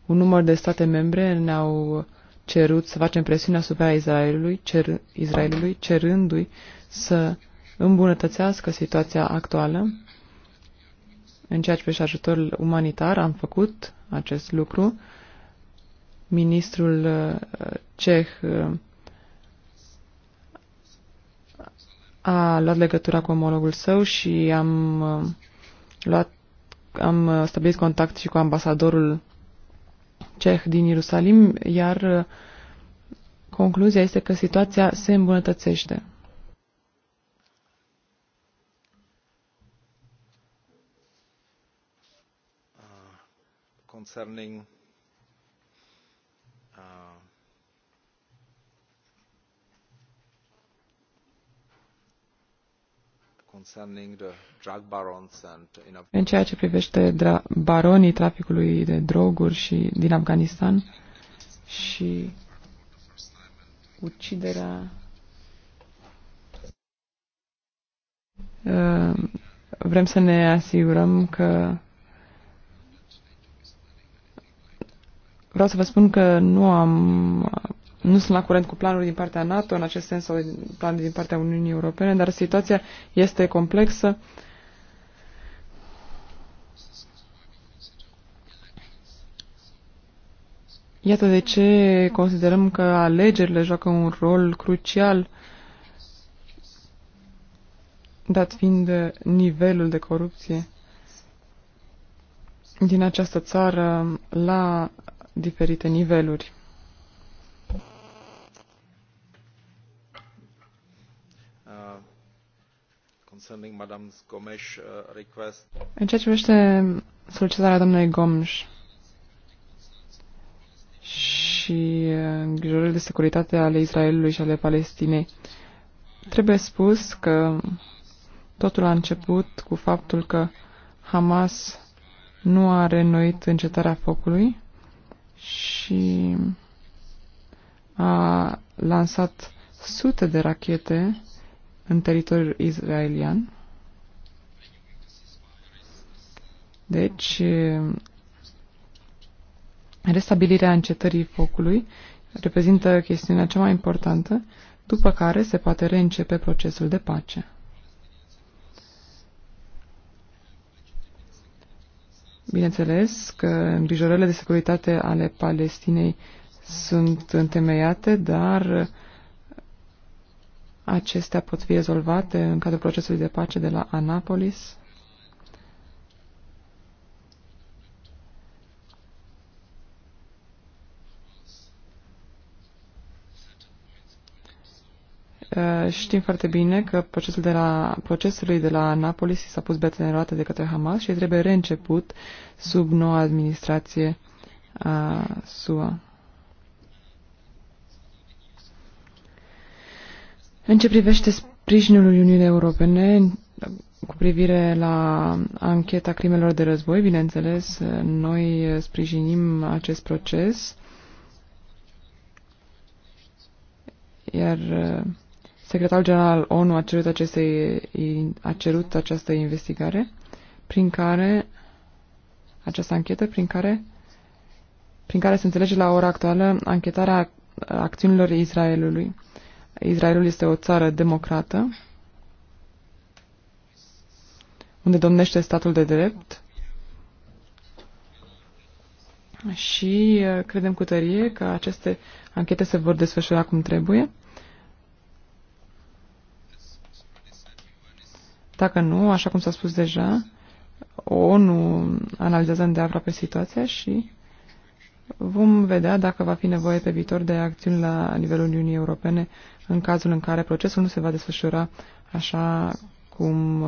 un număr de state membre ne-au cerut să facem presiune asupra Israelului, cer, Israelului cerându-i să îmbunătățească situația actuală. În ceea ce privește ajutorul umanitar, am făcut acest lucru. Ministrul uh, ceh uh, a luat legătura cu omologul său și am uh, luat am stabilit contact și cu ambasadorul ceh din Ierusalim, iar uh, concluzia este că situația se îmbunătățește. Uh, concerning În ceea ce privește baronii traficului de droguri și din Afganistan și uciderea ă, vrem să ne asigurăm că vreau să vă spun că nu am nu sunt la curent cu planuri din partea NATO, în acest sens, sau planuri din partea Uniunii Europene, dar situația este complexă. Iată de ce considerăm că alegerile joacă un rol crucial, dat fiind nivelul de corupție din această țară la diferite niveluri. concerning Madame Gomes' uh, request. În ceea ce privește solicitarea doamnei Gomes și îngrijorările de securitate ale Israelului și ale Palestinei, trebuie spus că totul a început cu faptul că Hamas nu a renoit încetarea focului și a lansat sute de rachete în teritoriul israelian. Deci, restabilirea încetării focului reprezintă chestiunea cea mai importantă, după care se poate reîncepe procesul de pace. Bineînțeles că îngrijorările de securitate ale Palestinei sunt întemeiate, dar Acestea pot fi rezolvate în cadrul procesului de pace de la Anapolis. Uh, știm foarte bine că procesul de la, procesului de la Anapolis s-a pus bețe în roată de către Hamas și trebuie reînceput sub noua administrație a SUA. În ce privește sprijinul Uniunii Europene cu privire la ancheta crimelor de război, bineînțeles, noi sprijinim acest proces, iar uh, secretarul general ONU a cerut, aceste, a cerut această investigare prin care această anchetă prin care prin care se înțelege la ora actuală anchetarea acțiunilor Israelului Israelul este o țară democrată, unde domnește statul de drept și uh, credem cu tărie că aceste anchete se vor desfășura cum trebuie. Dacă nu, așa cum s-a spus deja, ONU analizează îndeaproape situația și Vom vedea dacă va fi nevoie pe viitor de acțiuni la nivelul Uniunii Europene în cazul în care procesul nu se va desfășura așa cum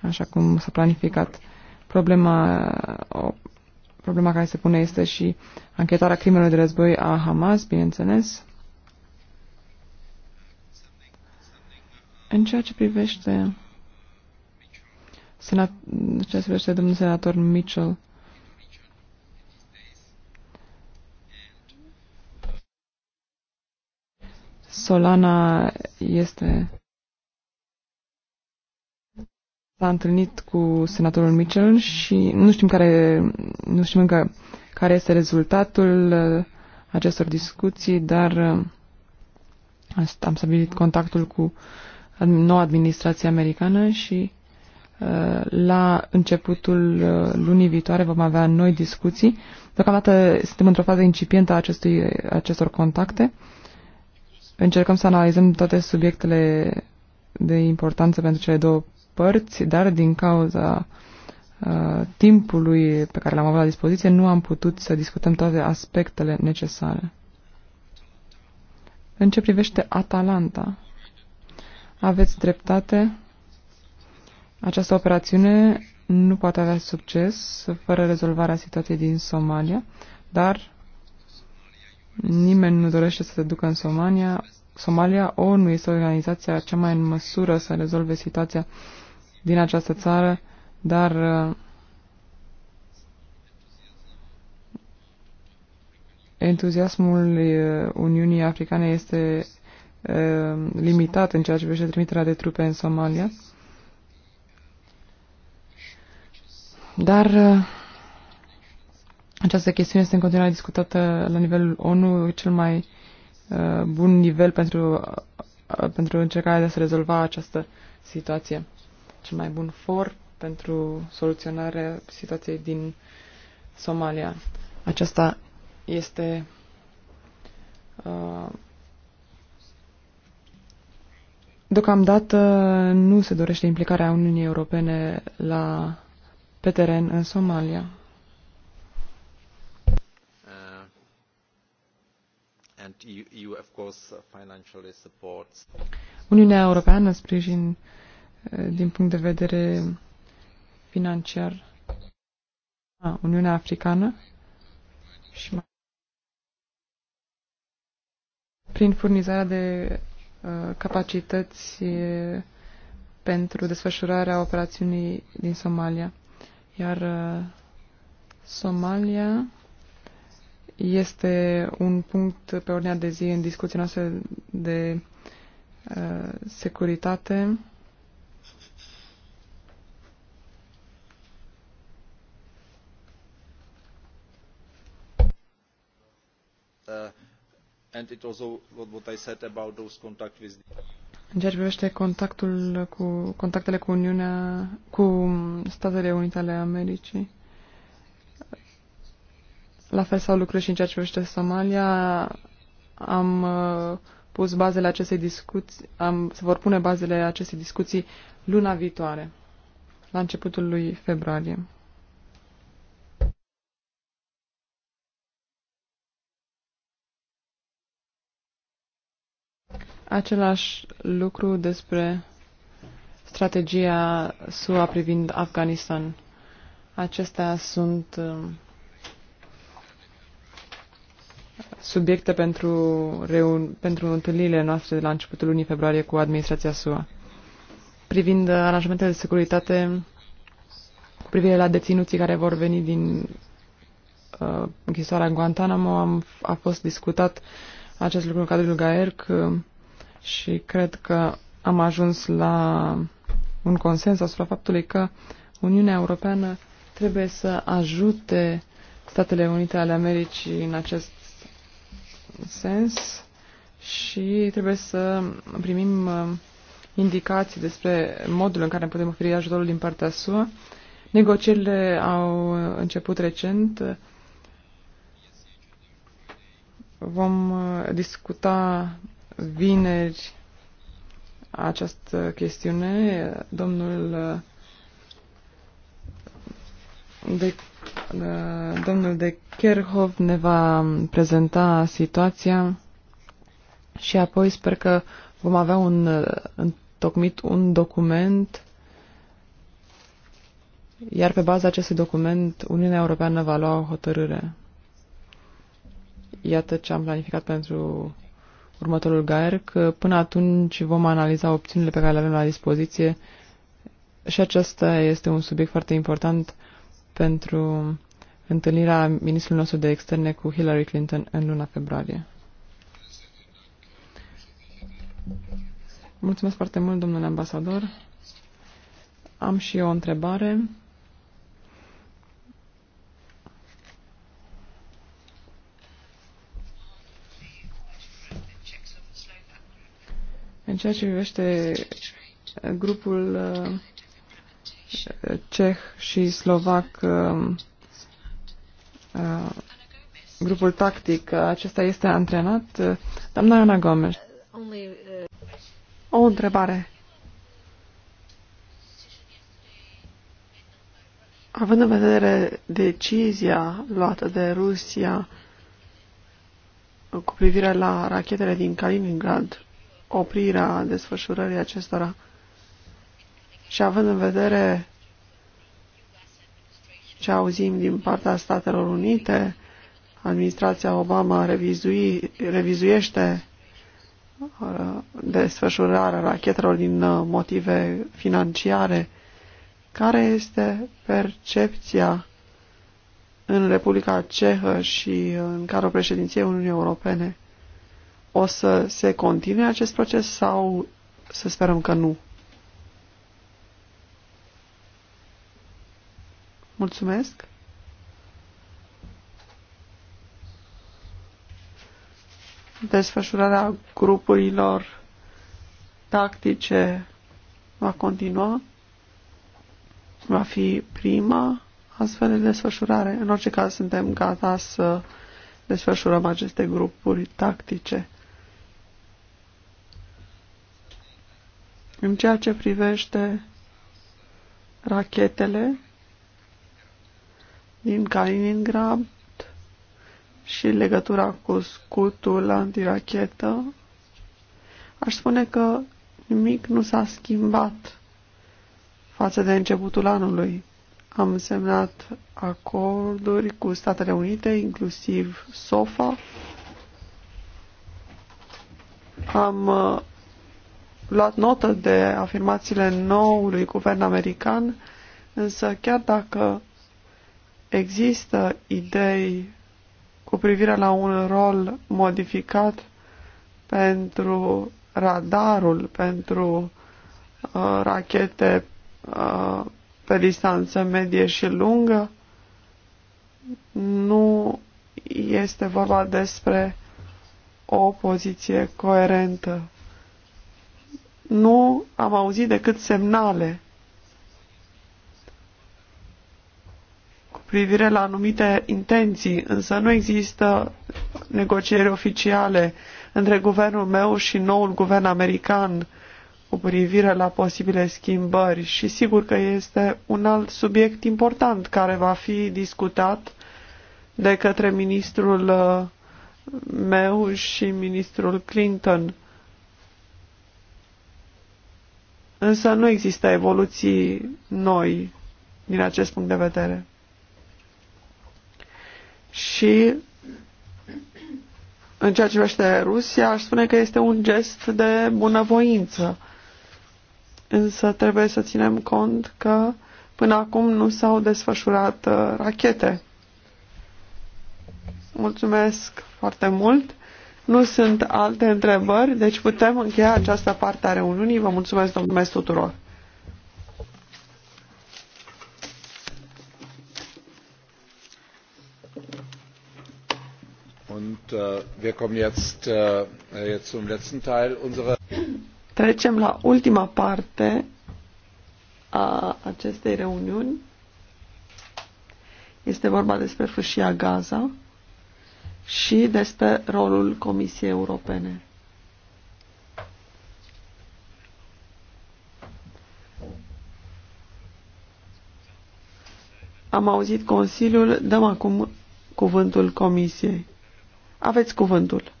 așa cum s-a planificat. Problema, problema care se pune este și anchetarea crimelor de război a Hamas, bineînțeles. În ceea ce privește Senat, ce vește domnul senator Mitchell. Solana este s-a întâlnit cu senatorul Mitchell și nu știm care nu știm încă care este rezultatul uh, acestor discuții, dar uh, am stabilit contactul cu noua administrație americană și Uh, la începutul uh, lunii viitoare vom avea noi discuții. Deocamdată suntem într-o fază incipientă a acestui, acestor contacte. Încercăm să analizăm toate subiectele de importanță pentru cele două părți, dar din cauza uh, timpului pe care l-am avut la dispoziție, nu am putut să discutăm toate aspectele necesare. În ce privește Atalanta, aveți dreptate această operațiune nu poate avea succes fără rezolvarea situației din Somalia, dar nimeni nu dorește să se ducă în Somalia. Somalia, ONU este organizația cea mai în măsură să rezolve situația din această țară, dar uh, entuziasmul uh, Uniunii Africane este uh, limitat în ceea ce privește trimiterea de trupe în Somalia. Dar uh, această chestiune este în continuare discutată la nivelul ONU, cel mai uh, bun nivel pentru, uh, pentru încercarea de a se rezolva această situație. Cel mai bun for pentru soluționarea situației din Somalia. Aceasta este Deocamdată nu se dorește implicarea Uniunii Europene la pe teren în Somalia. Uh, uh, Uniunea Europeană sprijin uh, din punct de vedere financiar a, Uniunea Africană și mai prin furnizarea de uh, capacități pentru desfășurarea operațiunii din Somalia. Iar uh, Somalia este un punct pe ordinea de zi în discuția noastră de uh, securitate. Uh, and it also what, what I said about those contact with în ceea ce privește contactul cu, contactele cu Uniunea, cu Statele Unite ale Americii, la fel sau lucrat și în ceea ce privește Somalia, am uh, pus bazele acestei discuții, am, se vor pune bazele acestei discuții luna viitoare, la începutul lui februarie. Același lucru despre strategia SUA privind Afganistan. Acestea sunt um, subiecte pentru, reun- pentru întâlnirile noastre de la începutul lunii februarie cu administrația SUA. Privind aranjamentele de securitate cu privire la deținuții care vor veni din uh, închisoarea Guantanamo, am, a fost discutat acest lucru în cadrul GAERC. Uh, și cred că am ajuns la un consens asupra faptului că Uniunea Europeană trebuie să ajute Statele Unite ale Americii în acest sens și trebuie să primim uh, indicații despre modul în care ne putem oferi ajutorul din partea SUA. Negocierile au început recent. Vom uh, discuta vineri această chestiune, domnul de, domnul de Kerhov ne va prezenta situația și apoi sper că vom avea un, întocmit un document iar pe baza acestui document Uniunea Europeană va lua o hotărâre. Iată ce am planificat pentru următorul gaier, că până atunci vom analiza opțiunile pe care le avem la dispoziție și acesta este un subiect foarte important pentru întâlnirea ministrului nostru de externe cu Hillary Clinton în luna februarie. Mulțumesc foarte mult, domnule ambasador. Am și eu o întrebare. În ceea ce privește uh, grupul uh, ceh și slovac, uh, grupul tactic, acesta este antrenat. Doamna Ana Gomes. O întrebare. Având în vedere decizia luată de Rusia cu privire la rachetele din Kaliningrad, oprirea desfășurării acestora. Și având în vedere ce auzim din partea Statelor Unite, administrația Obama revizui, revizuiește uh, desfășurarea rachetelor din uh, motive financiare. Care este percepția în Republica Cehă și uh, în cadrul președinției Uniunii Europene? O să se continue acest proces sau să sperăm că nu? Mulțumesc! Desfășurarea grupurilor tactice va continua, va fi prima astfel de desfășurare. În orice caz, suntem gata să desfășurăm aceste grupuri tactice. În ceea ce privește rachetele din Kaliningrad și legătura cu scutul antirachetă, aș spune că nimic nu s-a schimbat față de începutul anului. Am semnat acorduri cu Statele Unite, inclusiv SOFA. Am uh, luat notă de afirmațiile noului guvern american, însă chiar dacă există idei cu privire la un rol modificat pentru radarul, pentru uh, rachete uh, pe distanță medie și lungă, nu este vorba despre o poziție coerentă nu am auzit decât semnale cu privire la anumite intenții, însă nu există negocieri oficiale între guvernul meu și noul guvern american cu privire la posibile schimbări și sigur că este un alt subiect important care va fi discutat de către ministrul uh, meu și ministrul Clinton. Însă nu există evoluții noi din acest punct de vedere. Și în ceea ce privește Rusia, aș spune că este un gest de bunăvoință. Însă trebuie să ținem cont că până acum nu s-au desfășurat uh, rachete. Mulțumesc foarte mult! Nu sunt alte întrebări, deci putem încheia această parte a reuniunii. Vă mulțumesc, domnule tuturor! Und uh, wir kommen jetzt, uh, jetzt zum letzten Teil unserer. Trecem la ultima parte a acestei reuniuni. Este vorba despre fâșia Gaza și despre rolul Comisiei Europene. Am auzit Consiliul, dăm acum cuvântul Comisiei. Aveți cuvântul.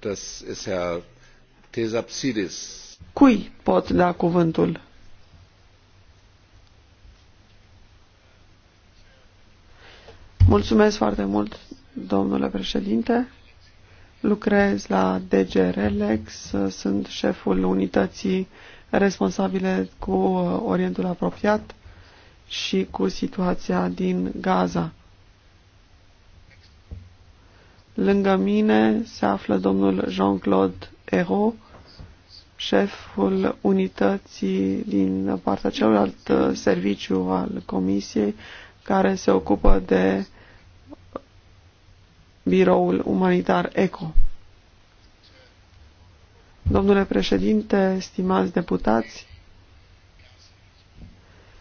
Das ist Herr Tesapsidis. Cui pot da cuvântul? Mulțumesc foarte mult, domnule președinte. Lucrez la DG Relex, sunt șeful unității responsabile cu Orientul apropiat și cu situația din Gaza. Lângă mine se află domnul Jean-Claude Ero, șeful unității din partea celuilalt uh, serviciu al Comisiei, care se ocupă de biroul umanitar ECO. Domnule președinte, stimați deputați,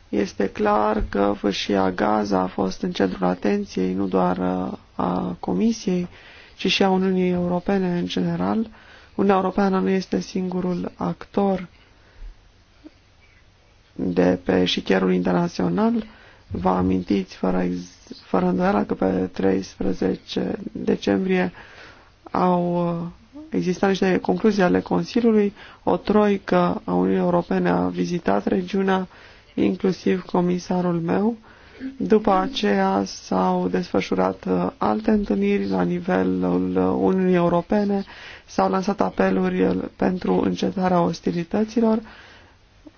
este clar că fâșia Gaza a fost în centrul atenției nu doar uh, a Comisiei, ci și a Uniunii Europene în general. Uniunea Europeană nu este singurul actor de pe șichierul internațional, Vă amintiți fără, fără îndoială că pe 13 decembrie au uh, existat niște concluzii ale Consiliului. O troică a Uniunii Europene a vizitat regiunea, inclusiv comisarul meu. După aceea s-au desfășurat uh, alte întâlniri la nivelul Uniunii Europene, s-au lansat apeluri uh, pentru încetarea ostilităților.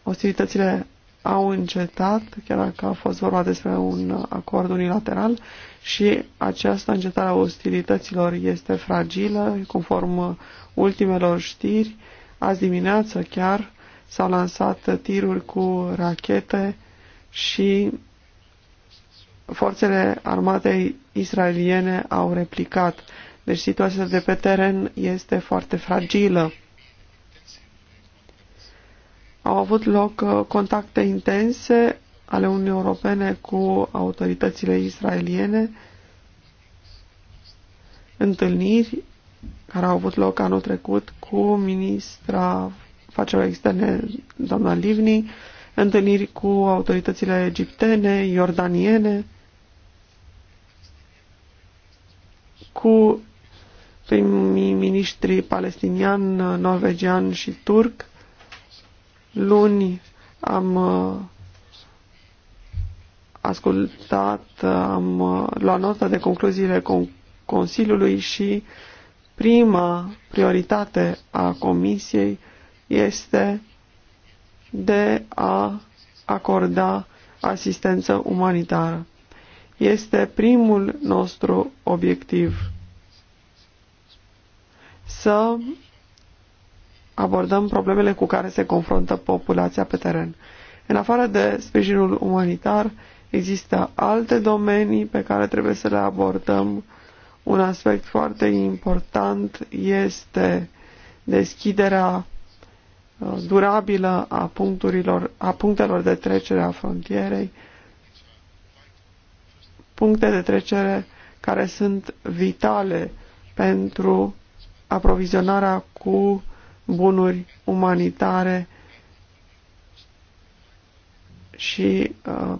Ostilitățile au încetat, chiar dacă a fost vorba despre un acord unilateral și această încetare a ostilităților este fragilă, conform ultimelor știri. Azi dimineață chiar s-au lansat tiruri cu rachete și forțele armatei israeliene au replicat. Deci situația de pe teren este foarte fragilă. Au avut loc uh, contacte intense ale Uniunii Europene cu autoritățile israeliene, întâlniri care au avut loc anul trecut cu ministra afacerilor externe, doamna Livni, întâlniri cu autoritățile egiptene, iordaniene, cu prim-ministrii palestinian, norvegian și turc, Luni am uh, ascultat, uh, am uh, luat nota de concluziile Consiliului și prima prioritate a Comisiei este de a acorda asistență umanitară. Este primul nostru obiectiv să abordăm problemele cu care se confruntă populația pe teren. În afară de sprijinul umanitar, există alte domenii pe care trebuie să le abordăm. Un aspect foarte important este deschiderea uh, durabilă a, puncturilor, a punctelor de trecere a frontierei, puncte de trecere care sunt vitale pentru aprovizionarea cu bunuri umanitare și uh,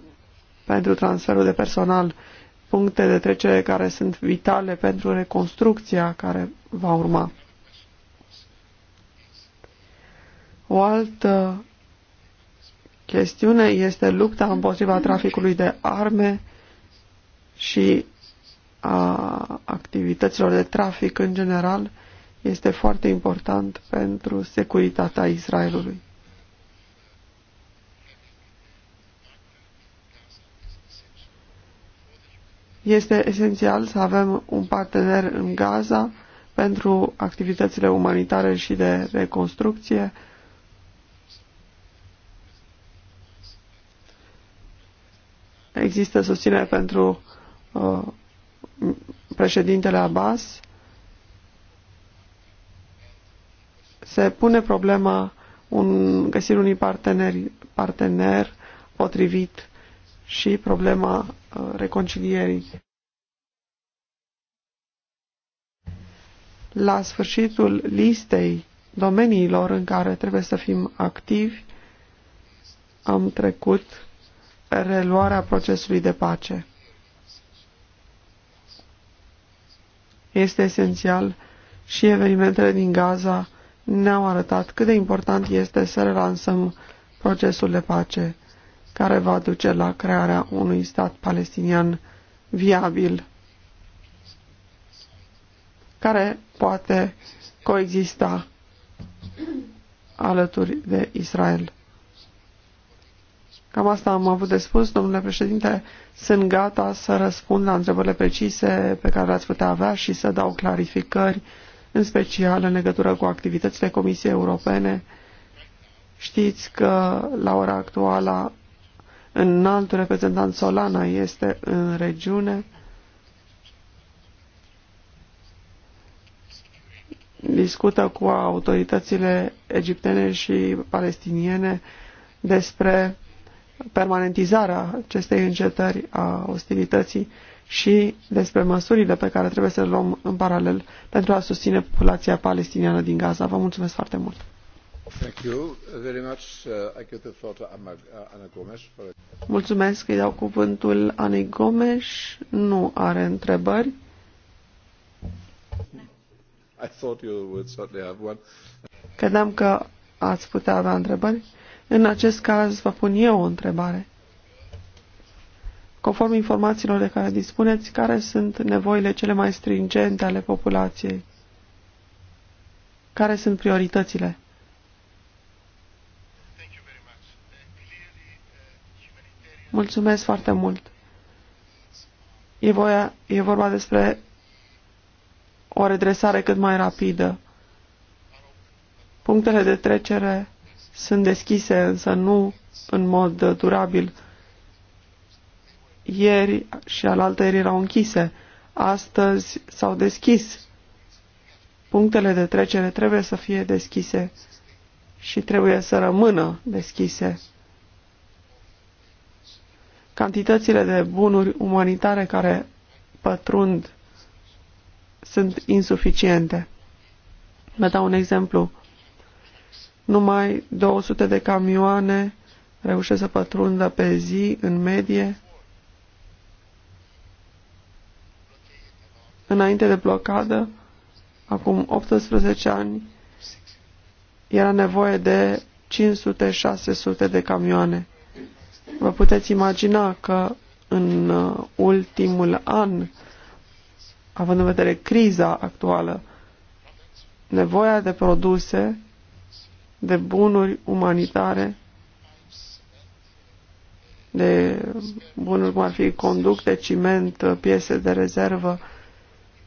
pentru transferul de personal, puncte de trecere care sunt vitale pentru reconstrucția care va urma. O altă chestiune este lupta împotriva traficului de arme și a activităților de trafic în general este foarte important pentru securitatea Israelului. Este esențial să avem un partener în Gaza pentru activitățile umanitare și de reconstrucție. Există susținere pentru uh, președintele Abbas, se pune problema un, găsirii unui partener, partener potrivit și problema uh, reconcilierii. La sfârșitul listei domeniilor în care trebuie să fim activi, am trecut reluarea procesului de pace. Este esențial și evenimentele din Gaza ne-au arătat cât de important este să relansăm procesul de pace care va duce la crearea unui stat palestinian viabil care poate coexista alături de Israel. Cam asta am avut de spus, domnule președinte. Sunt gata să răspund la întrebările precise pe care le-ați putea avea și să dau clarificări în special în legătură cu activitățile Comisiei Europene. Știți că la ora actuală înaltul reprezentant Solana este în regiune. discută cu autoritățile egiptene și palestiniene despre permanentizarea acestei încetări a ostilității și despre măsurile pe care trebuie să le luăm în paralel pentru a susține populația palestiniană din Gaza. Vă mulțumesc foarte mult! Mulțumesc, îi dau cuvântul Anei Gomes. Nu are întrebări. Credeam că ați putea avea întrebări. În acest caz vă pun eu o întrebare conform informațiilor de care dispuneți, care sunt nevoile cele mai stringente ale populației? Care sunt prioritățile? Mulțumesc foarte mult. E, voia, e vorba despre o redresare cât mai rapidă. Punctele de trecere sunt deschise, însă nu în mod durabil ieri și ieri erau închise. Astăzi s-au deschis. Punctele de trecere trebuie să fie deschise și trebuie să rămână deschise. Cantitățile de bunuri umanitare care pătrund sunt insuficiente. Vă dau un exemplu. Numai 200 de camioane reușesc să pătrundă pe zi, în medie, Înainte de blocadă, acum 18 ani, era nevoie de 500-600 de camioane. Vă puteți imagina că în uh, ultimul an, având în vedere criza actuală, nevoia de produse, de bunuri umanitare, de bunuri cum ar fi conducte, ciment, uh, piese de rezervă,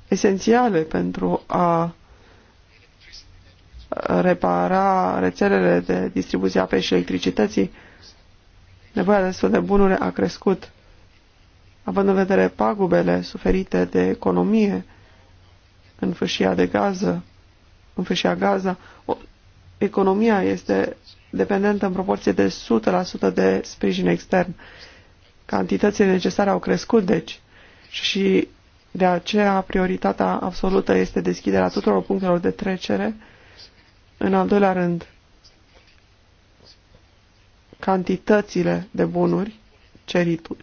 esențiale pentru a repara rețelele de distribuție apei și electricității, nevoia de astfel de bunuri a crescut. Având în vedere pagubele suferite de economie în fâșia de gază, în fâșia Gaza, o, economia este dependentă în proporție de 100% de sprijin extern. Cantitățile necesare au crescut, deci, și de aceea, prioritatea absolută este deschiderea tuturor punctelor de trecere. În al doilea rând, cantitățile de bunuri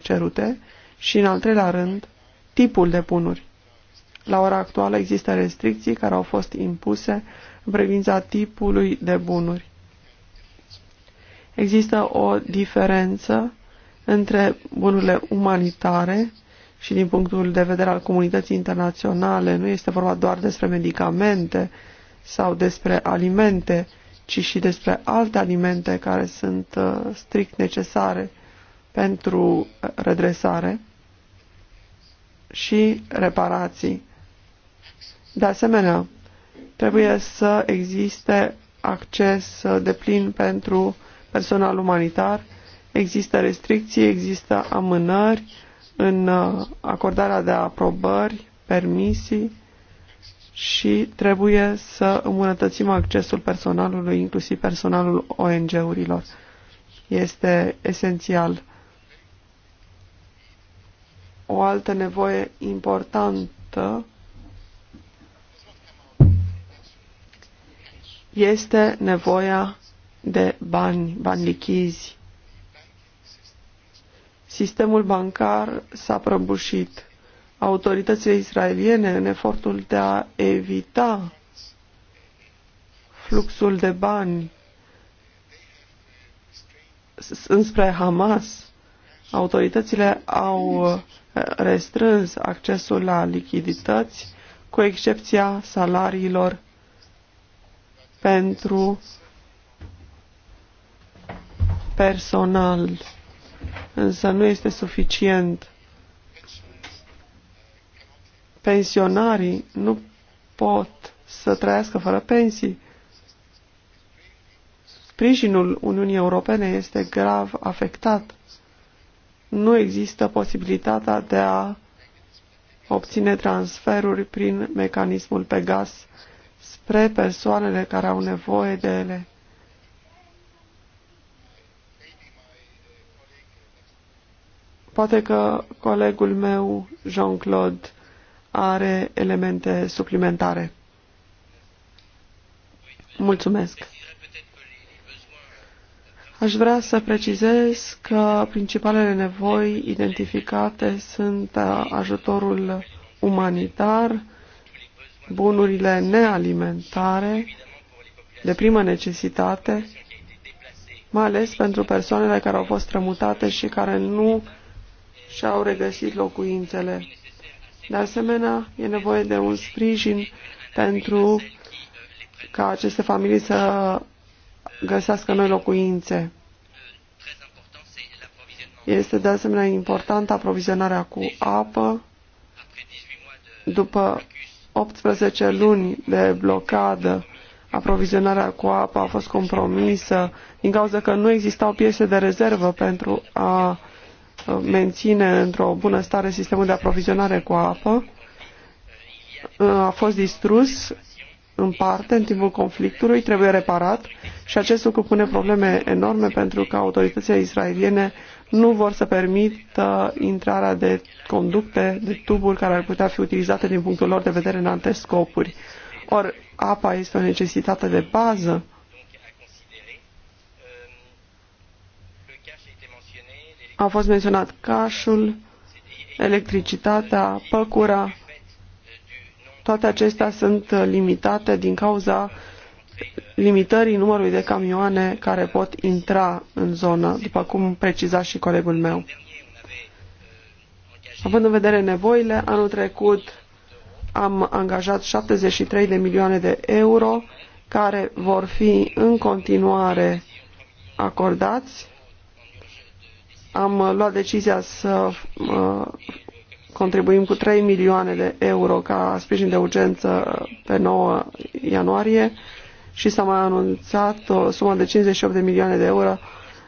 cerute și, în al treilea rând, tipul de bunuri. La ora actuală există restricții care au fost impuse în privința tipului de bunuri. Există o diferență între bunurile umanitare și din punctul de vedere al comunității internaționale. Nu este vorba doar despre medicamente sau despre alimente, ci și despre alte alimente care sunt uh, strict necesare pentru uh, redresare și reparații. De asemenea, trebuie să existe acces uh, de plin pentru personal umanitar, există restricții, există amânări, în uh, acordarea de aprobări, permisii și trebuie să îmbunătățim accesul personalului, inclusiv personalul ONG-urilor. Este esențial. O altă nevoie importantă este nevoia de bani, bani lichizi Sistemul bancar s-a prăbușit. Autoritățile israeliene, în efortul de a evita fluxul de bani înspre Hamas, autoritățile au restrâns accesul la lichidități, cu excepția salariilor pentru personal însă nu este suficient. Pensionarii nu pot să trăiască fără pensii. Sprijinul Uniunii Europene este grav afectat. Nu există posibilitatea de a obține transferuri prin mecanismul Pegas spre persoanele care au nevoie de ele. Poate că colegul meu, Jean-Claude, are elemente suplimentare. Mulțumesc. Aș vrea să precizez că principalele nevoi identificate sunt uh, ajutorul umanitar, bunurile nealimentare, de primă necesitate, mai ales pentru persoanele care au fost strămutate și care nu și-au regăsit locuințele. De asemenea, e nevoie de un sprijin pentru ca aceste familii să găsească noi locuințe. Este de asemenea importantă aprovizionarea cu apă. După 18 luni de blocadă, aprovizionarea cu apă a fost compromisă din cauza că nu existau piese de rezervă pentru a menține într-o bună stare sistemul de aprovizionare cu apă. A fost distrus în parte în timpul conflictului, trebuie reparat și acest lucru pune probleme enorme pentru că autoritățile israeliene nu vor să permită intrarea de conducte, de tuburi care ar putea fi utilizate din punctul lor de vedere în alte scopuri. Ori apa este o necesitate de bază A fost menționat cașul, electricitatea, păcura. Toate acestea sunt limitate din cauza limitării numărului de camioane care pot intra în zonă, după cum preciza și colegul meu. Având în vedere nevoile, anul trecut am angajat 73 de milioane de euro care vor fi în continuare acordați am uh, luat decizia să uh, contribuim cu 3 milioane de euro ca sprijin de urgență pe 9 ianuarie și s-a mai anunțat o sumă de 58 de milioane de euro,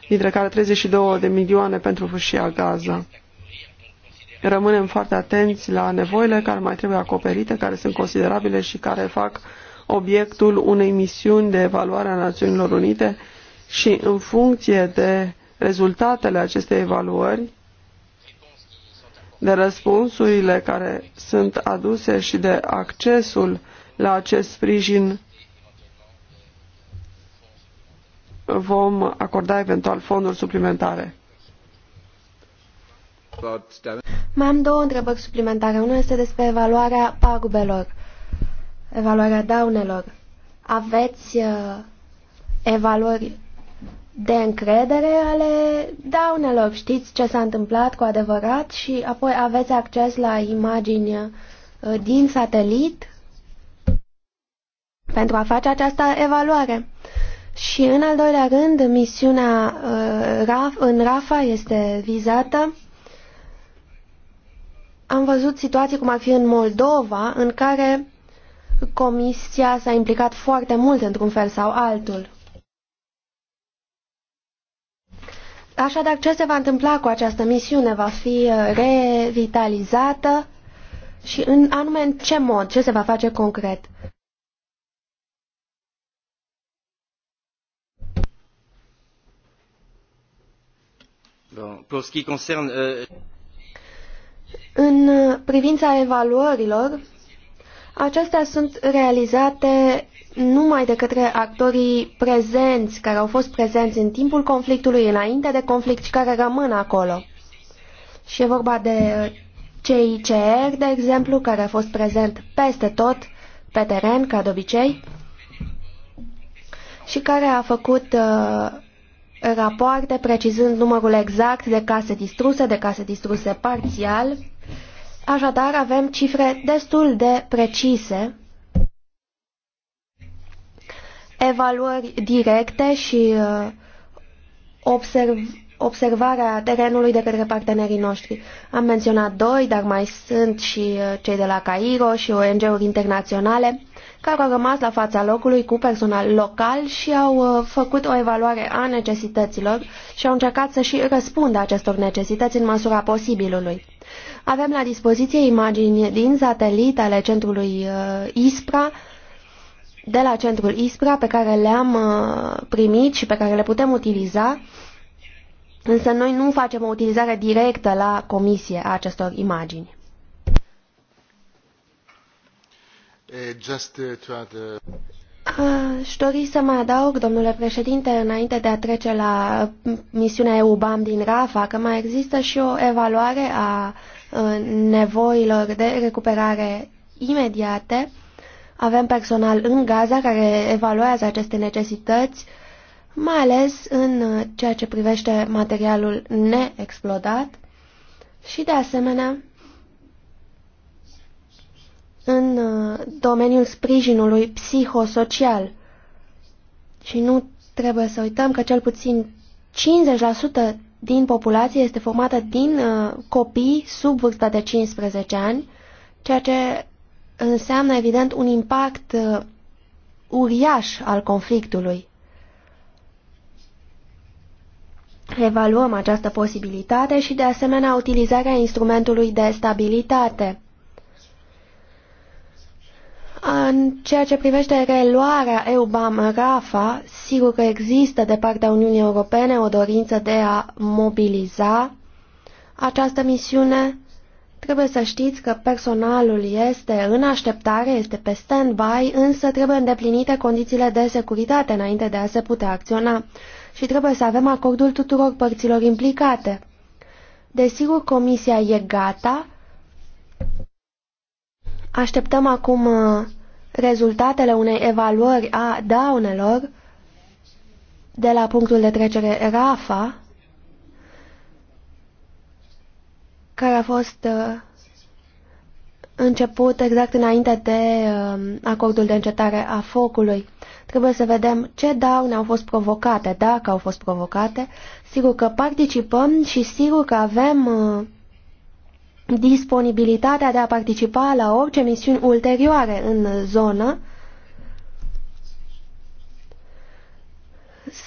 dintre care 32 de milioane pentru fâșia Gaza. Rămânem foarte atenți la nevoile care mai trebuie acoperite, care sunt considerabile și care fac obiectul unei misiuni de evaluare a Națiunilor Unite și în funcție de rezultatele acestei evaluări, de răspunsurile care sunt aduse și de accesul la acest sprijin vom acorda eventual fonduri suplimentare. Mai am două întrebări suplimentare. Una este despre evaluarea pagubelor, evaluarea daunelor. Aveți uh, evaluări de încredere ale daunelor. Știți ce s-a întâmplat cu adevărat și apoi aveți acces la imagini uh, din satelit pentru a face această evaluare. Și în al doilea rând, misiunea uh, în RAFA este vizată. Am văzut situații cum ar fi în Moldova, în care Comisia s-a implicat foarte mult într-un fel sau altul. Așadar, ce se va întâmpla cu această misiune? Va fi uh, revitalizată și în, anume în ce mod? Ce se va face concret? Euh, în uh, privința evaluărilor, Acestea sunt realizate numai de către actorii prezenți, care au fost prezenți în timpul conflictului, înainte de conflict și care rămân acolo. Și e vorba de uh, CICR, de exemplu, care a fost prezent peste tot, pe teren, ca de obicei, și care a făcut uh, rapoarte precizând numărul exact de case distruse, de case distruse parțial, Așadar, avem cifre destul de precise, evaluări directe și uh, observ observarea terenului de către partenerii noștri. Am menționat doi, dar mai sunt și uh, cei de la Cairo și ONG-uri internaționale care au rămas la fața locului cu personal local și au uh, făcut o evaluare a necesităților și au încercat să și răspundă acestor necesități în măsura posibilului. Avem la dispoziție imagini din satelit ale centrului uh, ISPRA, de la centrul ISPRA, pe care le-am uh, primit și pe care le putem utiliza, însă noi nu facem o utilizare directă la comisie a acestor imagini. Uh, Aș dori să mai adaug, domnule președinte, înainte de a trece la misiunea EUBAM din RAFA, că mai există și o evaluare a nevoilor de recuperare imediate. Avem personal în Gaza care evaluează aceste necesități, mai ales în ceea ce privește materialul neexplodat și, de asemenea, în domeniul sprijinului psihosocial. Și nu trebuie să uităm că cel puțin 50% din populație este formată din uh, copii sub vârsta de 15 ani, ceea ce înseamnă evident un impact uh, uriaș al conflictului. Evaluăm această posibilitate și de asemenea utilizarea instrumentului de stabilitate. În ceea ce privește reluarea EUBAM-RAFA, sigur că există de partea Uniunii Europene o dorință de a mobiliza această misiune. Trebuie să știți că personalul este în așteptare, este pe stand-by, însă trebuie îndeplinite condițiile de securitate înainte de a se putea acționa și trebuie să avem acordul tuturor părților implicate. Desigur, Comisia e gata Așteptăm acum uh, rezultatele unei evaluări a daunelor de la punctul de trecere RAFA, care a fost uh, început exact înainte de um, acordul de încetare a focului. Trebuie să vedem ce daune au fost provocate, dacă au fost provocate. Sigur că participăm și sigur că avem uh, disponibilitatea de a participa la orice misiuni ulterioare în zonă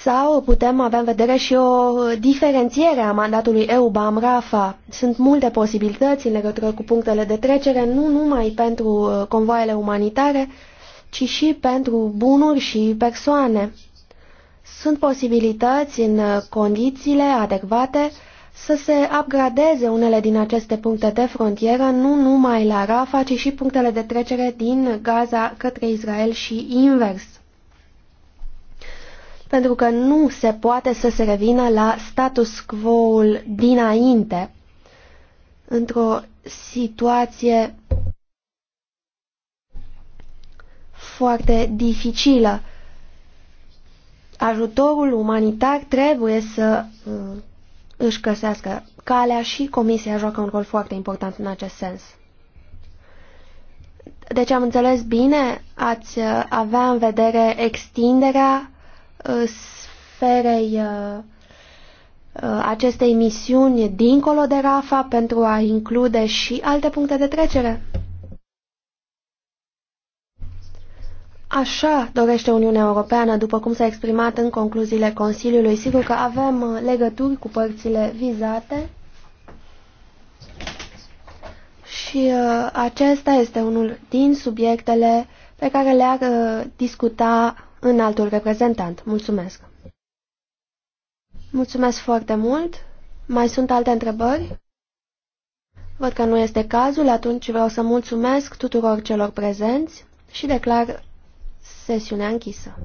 sau putem avea în vedere și o diferențiere a mandatului EUBAM-RAFA. Sunt multe posibilități în legătură cu punctele de trecere, nu numai pentru uh, convoaiele umanitare, ci și pentru bunuri și persoane. Sunt posibilități în uh, condițiile adecvate să se upgradeze unele din aceste puncte de frontieră, nu numai la Rafa, ci și punctele de trecere din Gaza către Israel și invers. Pentru că nu se poate să se revină la status quo-ul dinainte, într-o situație foarte dificilă. Ajutorul umanitar trebuie să uh, își găsească calea și Comisia joacă un rol foarte important în acest sens. Deci am înțeles bine, ați uh, avea în vedere extinderea uh, sferei uh, acestei misiuni dincolo de RAFA pentru a include și alte puncte de trecere? Așa dorește Uniunea Europeană, după cum s-a exprimat în concluziile Consiliului. Sigur că avem uh, legături cu părțile vizate și uh, acesta este unul din subiectele pe care le-ar uh, discuta în altul reprezentant. Mulțumesc! Mulțumesc foarte mult! Mai sunt alte întrebări? Văd că nu este cazul, atunci vreau să mulțumesc tuturor celor prezenți și declar Sesiunea închisă.